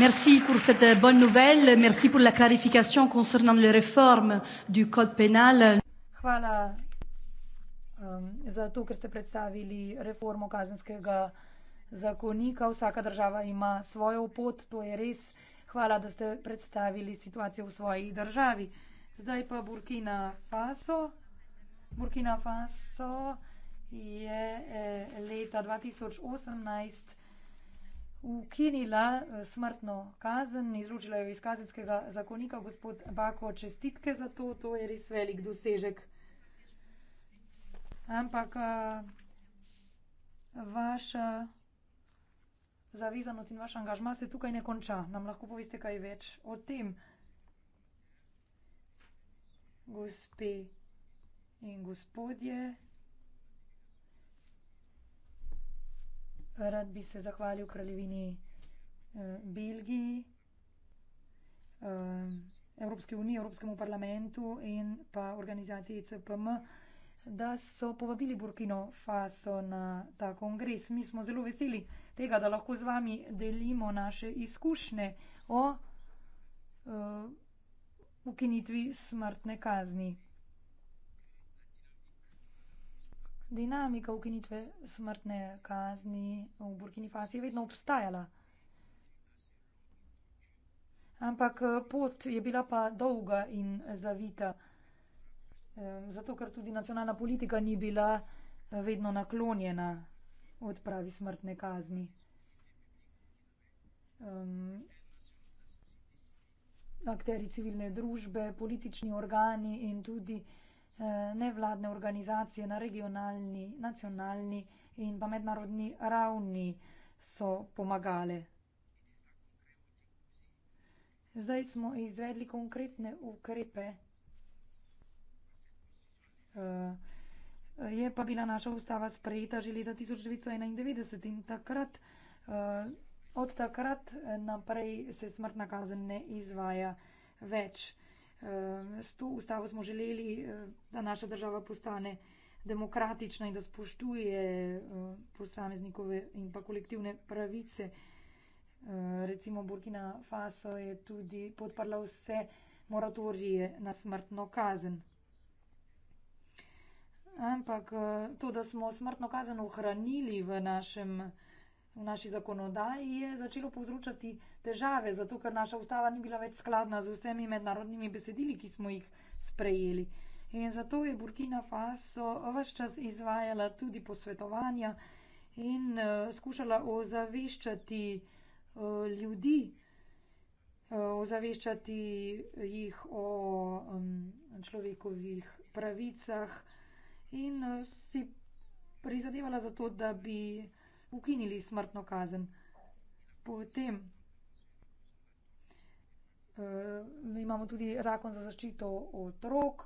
Merci pour cette bonne nouvelle, merci pour la clarification concernant les réformes du code pénal. Hvala um, za to, ker ste predstavili reformo kazenskega zakonika. Vsaka država ima svojo pot, to je res. Hvala, da ste predstavili situacijo v svoji državi. Zdaj pa Burkina Faso. Burkina Faso je eh, leta 2018 ukinila eh, smrtno kazen, izločila jo iz kazenskega zakonika. Gospod Bako, čestitke za to, to je res velik dosežek. Ampak eh, vaša zavezanost in vaš angažma se tukaj ne konča. Nam lahko poveste kaj več o tem, gospe in gospodje. Rad bi se zahvalil kraljevini eh, Belgiji, eh, Evropske unije, Evropskemu parlamentu in pa organizaciji CPM, da so povabili Burkino Faso na ta kongres. Mi smo zelo veseli, tega, da lahko z vami delimo naše izkušnje o uh, ukinitvi smrtne kazni. Dinamika ukinitve smrtne kazni v Burkini Faso je vedno obstajala. Ampak eh, pot je bila pa dolga in zavita, eh, zato ker tudi nacionalna politika ni bila vedno naklonjena o odpravi smrtne kazni. Um, akteri civilne družbe, politični organi in tudi eh, nevladne organizacije na regionalni, nacionalni in pa mednarodni ravni so pomagale. Zdaj smo izvedli konkretne ukrepe. Eh, je pa bila naša ustava sprejeta že leta 1991 in takrat, uh, od takrat eh, naprej se smrtna kazen ne izvaja več. Uh, s to ustavo smo želeli, uh, da naša država postane demokratična in da spoštuje uh, posameznikove in pa kolektivne pravice. Recimo Burkina Faso je tudi podprla vse moratorije na smrtno kazen. Ampak eh, to, da smo smrtno kazen ohranili v, našem, v naši zakonodaji, je začelo povzročati težave, zato ker naša ustava ni bila več skladna z vsemi mednarodnimi besedili, ki smo jih sprejeli. In zato je Burkina Faso vse čas izvajala tudi posvetovanja in uh, skušala ozaveščati uh, ljudi, uh, ozaveščati jih o um, človekovih pravicah in eh, si prizadevala za to, da bi ukinili smrtno kazen. Potem e, imamo tudi zakon za zaščito otrok.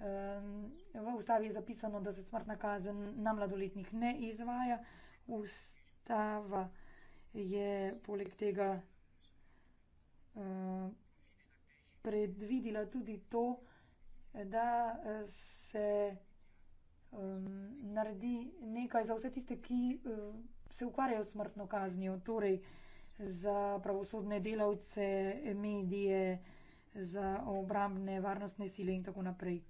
Eh, v ustavi je zapisano, da se smrtna kazen na mladoletnih ne izvaja. Ustava je poleg tega predvidila tudi to, da se um, naredi nekaj za vse tiste, ki um, se ukvarjajo s smrtno kaznijo, torej za pravosodne delavce, medije, za obrambne varnostne sile in tako naprej.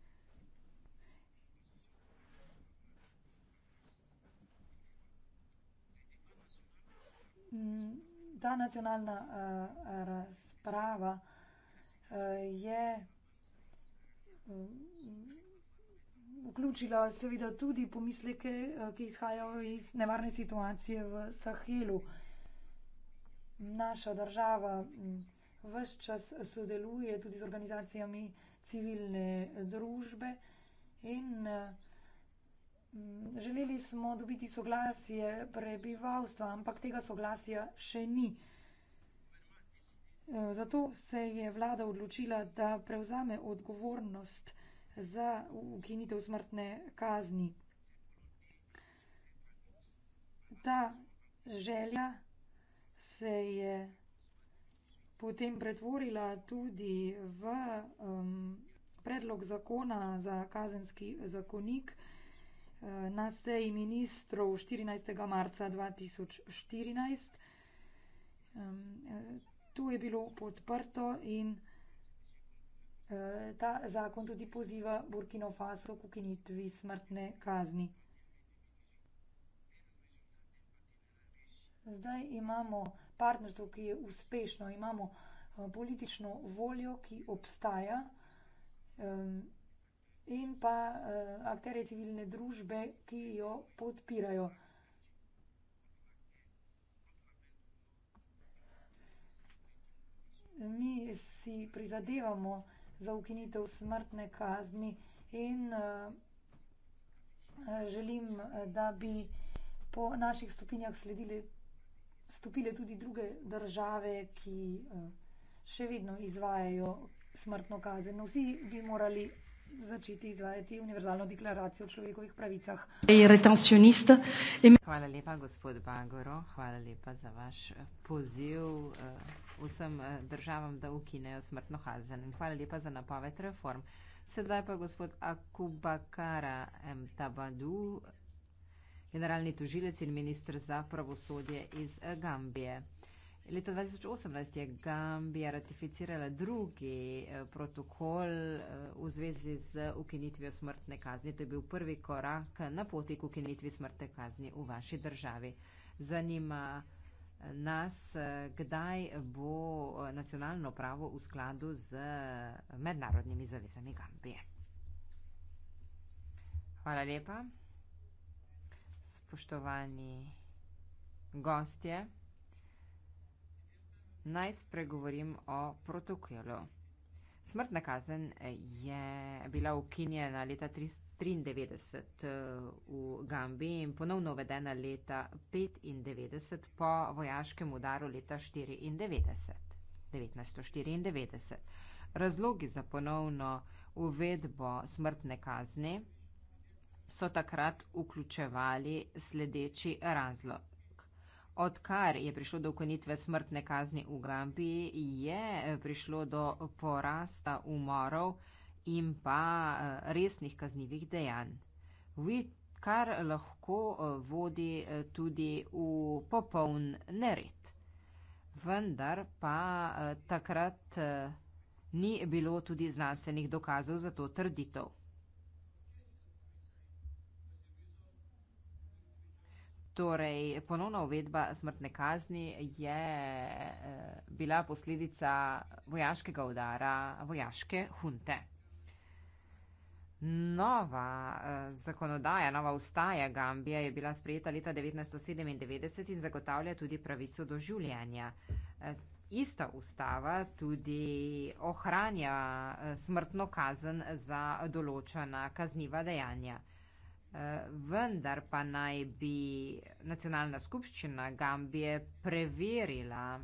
Mm, ta nacionalna uh, razprava uh, je. Uh, vključila seveda tudi pomisleke, eh, ki izhajajo iz nevarne situacije v Sahelu. Naša država mm, vse čas sodeluje tudi z organizacijami civilne eh, družbe in eh, mm, želeli smo dobiti soglasje prebivalstva, ampak tega soglasja še ni. Zato se je vlada odločila, da prevzame odgovornost za ukinitev smrtne kazni. Ta želja se je potem pretvorila tudi v um, predlog zakona za kazenski zakonik eh, na seji ministrov 14. marca 2014. Um, eh, to je bilo podprto in Eh, ta zakon tudi poziva Burkino Faso k ukinitvi smrtne kazni. Zdaj imamo partnerstvo, ki je uspešno, imamo eh, politično voljo, ki obstaja, in pa eh, akterje civilne družbe, ki jo podpirajo. Mi si prizadevamo, da za ukinitev smrtne kazni in eh, želim, eh, da bi po naših stopinjah sledili, stopile tudi druge države, ki eh, še vedno izvajajo smrtno kazen. Vsi bi morali začeti izvajati univerzalno deklaracijo o človekovih pravicah. Hvala lepa, gospod Bagoro, hvala lepa za vaš poziv vsem eh, državam, da ukinejo smrtno kazen. Hvala lepa za napoved reform. Sedaj pa gospod Akubakara M. Tabadu, generalni tužilec in ministr za pravosodje iz eh, Gambije. Leta 2018 je Gambija ratificirala drugi eh, protokol v zvezi z ukinitvijo smrtne kazni. To je bil prvi korak na poti k ukinitvi smrtne kazni v vaši državi. Zanima me, nas, eh, kdaj bo eh, nacionalno pravo v skladu z eh, mednarodnimi zavezami Gambije. Hvala lepa. Spoštovani gostje, naj spregovorim o protokolu. Smrtna kazen je bila ukinjena leta 1993 eh, v Gambi in ponovno uvedena leta 1995 po vojaškem udaru leta 1994. 1994. Razlogi za ponovno uvedbo smrtne kazni so takrat vključevali sledeči razlo, Odkar je prišlo do ukonitve smrtne kazni v Gambiji, je eh, prišlo do porasta umorov in pa eh, resnih kaznjivih dejanj. Kar lahko eh, vodi tudi v popoln nered. Vendar pa takrat ni bilo tudi znanstvenih dokazov za to trditev. Torej, ponovna uvedba smrtne kazni je eh, bila posledica vojaškega udara vojaške hunte. Nova eh, zakonodaja, nova ustaja Gambija je bila sprejeta leta 1997 in zagotavlja tudi pravico do življenja. Eh, ista ustava tudi ohranja smrtno kazen za določena kazniva dejanja vendar pa naj bi nacionalna skupščina Gambije preverila eh,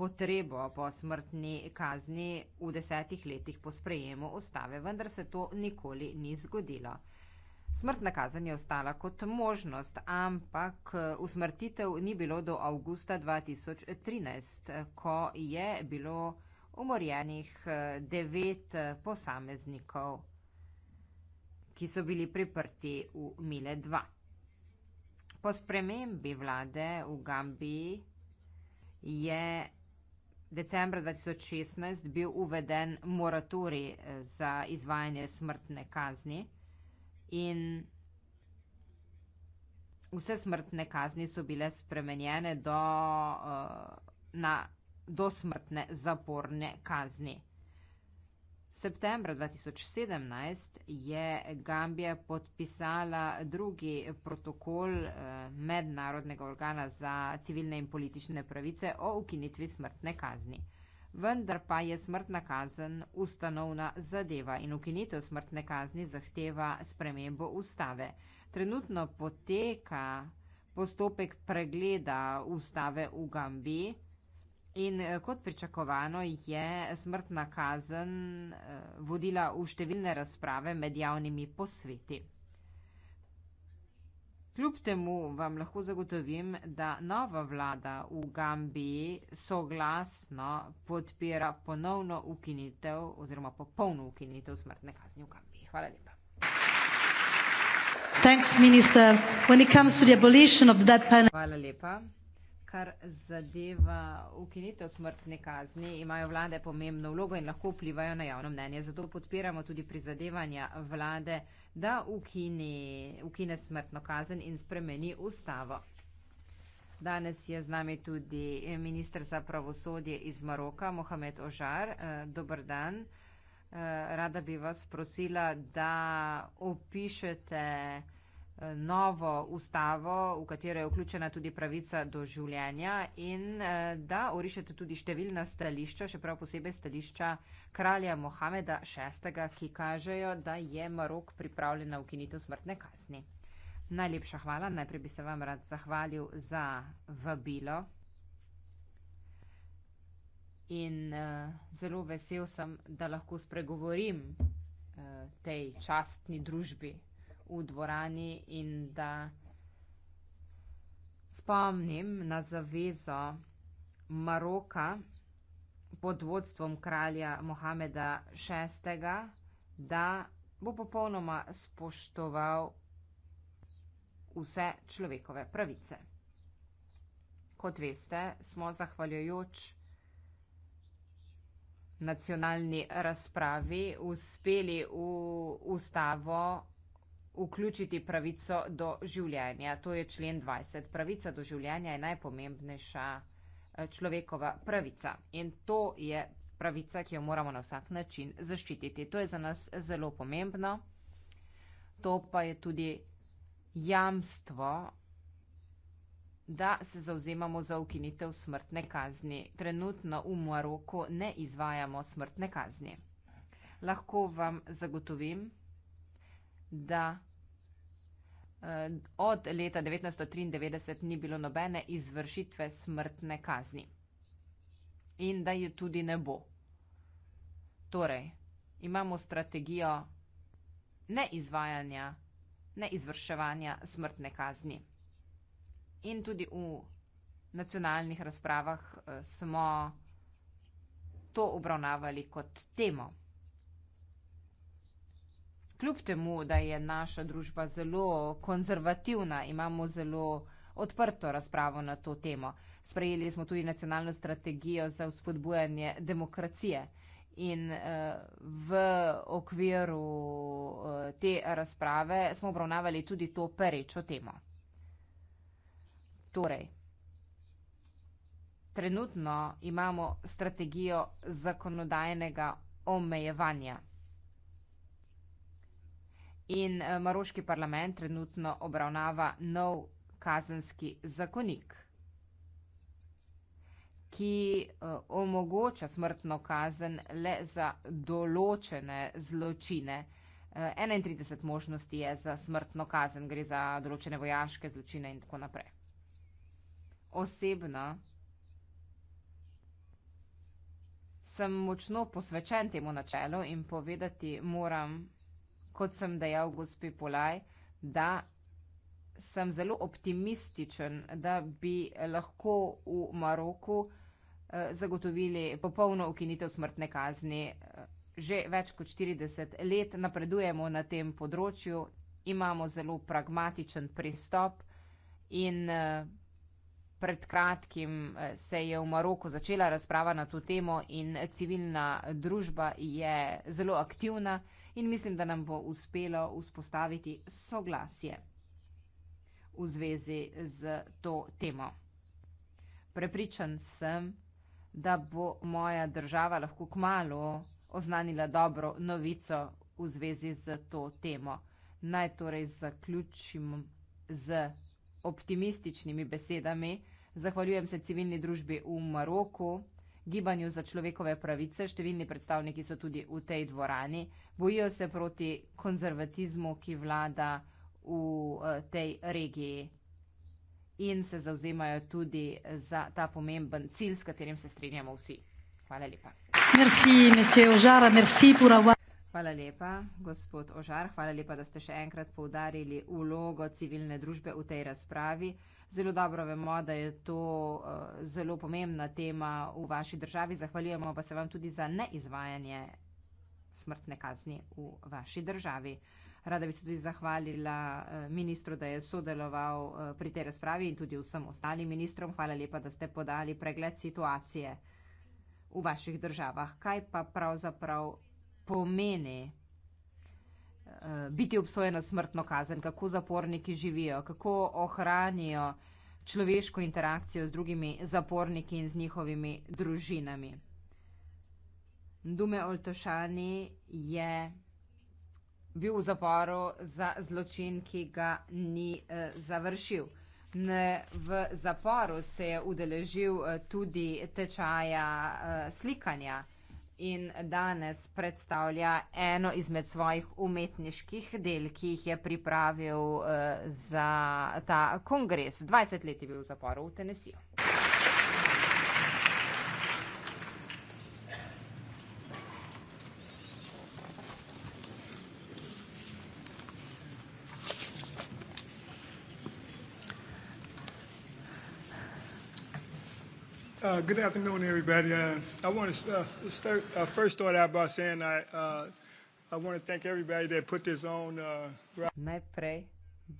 potrebo po smrtni kazni v desetih letih po sprejemu ustave, vendar se to nikoli ni zgodilo. Smrtna kazen je ostala kot možnost, ampak eh, usmrtitev ni bilo do avgusta 2013, ko je bilo umorjenih eh, devet posameznikov ki so bili priprti v Mile 2. Po spremembi vlade v Gambiji je decembra 2016 bil uveden moratori eh, za izvajanje smrtne kazni in vse smrtne kazni so bile spremenjene do, eh, na, do smrtne zaporne kazni. Septembra 2017 je Gambija podpisala drugi protokol eh, Mednarodnega organa za civilne in politične pravice o ukinitvi smrtne kazni. Vendar pa je smrtna kazen ustanovna zadeva in ukinitev smrtne kazni zahteva spremembo ustave. Trenutno poteka postopek pregleda ustave v Gambiji. In eh, kot pričakovano je smrtna kazen eh, vodila v številne razprave med javnimi posveti. Kljub temu vam lahko zagotovim, da nova vlada v Gambiji soglasno podpira ponovno ukinitev oziroma popolno ukinitev smrtne kazni v Gambiji. Hvala lepa. Thanks, Minister. When it comes to the abolition of the death penalty kar zadeva ukinitev smrtne kazni, imajo vlade pomembno vlogo in lahko vplivajo na javno mnenje. Zato podpiramo tudi prizadevanja vlade, da ukini, ukine smrtno kazen in spremeni ustavo. Danes je z nami tudi ministr za pravosodje iz Maroka, Mohamed Ožar. Eh, Dobr dan. Eh, rada bi vas prosila, da opišete novo ustavo, v katero je vključena tudi pravica do življenja in eh, da orišete tudi številna stališča, še prav posebej stališča kralja Mohameda VI., ki kažejo, da je Marok pripravljen na ukinitev smrtne kazni. Najlepša hvala, najprej bi se vam rad zahvalil za vabilo. In uh, zelo vesel sem, da lahko spregovorim uh, tej častni družbi, v dvorani in da spomnim na zavezo Maroka pod vodstvom kralja Mohameda VI, da bo popolnoma spoštoval vse človekove pravice. Kot veste, smo zahvaljujoč nacionalni razpravi uspeli v ustavo vključiti pravico do življenja. To je člen 20. Pravica do življenja je najpomembnejša eh, človekova pravica in to je pravica, ki jo moramo na vsak način zaščititi. To je za nas zelo pomembno. To pa je tudi jamstvo, da se zauzemamo za ukinitev smrtne kazni. Trenutno v Maroku ne izvajamo smrtne kazni. Lahko vam zagotovim, da eh, od leta 1993 ni bilo nobene izvršitve smrtne kazni in da jo tudi ne bo. Torej, imamo strategijo neizvajanja, neizvrševanja smrtne kazni. In tudi v nacionalnih razpravah eh, smo to obravnavali kot temo kljub temu, da je naša družba zelo konzervativna, imamo zelo odprto razpravo na to temo. Sprejeli smo tudi nacionalno strategijo za vzpodbujanje demokracije. In uh, v okviru uh, te razprave smo obravnavali tudi to perečo temo. Torej, trenutno imamo strategijo zakonodajnega omejevanja. In eh, maroški parlament trenutno obravnava nov kazenski zakonik, ki eh, omogoča smrtno kazen le za določene zločine. 31 eh, možnosti je za smrtno kazen, gre za določene vojaške zločine in tako naprej. Osebno sem močno posvečen temu načelu in povedati moram, kot sem dejal gospe Polaj, da sem zelo optimističen, da bi lahko v Maroku eh, zagotovili popolno ukinitev smrtne kazni. Eh, že več kot 40 let napredujemo na tem področju, imamo zelo pragmatičen pristop in eh, pred kratkim se je v Maroku začela razprava na to temo in civilna družba je zelo aktivna in mislim, da nam bo uspelo vzpostaviti soglasje v zvezi z to temo. Prepričan sem, da bo moja država lahko k malu oznanila dobro novico v zvezi z to temo. Naj torej zaključim z optimističnimi besedami. Zahvaljujem se civilni družbi v Maroku gibanju za človekove pravice, številni predstavniki so tudi v tej dvorani, bojijo se proti konzervatizmu, ki vlada v eh, tej regiji in se zauzemajo tudi za ta pomemben cilj, s katerim se strinjamo vsi. Hvala lepa. Merci, Ožara, merci, hvala lepa, gospod Ožar, hvala lepa, da ste še enkrat poudarili vlogo civilne družbe v tej razpravi. Zelo dobro vemo, da je to eh, zelo pomembna tema v vaši državi. Zahvaljujemo pa se vam tudi za neizvajanje smrtne kazni v vaši državi. Rada bi se tudi zahvalila eh, ministru, da je sodeloval eh, pri tej razpravi in tudi vsem ostalim ministrom. Hvala lepa, da ste podali pregled situacije v vaših državah. Kaj pa pravzaprav pomeni Eh, biti obsojen na smrtno kazen, kako zaporniki živijo, kako ohranijo človeško interakcijo z drugimi zaporniki in z njihovimi družinami. Dume Oltošani je bil v zaporu za zločin, ki ga ni eh, završil. Ne, v zaporu se je udeležil eh, tudi tečaja eh, slikanja in danes predstavlja eno izmed svojih umetniških del, ki jih je pripravil eh, za ta kongres. 20 let je bil v zaporu v Tennessee. Uh, good afternoon, everybody. Uh, I want to uh, start, uh, first start out by saying I, uh, I want to thank everybody that put this on. Uh, Najprej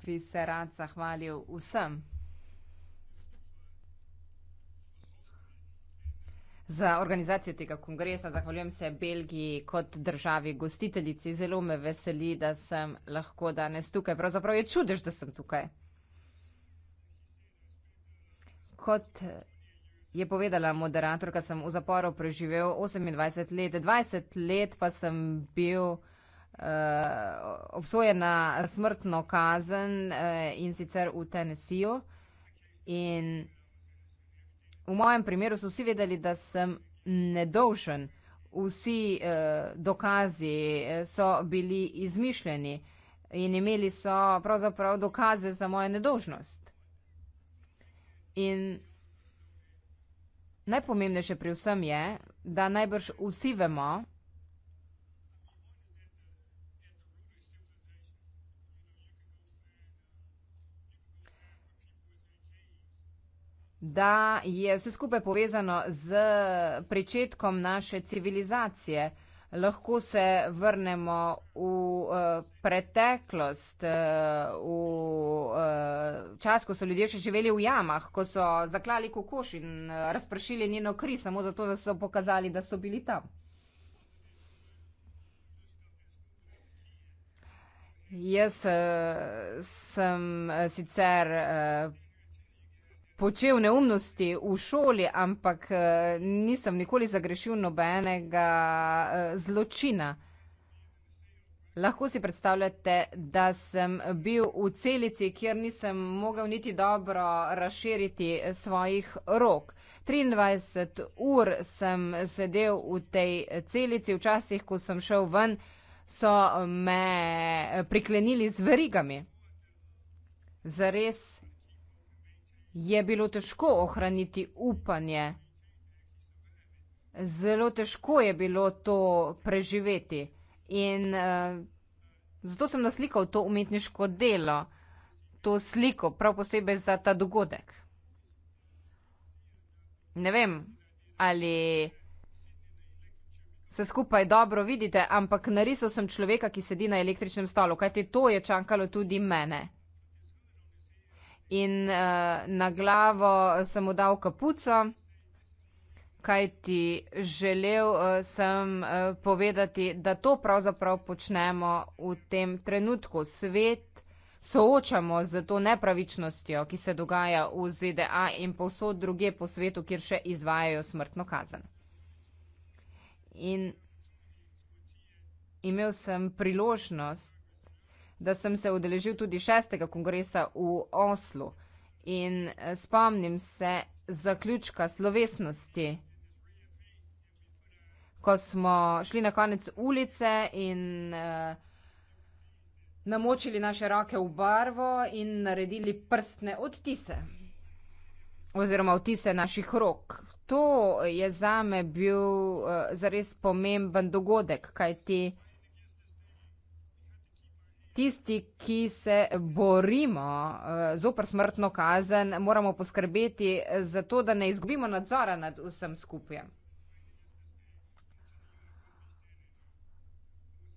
bi se rad zahvalil vsem za organizacijo tega kongresa. Zahvaljujem se Belgiji kot državi gostiteljici. Zelo me veseli, da sem lahko danes tukaj. Pravzaprav je čudež, da sem tukaj. Kot je povedala moderatorka, sem v zaporu preživel 28 let, 20 let pa sem bil uh, obsojen na smrtno kazen uh, in sicer v Tennesseeju. In v mojem primeru so vsi vedeli, da sem nedolžen. Vsi uh, dokazi so bili izmišljeni in imeli so pravzaprav dokaze za mojo nedolžnost. In Najpomembnejše pri vsem je, da najbrž vsi vemo, da je vse skupaj povezano z pričetkom naše civilizacije. Lahko se vrnemo v, eh, preteklost, eh, v čas, ko so ljudje še živeli v jamah, ko so zaklali kokoš in eh, razpršili njeno kri, samo zato, da so pokazali, da so bili tam. Jaz uh, sem uh, sicer uh, počel neumnosti v šoli, ampak uh, nisem nikoli zagrešil nobenega uh, zločina. Uh, Lahko si predstavljate, da sem bil v celici, kjer nisem mogel niti dobro razširiti svojih rok. 23 ur sem sedel v tej celici, včasih, ko sem šel ven, so me priklenili z verigami. Zares je bilo težko ohraniti upanje. Zelo težko je bilo to preživeti. In uh, zato sem naslikal to umetniško delo, to sliko, prav posebej za ta dogodek. Ne vem, ali se skupaj dobro vidite, ampak narisal sem človeka, ki sedi na električnem stolu, kajti to je čakalo tudi mene. In uh, na glavo sem mu dal kapuco kaj ti želel uh, sem uh, povedati, da to pravzaprav počnemo v tem trenutku. Svet soočamo z to nepravičnostjo, ki se dogaja v ZDA in povsod druge po svetu, kjer še izvajajo smrtno kazen. In imel sem priložnost, da sem se odeležil tudi šestega kongresa v Oslu in eh, spomnim se zaključka slovesnosti ko smo šli na konec ulice in uh, namočili naše roke v barvo in naredili prstne odtise oziroma odtise naših rok. To je za me bil uh, zares pomemben dogodek, kaj ti tisti, ki se borimo uh, zoper smrtno kazen, moramo poskrbeti za to, da ne izgubimo nadzora nad vsem skupjem.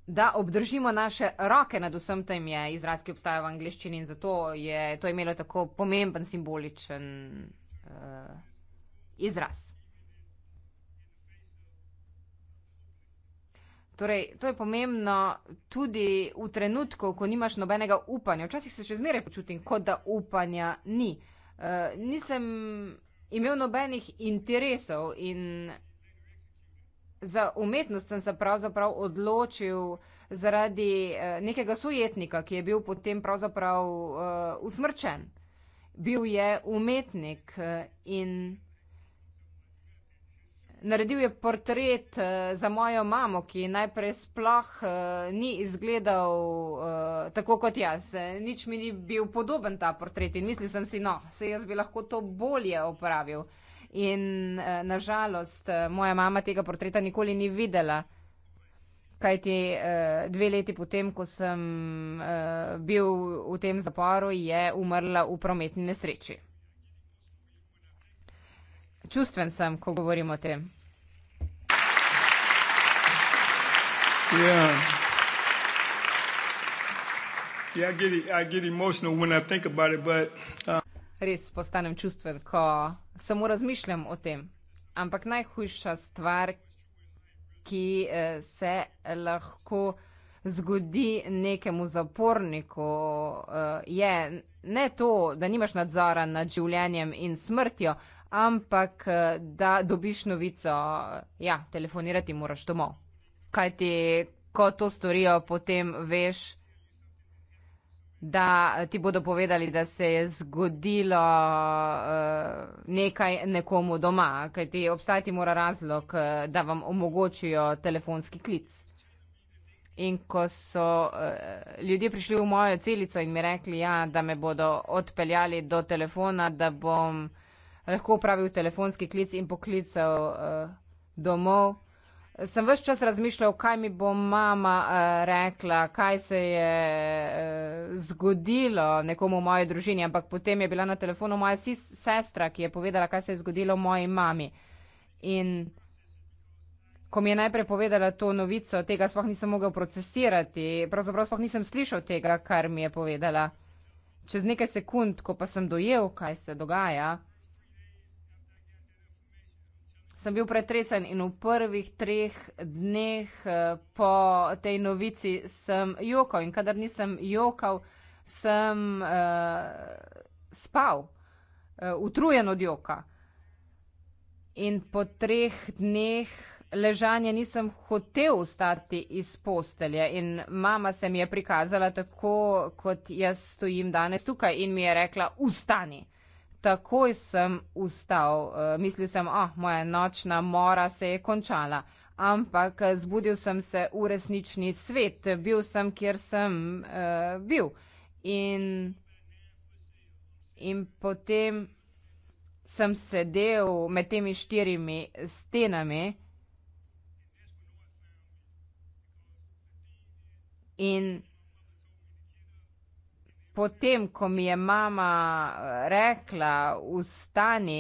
Da obdržimo naše roke nad vsem tem, je izraz, ki obstaja v angleščini in zato je to imelo tako pomemben simboličen uh, izraz. Torej, to je pomembno tudi v trenutku, ko nimaš nobenega upanja. Včasih se še zmeraj počutim, kot da upanja ni. Uh, nisem imel nobenih interesov in za umetnost sem se pravzaprav odločil zaradi eh, nekega sujetnika, ki je bil potem pravzaprav uh, usmrčen. Bil je umetnik eh, in naredil je portret za mojo mamo, ki najprej sploh uh, ni izgledal uh, tako kot jaz. Nič mi ni bil podoben ta portret in mislil sem si, no, se jaz bi lahko to bolje opravil. Uh, In uh, eh, nažalost, uh, eh, moja mama tega portreta nikoli ni videla. Kaj ti uh, eh, dve leti potem, ko sem uh, bil v tem zaporu, je umrla v prometni nesreči. Čustven sem, ko govorim o tem. Ja. Yeah. Yeah, I get, it, I get emotional when I think about it, but. Uh res postanem čustven, ko samo razmišljam o tem. Ampak najhujša stvar, ki eh, se lahko zgodi nekemu zaporniku, eh, je ne to, da nimaš nadzora nad življenjem in smrtjo, ampak eh, da dobiš novico, ja, telefonirati moraš domov. Kaj ti, ko to storijo, potem veš, da da ti bodo povedali, da se je zgodilo eh, nekaj nekomu doma, kaj ti obstajati mora razlog, eh, da vam omogočijo telefonski klic. In ko so eh, ljudje prišli v mojo celico in mi rekli, ja, da me bodo odpeljali do telefona, da bom lahko upravil telefonski klic in poklical domov, sem vse čas razmišljal, kaj mi bo mama uh, rekla, kaj se je uh, zgodilo nekomu v moji družini, ampak potem je bila na telefonu moja sis, sestra, ki je povedala, kaj se je zgodilo moji mami. In ko mi je najprej povedala to novico, tega sploh nisem mogel procesirati, pravzaprav sploh nisem slišal tega, kar mi je povedala. Čez nekaj sekund, ko pa sem dojel, kaj se dogaja, sem bil pretresen in v prvih treh dneh eh, po tej novici sem jokal in kadar nisem jokal, sem uh, spal, uh, utrujen od joka. In po treh dneh ležanja nisem hotel ustati iz postelje in mama se mi je prikazala tako, kot jaz stojim danes tukaj in mi je rekla, ustani takoj sem vstal. Eh, mislil sem, oh, moja nočna mora se je končala. Ampak eh, zbudil sem se v resnični svet, bil sem, kjer sem uh, bil. In, in potem sem sedel med temi štirimi stenami. In potem, ko mi je mama eh, rekla, vstani,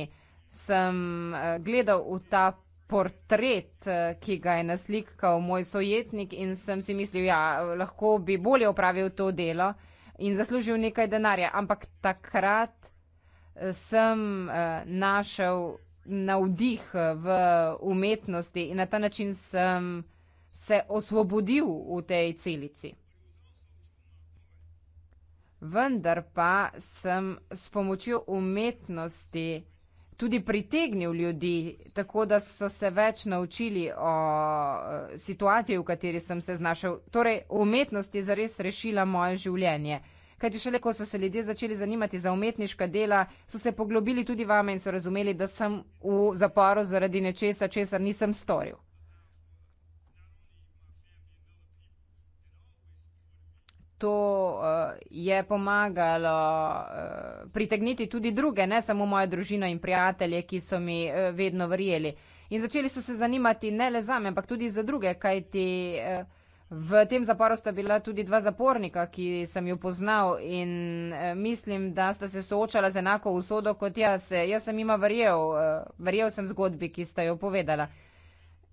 sem eh, gledal v ta portret, eh, ki ga je naslikal moj sojetnik in sem si mislil, da ja, lahko bi bolje upravil to delo in zaslužil nekaj denarja. Ampak takrat sem našel navdih v umetnosti in na ta način sem se osvobodil v tej celici vendar pa sem s pomočjo umetnosti tudi pritegnil ljudi, tako da so se več naučili o eh, situaciji, v kateri sem se znašel. Torej, umetnost je zares rešila moje življenje. Kajti šele, ko so se ljudje začeli zanimati za umetniška dela, so se poglobili tudi vame in so razumeli, da sem v zaporu zaradi nečesa, česar nisem storil. to uh, je pomagalo uh, pritegniti tudi druge, ne samo moje družino in prijatelje, ki so mi uh, vedno verjeli. In začeli so se zanimati ne le zame, ampak tudi za druge, kajti uh, v tem zaporu sta bila tudi dva zapornika, ki sem ju poznal in uh, mislim, da sta se soočala z enako usodo kot jaz. Jaz sem jima verjel, uh, verjel sem zgodbi, ki sta jo povedala.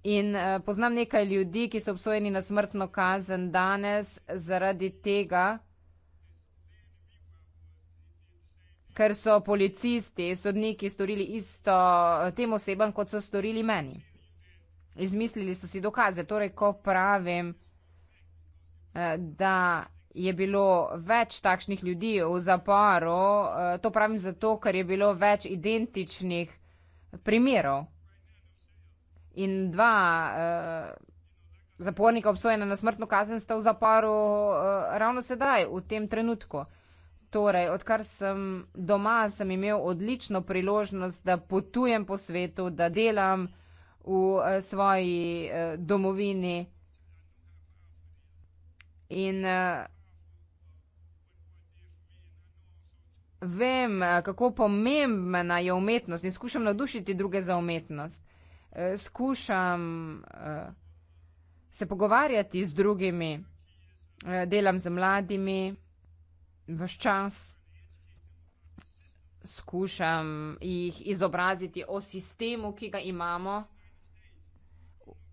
In uh, poznam nekaj ljudi, ki so obsojeni na smrtno kazen danes zaradi tega, ker so policisti, sodniki storili isto eh, tem osebam, kot so storili meni. Izmislili so si dokaze. Torej, ko pravim, eh, da je bilo več takšnih ljudi v zaporu, to pravim zato, ker je bilo več identičnih primerov in dva uh, zapornika obsojena na smrtno kazen sta v zaporu uh, ravno sedaj, v tem trenutku. Torej, odkar sem doma, sem imel odlično priložnost, da potujem po svetu, da delam v uh, svoji uh, domovini. In uh, vem, kako pomembna je umetnost in skušam navdušiti druge za umetnost eh, skušam eh, se pogovarjati z drugimi, eh, delam z mladimi, vse čas skušam jih izobraziti o sistemu, ki ga imamo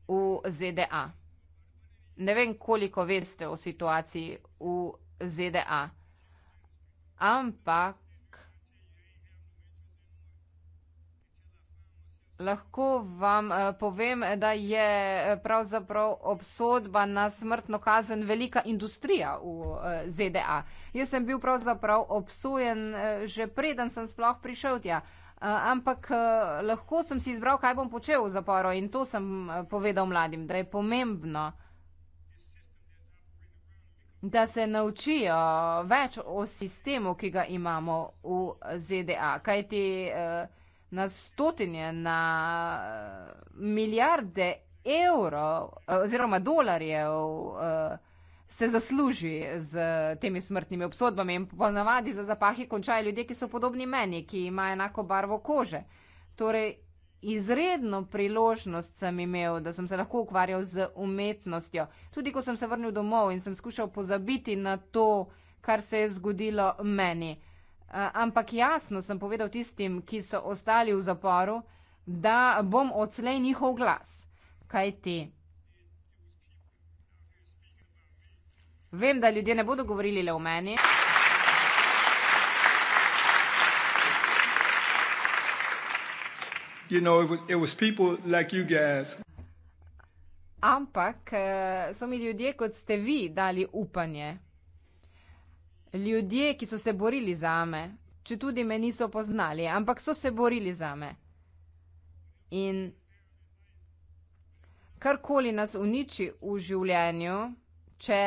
v ZDA. Ne vem, koliko veste o situaciji v ZDA, ampak Lahko vam eh, povem, da je eh, pravzaprav obsodba na smrtno kazen velika industrija v eh, ZDA. Jaz sem bil pravzaprav obsojen že preden sem sploh prišel tja, ampak lahko sem si izbral, kaj bom počel v zaporu in to sem povedal mladim, da je pomembno, da se naučijo več o sistemu, ki ga imamo v ZDA. Kaj ti na stotine, na eh, milijarde evrov eh, oziroma dolarjev eh, se zasluži z temi smrtnimi obsodbami in ponavadi za zapahi končajo ljudje, ki so podobni meni, ki ima enako barvo kože. Torej, izredno priložnost sem imel, da sem se lahko ukvarjal z umetnostjo. Tudi ko sem se vrnil domov in sem skušal pozabiti na to, kar se je zgodilo meni ampak jasno sem povedal tistim, ki so ostali v zaporu, da bom odslej njihov glas. Kaj ti? Vem, da ljudje ne bodo govorili le o meni. You know, it was, it was like you guys. Ampak eh, so mi ljudje, kot ste vi, dali upanje. Ljudje, ki so se borili za me, če tudi me niso poznali, ampak so se borili za me. In karkoli nas uniči v življenju, če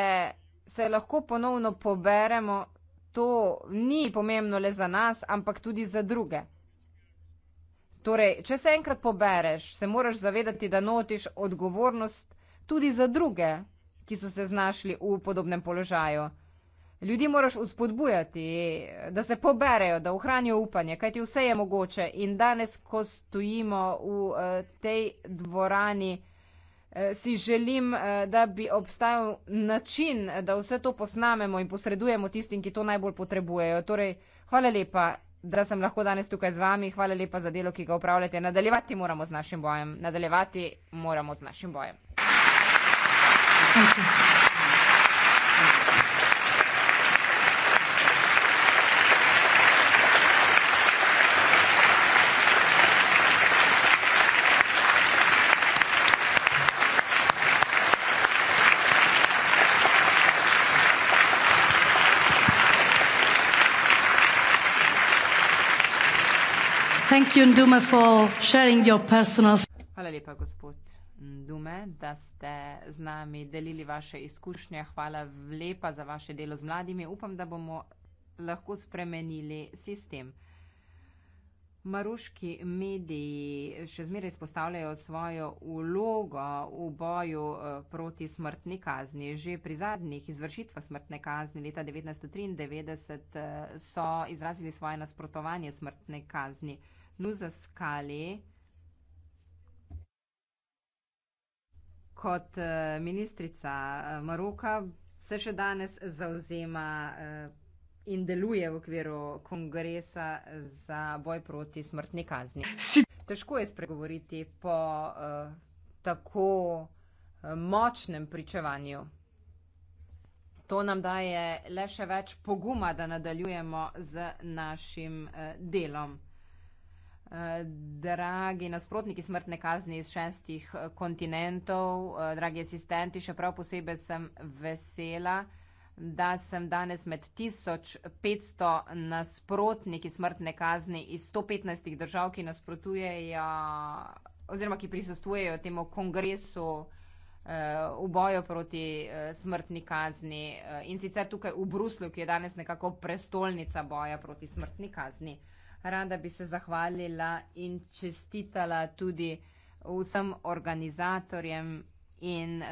se lahko ponovno poberemo, to ni pomembno le za nas, ampak tudi za druge. Torej, če se enkrat pobereš, se moraš zavedati, da notiš odgovornost tudi za druge, ki so se znašli v podobnem položaju ljudi moraš uspodbujati, da se poberejo, da ohranijo upanje, kajti vse je mogoče. In danes, ko stojimo v eh, tej dvorani, eh, si želim, eh, da bi obstajal način, da vse to posnamemo in posredujemo tistim, ki to najbolj potrebujejo. Torej, hvala lepa. Da sem lahko danes tukaj z vami, hvala lepa za delo, ki ga upravljate. Nadaljevati moramo z našim bojem. Nadaljevati moramo z našim bojem. Okay. Hvala lepa, gospod Ndume, da ste z nami delili vaše izkušnje. Hvala lepa za vaše delo z mladimi. Upam, da bomo lahko spremenili sistem. Maruški mediji še zmeraj izpostavljajo svojo ulogo v boju eh, proti smrtni kazni. Že pri zadnjih izvršitvah smrtne kazni leta 1993 eh, so izrazili svoje nasprotovanje smrtne kazni nos escalhe kot eh, ministrica eh, Maroka se še danes zauzema eh, in deluje v okviru kongresa za boj proti smrtni kazni. Težko je spregovoriti po tako močnem pričevanju. To nam daje le še več poguma, da nadaljujemo z našim delom. Eh, dragi nasprotniki smrtne kazni iz šestih eh, kontinentov, eh, dragi asistenti, še prav posebej sem vesela, da sem danes med 1500 nasprotniki smrtne kazni iz 115 držav, ki nasprotujejo oziroma ki prisostujejo temu kongresu v boju proti smrtni kazni in sicer tukaj v Bruslu, ki je danes nekako prestolnica boja proti smrtni kazni. Rada bi se zahvalila in čestitala tudi vsem organizatorjem in uh,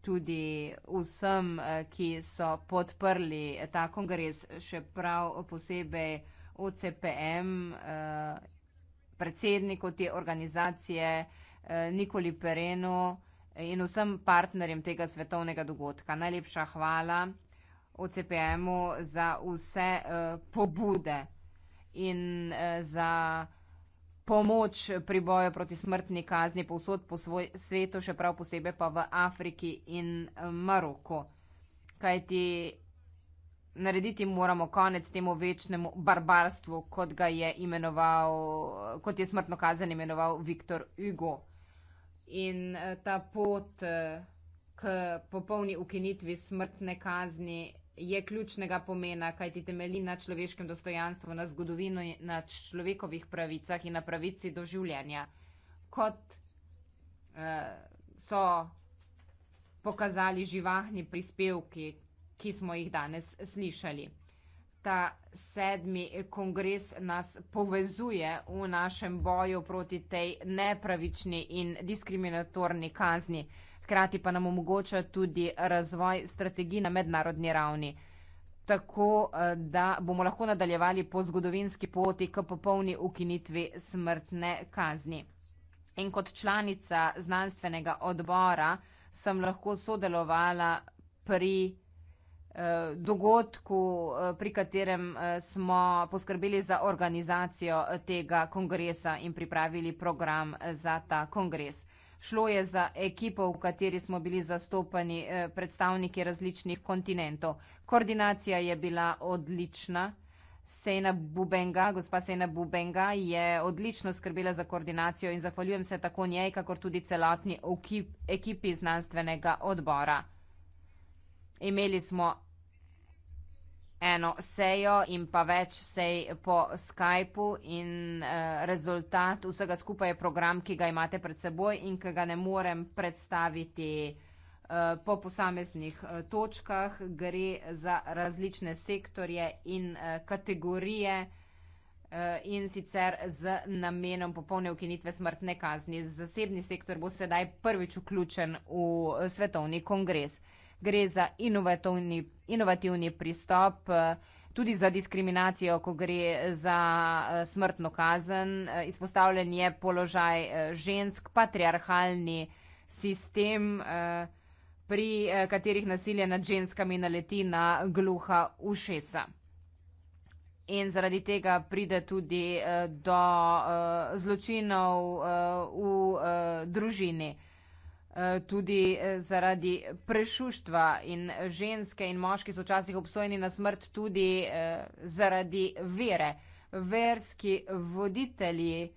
tudi vsem, uh, ki so podprli ta kongres, še prav posebej OCPM, uh, eh, predsedniku te organizacije uh, Nikoli Perenu in vsem partnerjem tega svetovnega dogodka. Najlepša hvala OCPM-u za vse uh, pobude in eh, za pomoč pri boju proti smrtni kazni povsod po svoj, svetu, še prav posebej pa v Afriki in eh, Maroku. Kaj ti narediti moramo konec temu večnemu barbarstvu, kot ga je imenoval, kot je smrtno kazen imenoval Viktor Hugo. In eh, ta pot k popolni ukinitvi smrtne kazni je ključnega pomena, kaj ti temelji na človeškem dostojanstvu, na zgodovini, na človekovih pravicah in na pravici do življenja. Kot eh, so pokazali živahni prispevki, ki smo jih danes slišali. Ta sedmi kongres nas povezuje v našem boju proti tej nepravični in diskriminatorni kazni hkrati pa nam omogoča tudi razvoj strategij na mednarodni ravni. Tako eh, da bomo lahko nadaljevali po zgodovinski poti k popolni ukinitvi smrtne kazni. In kot članica znanstvenega odbora sem lahko sodelovala pri eh, dogodku, eh, pri katerem eh, smo poskrbeli za organizacijo tega kongresa in pripravili program za ta kongres. Šlo je za ekipo, v kateri smo bili zastopani eh, predstavniki različnih kontinentov. Koordinacija je bila odlična. Sejna Bubenga, gospa Sejna Bubenga je odlično skrbela za koordinacijo in zahvaljujem se tako njej, kakor tudi celotni ekipi znanstvenega odbora. Imeli smo eno sejo in pa več sej po Skypu in uh, rezultat vsega skupaj je program, ki ga imate pred seboj in ki ga ne morem predstaviti uh, po posameznih uh, točkah. Gre za različne sektorje in uh, kategorije uh, in sicer z namenom popolne ukinitve smrtne kazni. Zasebni sektor bo sedaj prvič vključen v svetovni kongres. Uh, gre za inovativni, inovativni pristop, eh, tudi za diskriminacijo, ko gre za eh, smrtno kazen. Eh, izpostavljen je položaj žensk, patriarhalni sistem, pri katerih nasilje nad ženskami naleti na gluha ušesa. In zaradi tega pride tudi do zločinov v družini. Eh, tudi eh, zaradi prešuštva in ženske in moški so včasih obsojeni na smrt tudi eh, zaradi vere. Verski voditelji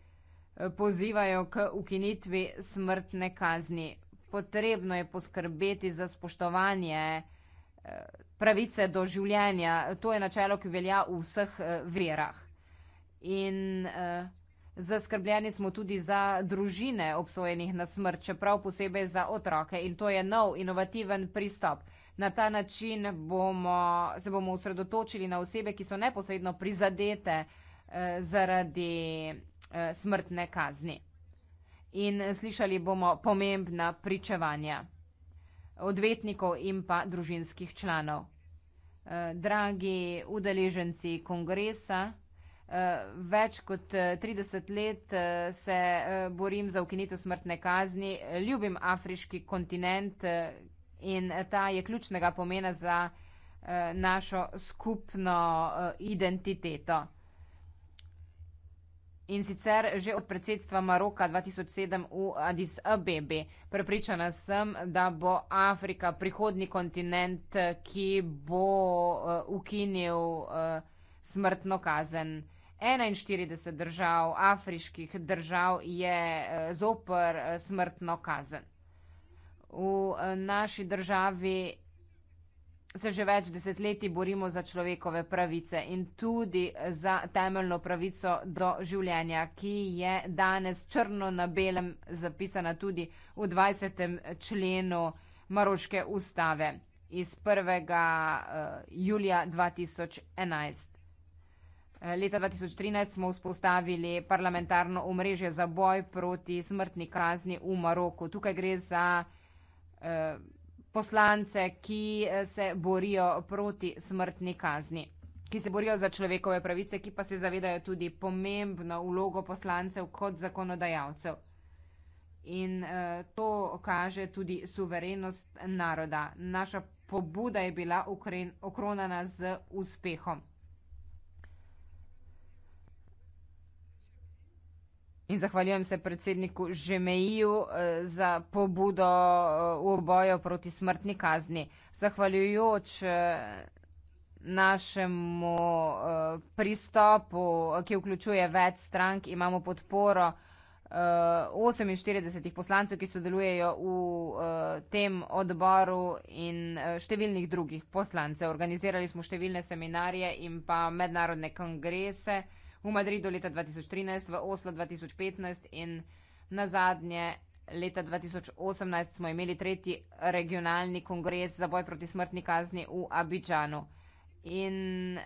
pozivajo k ukinitvi smrtne kazni. Potrebno je poskrbeti za spoštovanje pravice do življenja. To je načelo, ki velja v vseh verah. In uh, Zaskrbljeni smo tudi za družine obsojenih na smrt, čeprav posebej za otroke in to je nov inovativen pristop. Na ta način bomo, se bomo usredotočili na osebe, ki so neposredno prizadete eh, zaradi eh, smrtne kazni. In slišali bomo pomembna pričevanja odvetnikov in pa družinskih članov. Eh, dragi udeleženci kongresa, Eh, več kot 30 eh, let eh, se borim za ukinitev smrtne kazni, ljubim afriški kontinent in ta je ključnega pomena za našo skupno identiteto. In sicer že od predsedstva Maroka 2007 v Addis Abebi prepričana sem, da bo Afrika prihodni kontinent, ki bo ukinil smrtno kazen. 41 držav, afriških držav je eh, zopr eh, smrtno kazen. V eh, naši državi se že več desetletij borimo za človekove pravice in tudi za temeljno pravico do življenja, ki je danes črno na belem zapisana tudi v 20. členu Maroške ustave iz 1. julija 2011. Leta 2013 smo vzpostavili parlamentarno omrežje za boj proti smrtni kazni v Maroku. Tukaj gre za eh, poslance, ki eh, se borijo proti smrtni kazni, ki se borijo za človekove pravice, ki pa se zavedajo tudi pomembno vlogo poslancev kot zakonodajalcev. In eh, to kaže tudi suverenost naroda. Naša pobuda je bila okronana z uspehom. In zahvaljujem se predsedniku Žemeju eh, za pobudo eh, v boju proti smrtni kazni. Zahvaljujoč eh, našemu pristopu, ki vključuje več strank, imamo podporo 48 poslancev, ki sodelujejo v tem odboru in številnih drugih poslancev. Organizirali smo številne seminarje in pa mednarodne kongrese v Madridu leta 2013, v Oslo 2015 in na zadnje leta 2018 smo imeli tretji regionalni kongres za boj proti smrtni kazni v Abidžanu. In eh,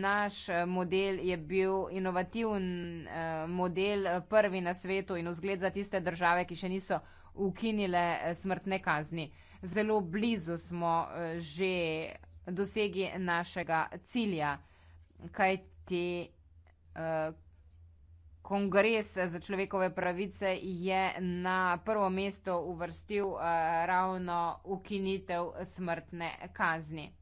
naš model je bil inovativen eh, model, prvi na svetu in vzgled za tiste države, ki še niso ukinile eh, smrtne kazni. Zelo blizu smo eh, že dosegi našega cilja, kajti Kongres za človekove pravice je na prvo mesto uvrstil uh, ravno ukinitev smrtne kazni.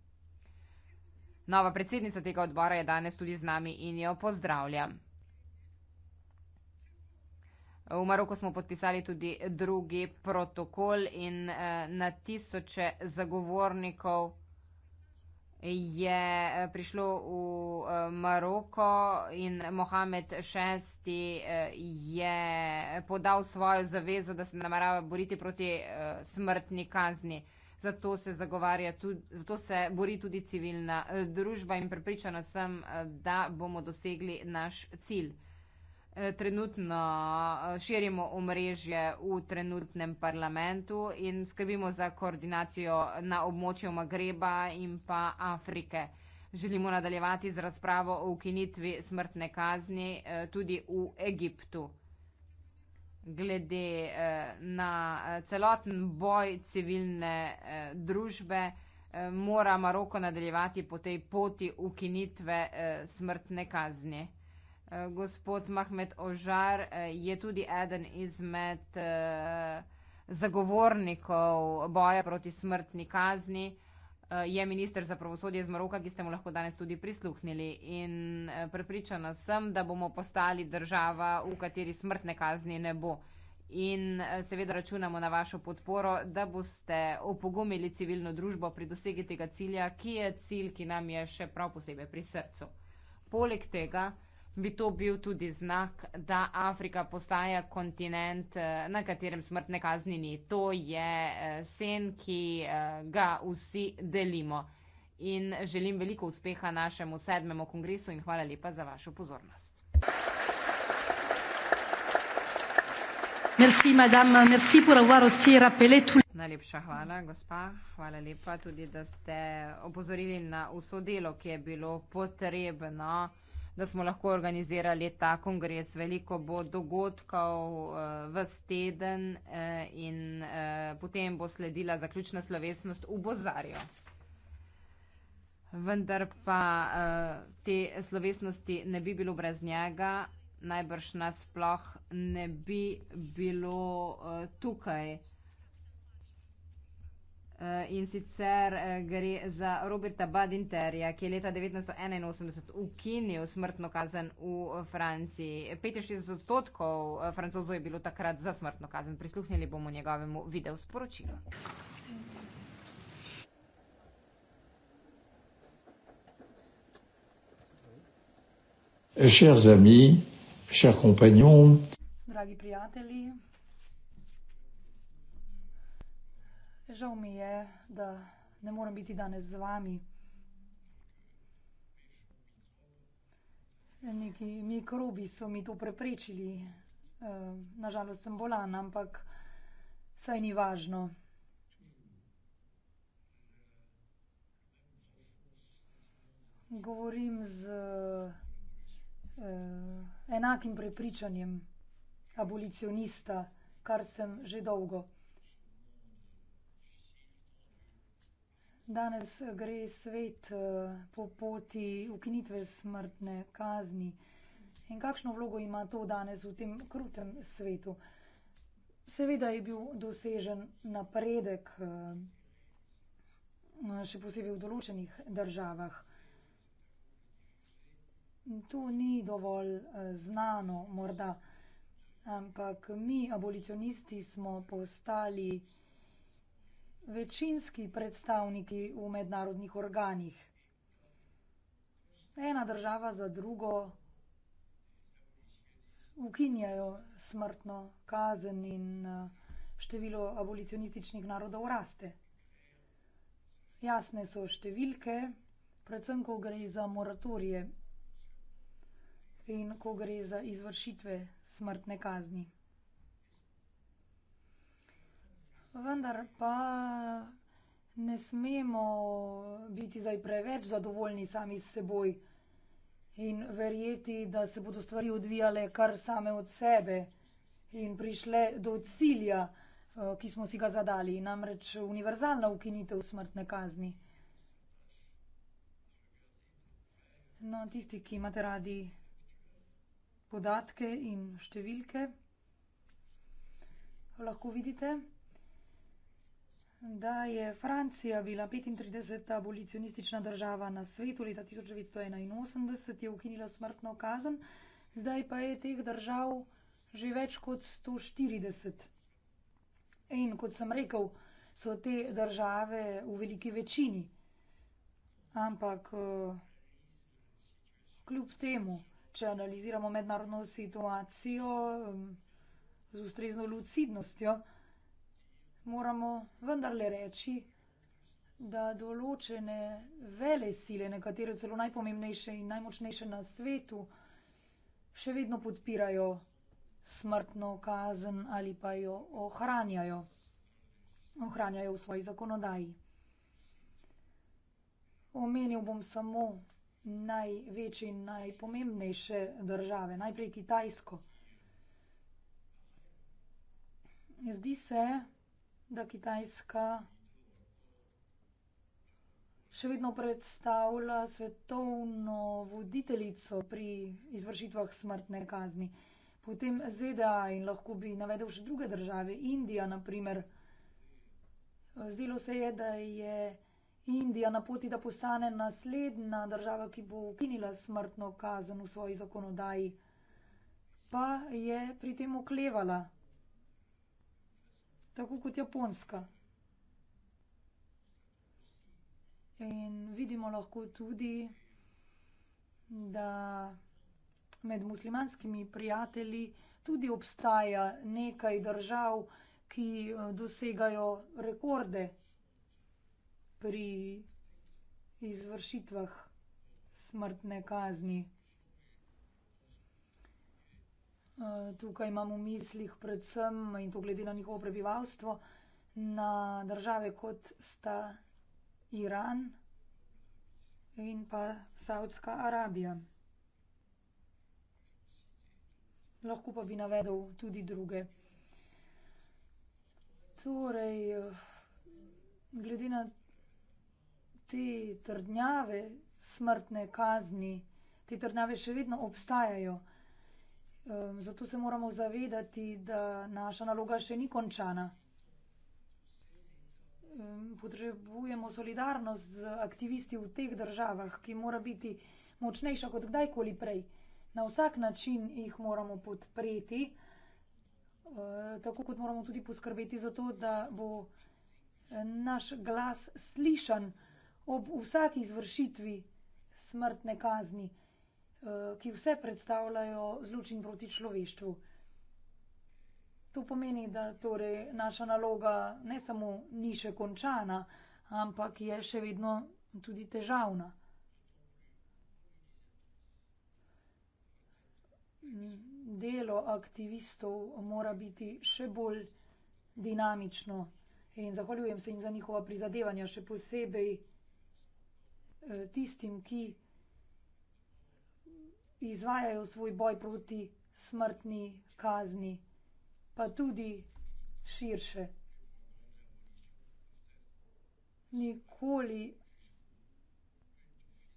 Nova predsednica tega odbora je danes tudi z nami in jo pozdravljam. V Maroku smo podpisali tudi drugi protokol in uh, na tisoče zagovornikov je eh, prišlo v eh, Maroko in Mohamed VI eh, je podal svojo zavezo, da se namerava boriti proti smrtni kazni. Zato se zagovarja tudi, zato se bori tudi civilna družba in prepričana sem, da bomo dosegli naš cilj. Eh, trenutno eh, širimo omrežje v trenutnem parlamentu in skrbimo za koordinacijo na območju Magreba in pa Afrike. Želimo nadaljevati z razpravo o ukinitvi smrtne kazni eh, tudi v Egiptu. Glede na celoten boj civilne družbe mora Maroko nadaljevati po tej poti ukinitve smrtne kazni. Eh, gospod Mahmed Ožar eh, je tudi eden izmed eh, zagovornikov boja proti smrtni kazni, je minister za pravosodje iz Maroka, ki ste mu lahko danes tudi prisluhnili. In prepričana sem, da bomo postali država, v kateri smrtne kazni ne bo. In seveda računamo na vašo podporo, da boste opogumili civilno družbo pri dosegi tega cilja, ki je cilj, ki nam je še prav posebej pri srcu. Poleg tega, bi to bil tudi znak, da Afrika postaja kontinent, eh, na katerem smrtne kazni ni. To je eh, sen, ki eh, ga vsi delimo. In želim veliko uspeha našemu sedmemu kongresu in hvala lepa za vašo pozornost. Merci, madame, merci pour avoir aussi rappelé tout. Najlepša hvala, gospa. Hvala lepa tudi, da ste opozorili na vso delo, ki je bilo potrebno da smo lahko organizirali ta kongres. Veliko bo dogodkov uh, eh, v steden uh, eh, in uh, potem bo sledila zaključna slovesnost v Bozarju. Vendar pa uh, te slovesnosti ne bi bilo brez njega, najbrž nasploh ne bi bilo uh, tukaj. Eh, in sicer eh, gre za Roberta Badinterja, ki je leta 1981 ukinil smrtno kazen v eh, Franciji. 65 odstotkov francozov je bilo takrat za smrtno kazen. Prisluhnili bomo njegovemu video sporočilu. Dragi prijatelji, Žal mi je, da ne morem biti danes z vami. Neki mikrobi so mi to preprečili. Eh, Nažalost sem bolan, ampak saj ni važno. Govorim z eh, enakim prepričanjem abolicionista, kar sem že dolgo. Danes gre svet eh, po poti ukinitve smrtne kazni. In kakšno vlogo ima to danes v tem krutem svetu? Seveda je bil dosežen napredek, eh, še posebej v določenih državah. To ni dovolj eh, znano, morda, ampak mi, abolicionisti, smo postali večinski predstavniki v mednarodnih organih. Ena država za drugo ukinjajo smrtno kazen in eh, število abolicionističnih narodov raste. Jasne so številke, predvsem ko gre za moratorije in ko gre za izvršitve smrtne kazni. Vendar pa ne smemo biti zdaj preveč zadovoljni sami s seboj in verjeti, da se bodo stvari odvijale kar same od sebe in prišle do cilja, eh, ki smo si ga zadali, namreč univerzalna ukinitev smrtne kazni. No, tisti, ki imate radi podatke in številke, lahko vidite da je Francija bila 35. abolicionistična država na svetu leta 1981, je ukinila smrtno kazen, zdaj pa je teh držav že več kot 140. In kot sem rekel, so te države v veliki večini. Ampak kljub temu, če analiziramo mednarodno situacijo z ustrezno lucidnostjo, moramo vendarle reči, da določene velesile, nekatere celo najpomembnejše in najmočnejše na svetu, še vedno podpirajo smrtno kazen ali pa jo ohranjajo. Ohranjajo v svoji zakonodaji. Omenil bom samo največje in najpomembnejše države, najprej Kitajsko. Zdi se, da Kitajska še vedno predstavlja svetovno voditeljico pri izvršitvah smrtne kazni. Potem ZDA in lahko bi navedel še druge države, Indija naprimer. Zdelo se je, da je Indija na poti, da postane naslednja država, ki bo ukinila smrtno kazen v svoji zakonodaji, pa je pri tem oklevala tako kot Japonska. In vidimo lahko tudi, da med muslimanskimi prijatelji tudi obstaja nekaj držav, ki eh, dosegajo rekorde pri izvršitvah smrtne kazni. Eh, tukaj imam v mislih predvsem, in to glede na njihovo prebivalstvo, na države kot sta Iran in pa Saudska Arabija. Lahko pa bi navedel tudi druge. Torej, eh, glede na te trdnjave smrtne kazni, te trdnjave še vedno obstajajo. Zato se moramo zavedati, da naša naloga še ni končana. Potrebujemo solidarnost z aktivisti v teh državah, ki mora biti močnejša kot kdajkoli prej. Na vsak način jih moramo podpreti, eh, tako kot moramo tudi poskrbeti za to, da bo eh, naš glas slišan ob vsaki izvršitvi smrtne kazni. Eh, ki vse predstavljajo zločin proti človeštvu. To pomeni, da torej naša naloga ne samo ni še končana, ampak je še vedno tudi težavna. Delo aktivistov mora biti še bolj dinamično in zahvaljujem se jim za njihova prizadevanja, še posebej eh, tistim, ki izvajajo svoj boj proti smrtni kazni, pa tudi širše. Nikoli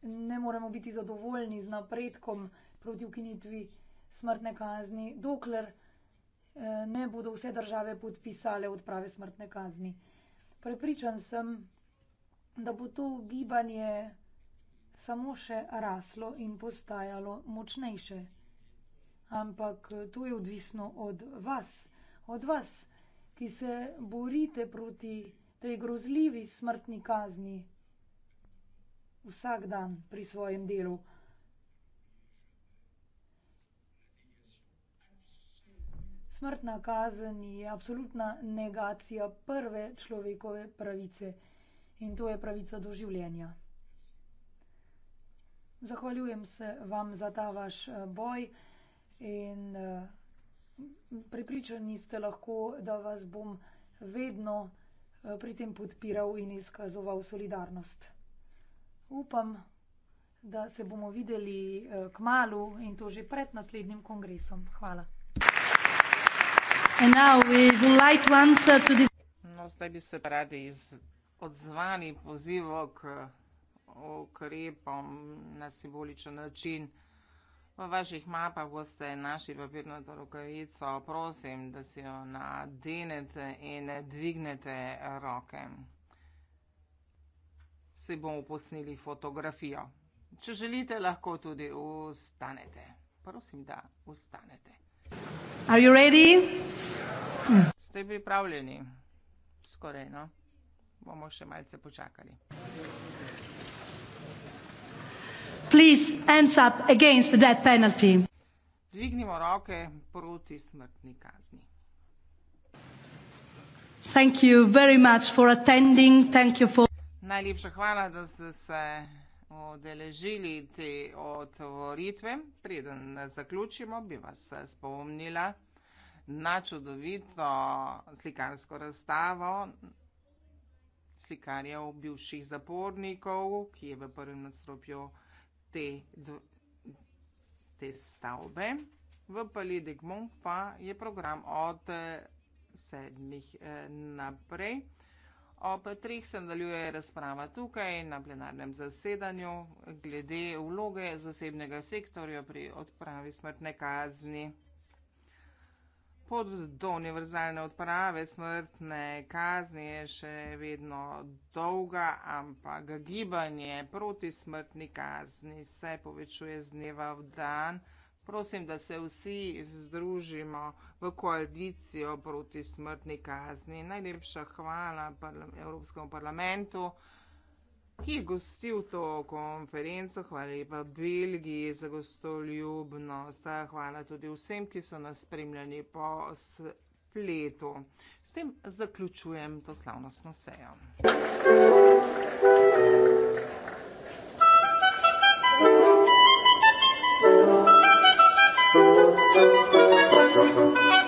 ne moremo biti zadovoljni z napredkom proti ukinitvi smrtne kazni, dokler eh, ne bodo vse države podpisale odprave smrtne kazni. Prepričan sem, da bo to gibanje samo še raslo in postajalo močnejše. Ampak to je odvisno od vas, od vas, ki se borite proti tej grozljivi smrtni kazni vsak dan pri svojem delu. Smrtna kazen je absolutna negacija prve človekove pravice in to je pravica do življenja. Zahvaljujem se vam za ta vaš, eh, boj in, eh, prepričani ste lahko, da vas bom vedno, eh, pri tem podpiral in izkazoval solidarnost. Upam, da se bomo videli, kmalu in to že pred naslednjim kongresom. Hvala. No, zdaj bi se radi odzvali pozivu k ukrepom na simboličen način. V vaših mapah boste našli papirnato rokavico, prosim, da si jo nadenete in dvignete roke. Se bomo posneli fotografijo. Če želite, lahko tudi ustanete. Prosim, da ustanete. Are you ready? Ste pripravljeni? Skoraj, no. Bomo še malce počakali please ends up against that penalty. Dvignimo roke proti smrtni kazni. Thank you very much for attending. Thank you for Najlepša hvala, da ste se odeležili te otvoritve. Preden zaključimo, bi vas spomnila na čudovito slikarsko razstavo slikarjev bivših zapornikov, ki je v prvem nasropju te, dv, te stavbe. V Palais de Gmont pa je program od eh, sedmih eh, naprej. Ob treh se nadaljuje razprava tukaj na plenarnem zasedanju glede vloge zasebnega sektorja pri odpravi smrtne kazni pot do univerzalne odprave smrtne kazni je še vedno dolga, ampak gibanje proti smrtni kazni se povečuje z dneva v dan. Prosim, da se vsi združimo v koalicijo proti smrtni kazni. Najlepša hvala Evropskemu parlamentu ki je gostil to konferenco, hvala lepa Belgiji za gostoljubnost, hvala tudi vsem, ki so nas spremljali po spletu. S tem zaključujem to slavnostno sejo. Thank you.